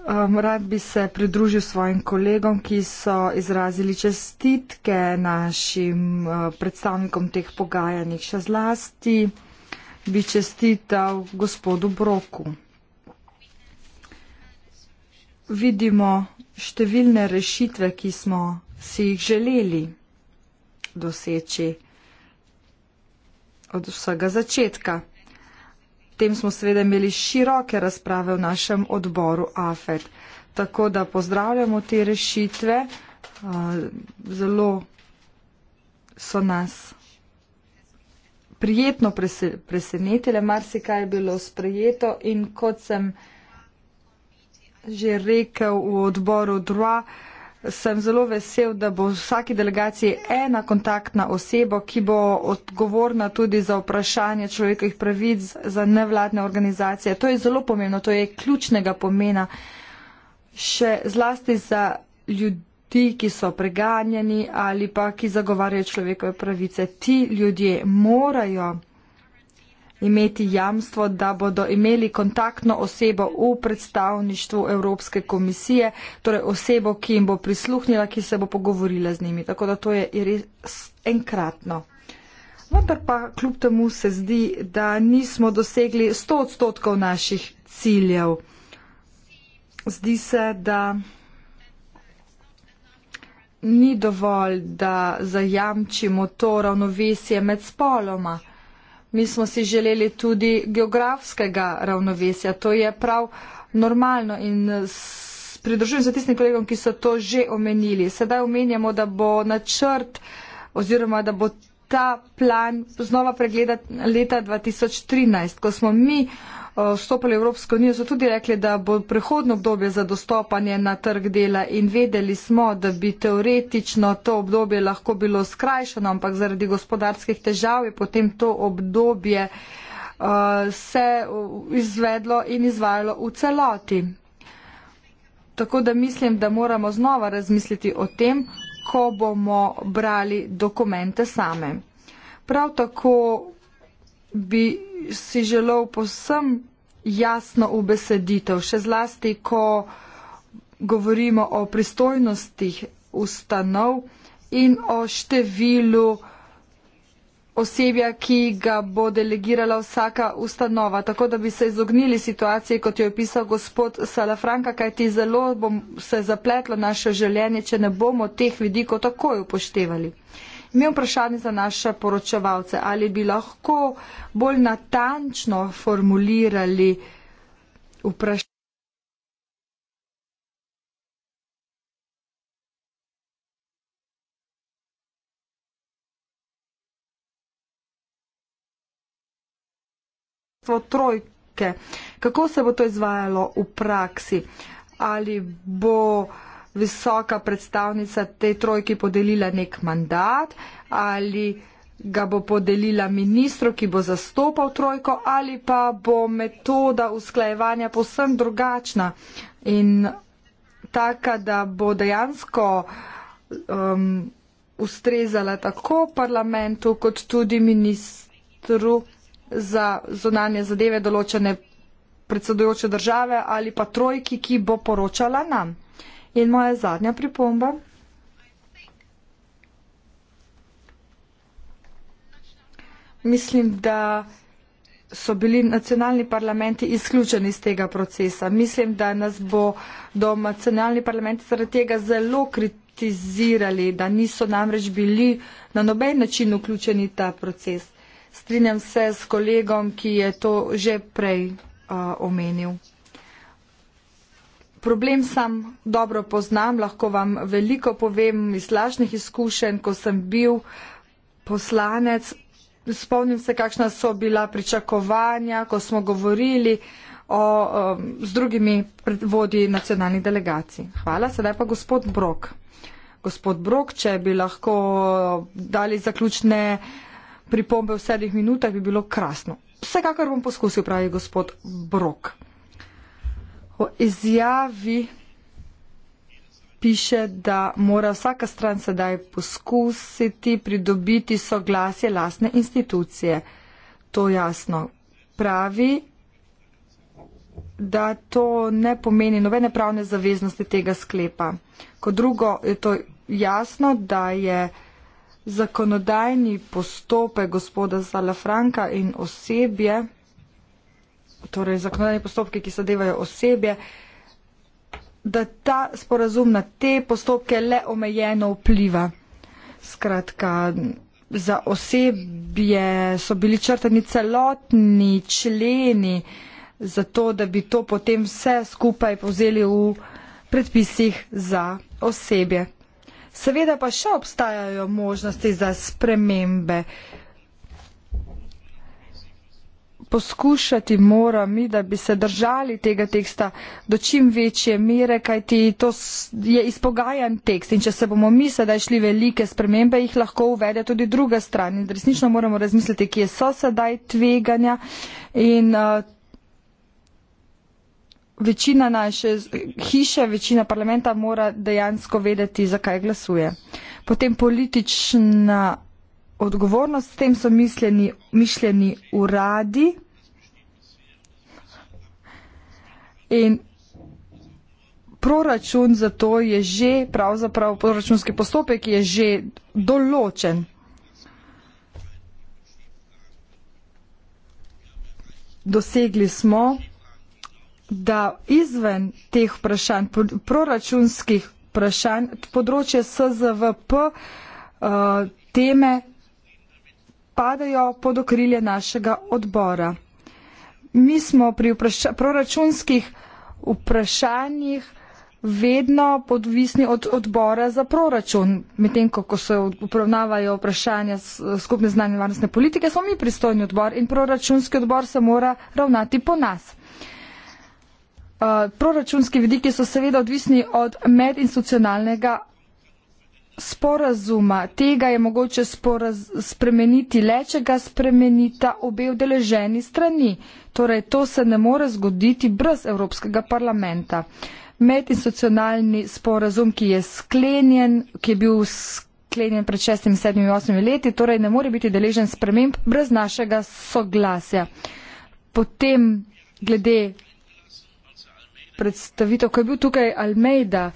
Um, rad bi se pridružil svojim kolegom, ki so izrazili čestitke našim uh, predstavnikom teh pogajanjih. Še zlasti bi čestital gospodu Broku. Vidimo številne rešitve, ki smo si jih želeli doseči od vsega začetka. Tem smo seveda imeli široke razprave v našem odboru AFED. Tako da pozdravljamo te rešitve. Zelo so nas prijetno presenetile, marsikaj je bilo sprejeto in kot sem že rekel v odboru 2, sem zelo vesel, da bo v vsaki delegaciji ena kontaktna oseba, ki bo odgovorna tudi za vprašanje človekovih pravic za nevladne organizacije. To je zelo pomembno, to je ključnega pomena še zlasti za ljudi, ki so preganjeni ali pa ki zagovarjajo človekove pravice. Ti ljudje morajo imeti jamstvo, da bodo imeli kontaktno osebo v predstavništvu Evropske komisije, torej osebo, ki jim bo prisluhnila, ki se bo pogovorila z njimi. Tako da to je res enkratno. Vendar pa kljub temu se zdi, da nismo dosegli 100 odstotkov naših ciljev. Zdi se, da ni dovolj, da zajamčimo to ravnovesje med spoloma mi smo si želeli tudi geografskega ravnovesja. To je prav normalno in pridružujem se tistim kolegom, ki so to že omenili. Sedaj omenjamo, da bo načrt oziroma da bo ta plan znova pregledati leta 2013, ko smo mi Eh, vstopili v Evropsko unijo, so tudi rekli, da bo prehodno obdobje za dostopanje na trg dela in vedeli smo, da bi teoretično to obdobje lahko bilo skrajšano, ampak zaradi gospodarskih težav je potem to obdobje eh, se eh, izvedlo in izvajalo v celoti. Tako da mislim, da moramo znova razmisliti o tem, ko bomo brali dokumente same. Prav tako bi si želel posem jasno ubeseditev, še zlasti, ko govorimo o pristojnostih ustanov in o številu osebja, ki ga bo delegirala vsaka ustanova. Tako da bi se izognili situaciji, kot jo je pisal gospod Salafranka, kaj ti zelo bom se zapletlo naše življenje, če ne bomo teh vidikov takoj upoštevali. Imel vprašanje za naše poročevalce, ali bi lahko bolj natančno formulirali vprašanje. Trojke. Kako se bo to izvajalo v praksi? Ali bo visoka predstavnica tej trojki podelila nek mandat ali ga bo podelila ministru, ki bo zastopal trojko ali pa bo metoda usklajevanja posem drugačna in taka, da bo dejansko um, ustrezala tako parlamentu kot tudi ministru za zonanje zadeve določene predsedujoče države ali pa trojki, ki bo poročala nam. In moja zadnja pripomba. Mislim, da so bili nacionalni parlamenti izključeni iz tega procesa. Mislim, da nas bo do nacionalni parlamenti zaradi tega zelo kritizirali, da niso namreč bili na noben način vključeni ta proces. Strinjam se s kolegom, ki je to že prej uh, omenil. Problem sam dobro poznam, lahko vam veliko povem iz lažnih izkušenj, ko sem bil poslanec. Spomnim se, kakšna so bila pričakovanja, ko smo govorili o, o, um, z drugimi vodji nacionalnih delegacij. Hvala, sedaj pa gospod Brok. Gospod Brok, če bi lahko dali zaključne pripombe v sedmih minutah, bi bilo krasno. Vsekakor bom poskusil, pravi gospod Brok. O izjavi piše, da mora vsaka stran sedaj poskusiti pridobiti soglasje lastne institucije. To jasno pravi, da to ne pomeni nobene pravne zaveznosti tega sklepa. Kot drugo, je to jasno, da je zakonodajni postopek gospoda Salafranka in osebje torej zakonodajni postopki, ki zadevajo osebje, da ta sporazum na te postopke le omejeno vpliva. Skratka, za osebje so bili črtani celotni členi, zato da bi to potem vse skupaj povzeli v predpisih za osebje. Seveda pa še obstajajo možnosti za spremembe poskušati moram, da bi se držali tega teksta do čim večje mere, kajti to je izpogajan tekst in če se bomo mi sedaj šli velike spremembe, jih lahko uvede tudi druga stran in resnično moramo razmisliti, kje so sedaj tveganja in uh, večina naše hiše, večina parlamenta mora dejansko vedeti, zakaj glasuje. Potem politična. Odgovornost s tem so mišljeni uradi. In proračun za to je že, pravzaprav proračunski postopek je že določen. Dosegli smo, da izven teh vprašanj, proračunskih vprašanj, področje SZVP eh, teme padajo pod okrilje našega odbora mi smo pri vpraša proračunskih vprašanjih vedno podvisni od odbora za proračun. Medtem, ko, ko se upravnavajo vprašanja skupne znanje varnostne politike, smo mi pristojni odbor in proračunski odbor se mora ravnati po nas. Uh, proračunski vidiki so seveda odvisni od medinstitucionalnega sporazuma, tega je mogoče spremeniti le, če ga spremenita obe udeleženi strani. Torej, to se ne more zgoditi brez Evropskega parlamenta. Medinstitucionalni sporazum, ki je sklenjen, ki je bil sklenjen pred 6, 7, 8 leti, torej ne more biti deležen sprememb brez našega soglasja. Potem, glede predstavitev, ko je bil tukaj Almeida,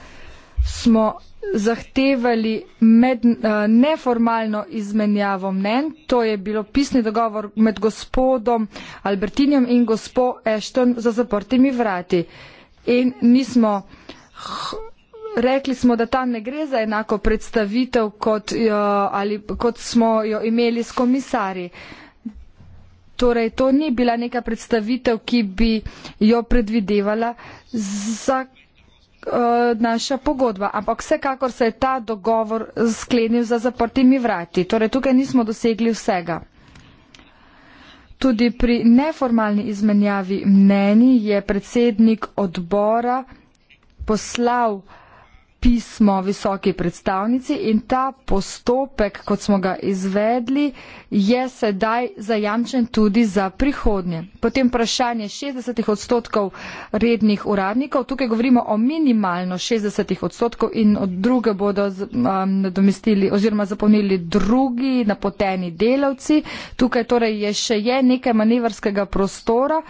smo zahtevali med, eh, neformalno izmenjavo mnen. To je bilo pisni dogovor med gospodom Albertinjem in gospo Ashton za zaprtimi vrati. In nismo, rekli smo, da tam ne gre za enako predstavitev, kot, jo, eh, ali, kot smo jo imeli s komisarji. Torej, to ni bila neka predstavitev, ki bi jo predvidevala zakon. Eh, naša pogodba, ampak vsekakor se je ta dogovor sklenil za zaprtimi vrati. Torej, tukaj nismo dosegli vsega. Tudi pri neformalni izmenjavi mnenji je predsednik odbora poslal pismo visoki predstavnici in ta postopek, kot smo ga izvedli, je sedaj zajamčen tudi za prihodnje. Potem vprašanje 60 odstotkov rednih uradnikov, tukaj govorimo o minimalno 60 odstotkov in od druge bodo um, nadomestili oziroma zapomnili drugi napoteni delavci. Tukaj torej je še je nekaj manevrskega prostora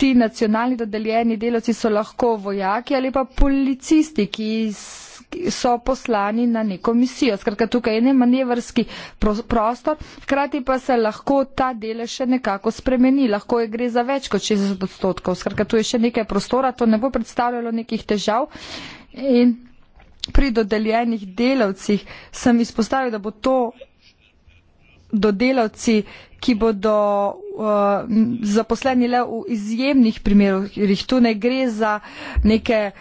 ti nacionalni dodeljeni delavci so lahko vojaki ali pa policisti, ki so poslani na neko misijo. Skratka, tukaj je nemanevrski prostor, hkrati pa se lahko ta dele še nekako spremeni. Lahko je gre za več kot 60 odstotkov. Skratka, tu je še nekaj prostora, to ne bo predstavljalo nekih težav. In pri dodeljenih delavcih sem izpostavil, da bo to dodelavci ki bodo uh, zaposleni le v izjemnih primerih. Tu ne gre za neke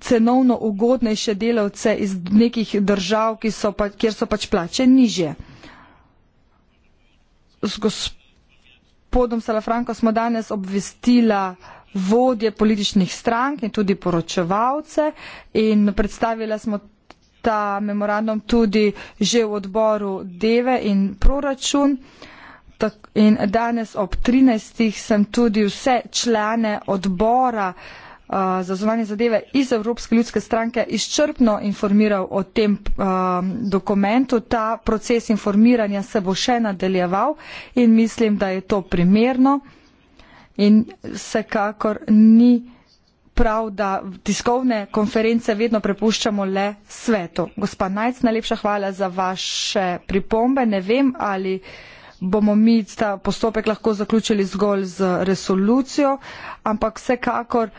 cenovno ugodnejše delavce iz nekih držav, so pa, kjer so pač plače niže. Z gospodom Salafranko smo danes obvestila vodje političnih strank in tudi poročevalce in predstavila smo ta memorandum tudi že v odboru Deve in proračun. In danes ob 13. sem tudi vse člane odbora uh, za zvanje zadeve iz Evropske ljudske stranke izčrpno informiral o tem um, dokumentu. Ta proces informiranja se bo še nadaljeval in mislim, da je to primerno in vsekakor ni prav, da tiskovne konference vedno prepuščamo le svetu. Gospa Najc, najlepša hvala za vaše pripombe. Ne vem, ali bomo mi ta postopek lahko zaključili zgolj z resolucijo, ampak vsekakor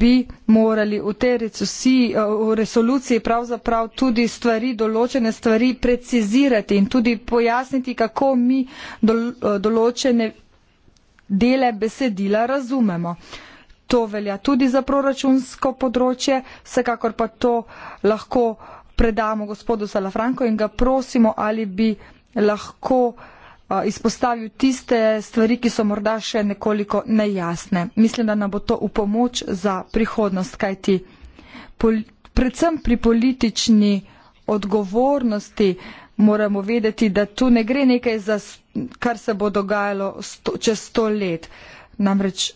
bi morali v tej recesiji, eh, v resoluciji pravzaprav tudi stvari, določene stvari precizirati in tudi pojasniti, kako mi eh, določene dele besedila razumemo. To velja tudi za proračunsko področje, vsekakor pa to lahko predamo gospodu Salafranko in ga prosimo, ali bi lahko uh, izpostavil tiste stvari, ki so morda še nekoliko nejasne. Mislim, da nam bo to v pomoč za prihodnost, kajti pol, predvsem pri politični odgovornosti moramo vedeti, da tu ne gre nekaj za, kar se bo dogajalo sto, čez sto let. Namreč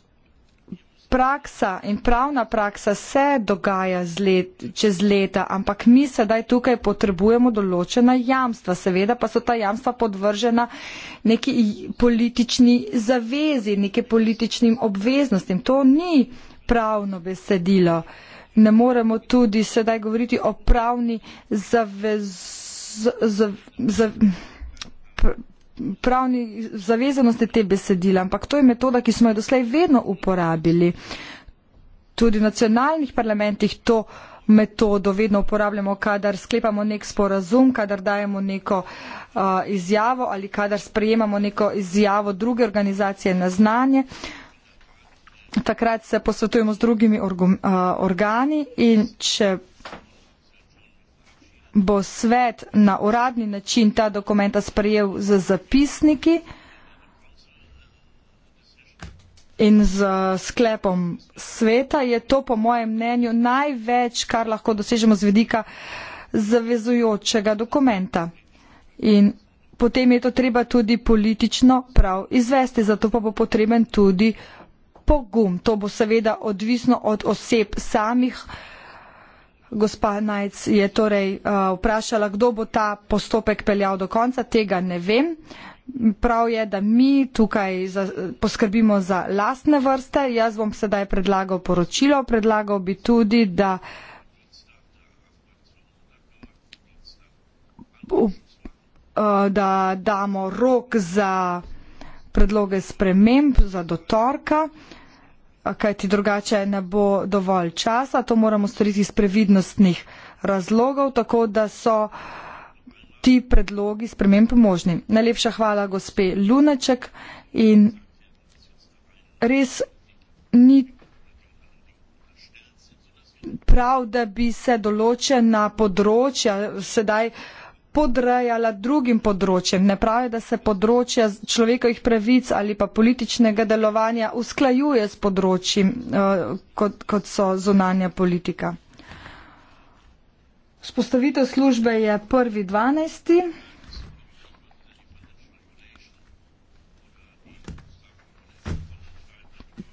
praksa in pravna praksa se dogaja let, čez leta, ampak mi sedaj tukaj potrebujemo določena jamstva. Seveda pa so ta jamstva podvržena neki politični zavezi, neke političnim obveznostim. To ni pravno besedilo. Ne moremo tudi sedaj govoriti o pravni zavez. Z, z, z, pr, pravni zavezanosti te besedila, ampak to je metoda, ki smo jo doslej vedno uporabili. Tudi v nacionalnih parlamentih to metodo vedno uporabljamo, kadar sklepamo nek sporazum, kadar dajemo neko uh, izjavo ali kadar sprejemamo neko izjavo druge organizacije na znanje. Takrat se posvetujemo z drugimi orgum, uh, organi in če bo svet na uradni način ta dokumenta sprejel z zapisniki in z sklepom sveta, je to po mojem mnenju največ, kar lahko dosežemo z vedika zavezujočega dokumenta. In potem je to treba tudi politično prav izvesti, zato pa bo potreben tudi pogum. To bo seveda odvisno od oseb samih, gospa Najc je torej uh, vprašala, kdo bo ta postopek peljal do konca, tega ne vem. Prav je, da mi tukaj za, poskrbimo za lastne vrste. Jaz bom sedaj predlagal poročilo, predlagal bi tudi, da uh, da damo rok za predloge sprememb za dotorka. Uh, kajti drugače ne bo dovolj časa. To moramo storiti iz previdnostnih razlogov, tako da so ti predlogi spremem pomožni. Najlepša hvala gospe Luneček in res ni prav, da bi se določena področja sedaj podrejala drugim področjem. Ne pravi, da se področja človekovih pravic ali pa političnega delovanja usklajuje s področjem, eh, kot, kot so zunanja politika. Spostavitev službe je prvi dvanajsti.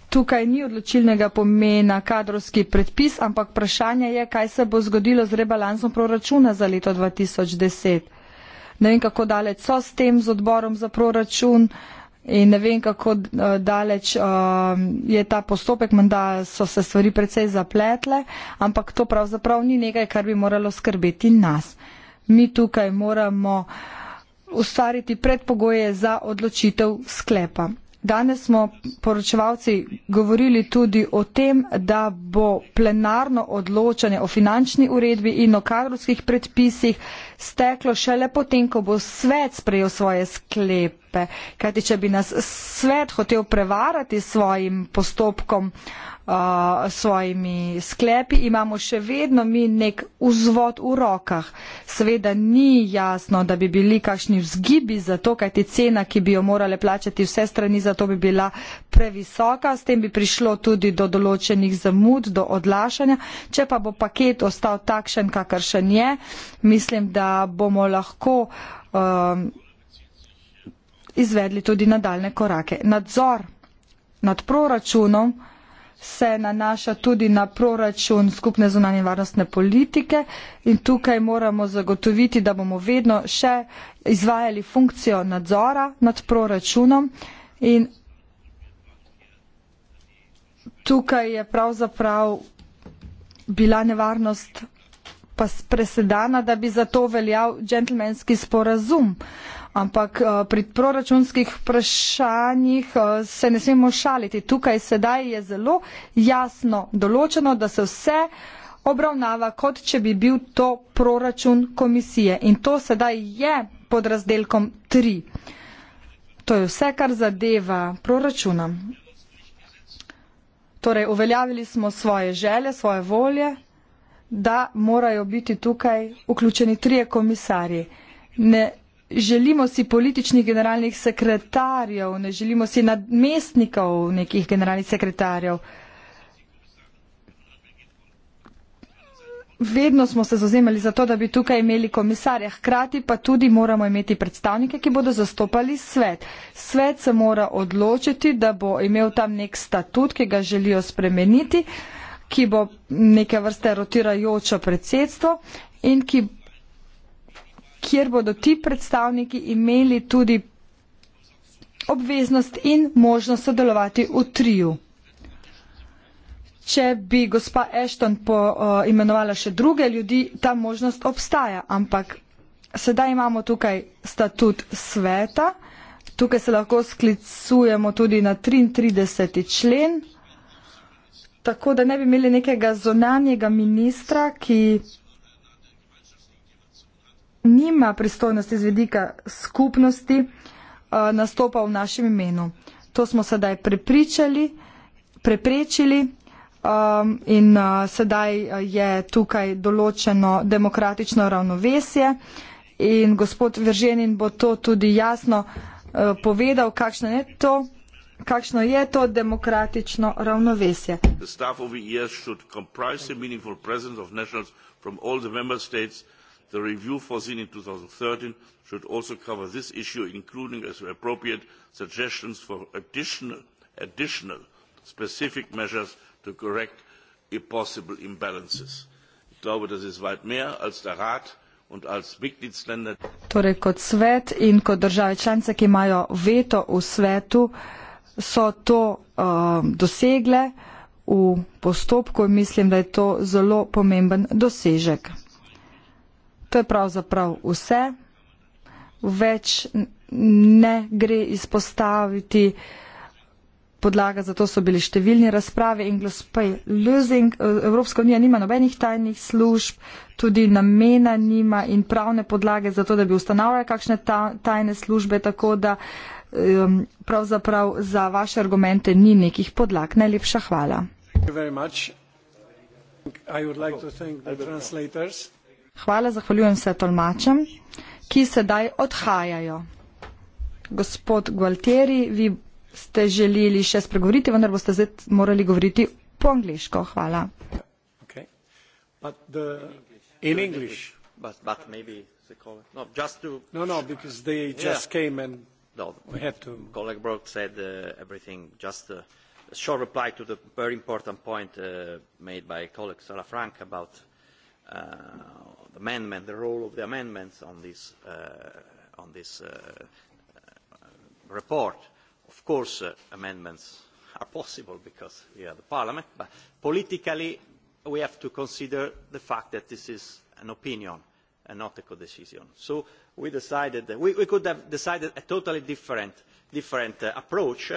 tukaj ni odločilnega pomena kadrovski predpis, ampak vprašanje je, kaj se bo zgodilo z rebalansom proračuna za leto 2010. Ne vem, kako daleč so s tem, z odborom za proračun in ne vem, kako eh, daleč eh, je ta postopek, menda so se stvari precej zapletle, ampak to pravzaprav ni nekaj, kar bi moralo skrbeti nas. Mi tukaj moramo ustvariti predpogoje za odločitev sklepa. Danes smo poročevalci govorili tudi o tem, da bo plenarno odločanje o finančni uredbi in o kadrovskih predpisih steklo šele potem, ko bo svet sprejel svoje sklepe zarote, kajti če bi nas svet hotel prevarati svojim postopkom, uh, svojimi sklepi, imamo še vedno mi nek vzvod v rokah. Seveda ni jasno, da bi bili kakšni vzgibi za to, kajti cena, ki bi jo morale plačati vse strani, za to bi bila previsoka, s tem bi prišlo tudi do določenih zamud, do odlašanja. Če pa bo paket ostal takšen, kakršen je, mislim, da bomo lahko. Um, izvedli tudi nadaljne korake. Nadzor nad proračunom se nanaša tudi na proračun skupne zunanje varnostne politike in tukaj moramo zagotoviti, da bomo vedno še izvajali funkcijo nadzora nad proračunom in tukaj je pravzaprav bila nevarnost pa presedana, da bi za to veljal džentlmenski sporazum Ampak uh, pri proračunskih vprašanjih uh, se ne smemo šaliti. Tukaj sedaj je zelo jasno določeno, da se vse obravnava, kot če bi bil to proračun komisije. In to sedaj je pod razdelkom 3. To je vse, kar zadeva proračuna. Torej, uveljavili smo svoje želje, svoje volje, da morajo biti tukaj vključeni trije komisarji. Ne, Želimo si političnih generalnih sekretarjev, ne želimo si nadmestnikov nekih generalnih sekretarjev. Vedno smo se zauzemali za to, da bi tukaj imeli komisarja, hkrati pa tudi moramo imeti predstavnike, ki bodo zastopali svet. Svet se mora odločiti, da bo imel tam nek statut, ki ga želijo spremeniti, ki bo neke vrste rotirajoče predsedstvo in ki kjer bodo ti predstavniki imeli tudi obveznost in možnost sodelovati v triju. Če bi gospa Ashton poimenovala eh, še druge ljudi, ta možnost obstaja, ampak sedaj imamo tukaj statut sveta, tukaj se lahko sklicujemo tudi na 33. člen, tako da ne bi imeli nekega zonanjega ministra, ki nima pristojnosti z vedika skupnosti, eh, nastopa v našem imenu. To smo sedaj prepričali, preprečili ehm, in eh, sedaj eh, je tukaj določeno demokratično ravnovesje in gospod Verženin bo to tudi jasno povedal, kakšno je to, kakšno je to demokratično ravnovesje. The staff of the ES should comprise a meaningful presence of nationals from all the member states the review foreseen in two thousand and thirteen should also cover this issue including as appropriate suggestions for additional, additional specific measures to correct possible imbalances. Torej, kot svet in kot države članice, ki imajo veto v svetu, so to uh, dosegle v postopku in mislim, da je to zelo pomemben dosežek to je pravzaprav vse. Več ne gre izpostaviti. Podlaga za to so bili številni razprave in glospej losing. E, Evropska unija nima nobenih tajnih služb, tudi namena nima in pravne podlage za to, da bi ustanavljala kakšne ta, tajne službe, tako da um, pravzaprav za vaše argumente ni nekih podlag. Najlepša hvala. Thank you very much. I would like to thank the translators. Hvala, zahvaljujem se tolmačem, ki sedaj odhajajo. Gospod Gualtieri, vi ste želeli še spregovoriti, vendar boste zdaj morali govoriti po angliško. Hvala. Okay. But the... In English. But, but maybe the call... No, just to... No, no, because they just yeah. came and no, we had to... Colleague Brock said uh, everything. Just a short reply to the very important point uh, made by colleague Sarah Frank about uh, amendment the role of the amendments on this uh, on this uh, uh report of course uh, amendments are possible because we are the parliament but politically we have to consider the fact that this is an opinion and not a co-decision so we decided that we, we could have decided a totally different different uh, approach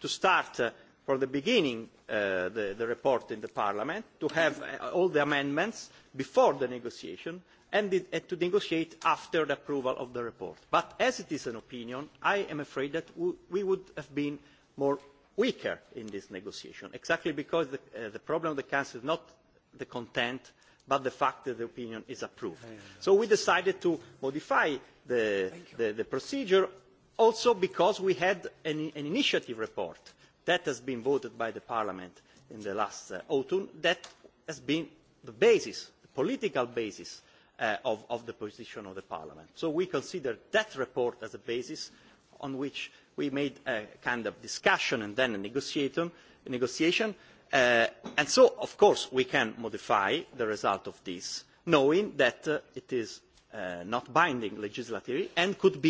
to start uh, from the beginning, uh, the, the report in the Parliament, to have uh, all the amendments before the negotiation and to negotiate after the approval of the report. But as it is an opinion, I am afraid that we would have been more weaker in this negotiation, exactly because the, uh, the problem of the Council is not the content, but the fact that the opinion is approved. So we decided to modify the, the, the procedure also because we had an, an initiative report that has been voted by the Parliament in the last uh, autumn that has been the basis political basis uh, of the position of parliament so we considered that report as a basis on which we made a kind of discussion and then a negotiation uh, and so of course we can modify the result of this knowing that uh, it is not binding legislatively and could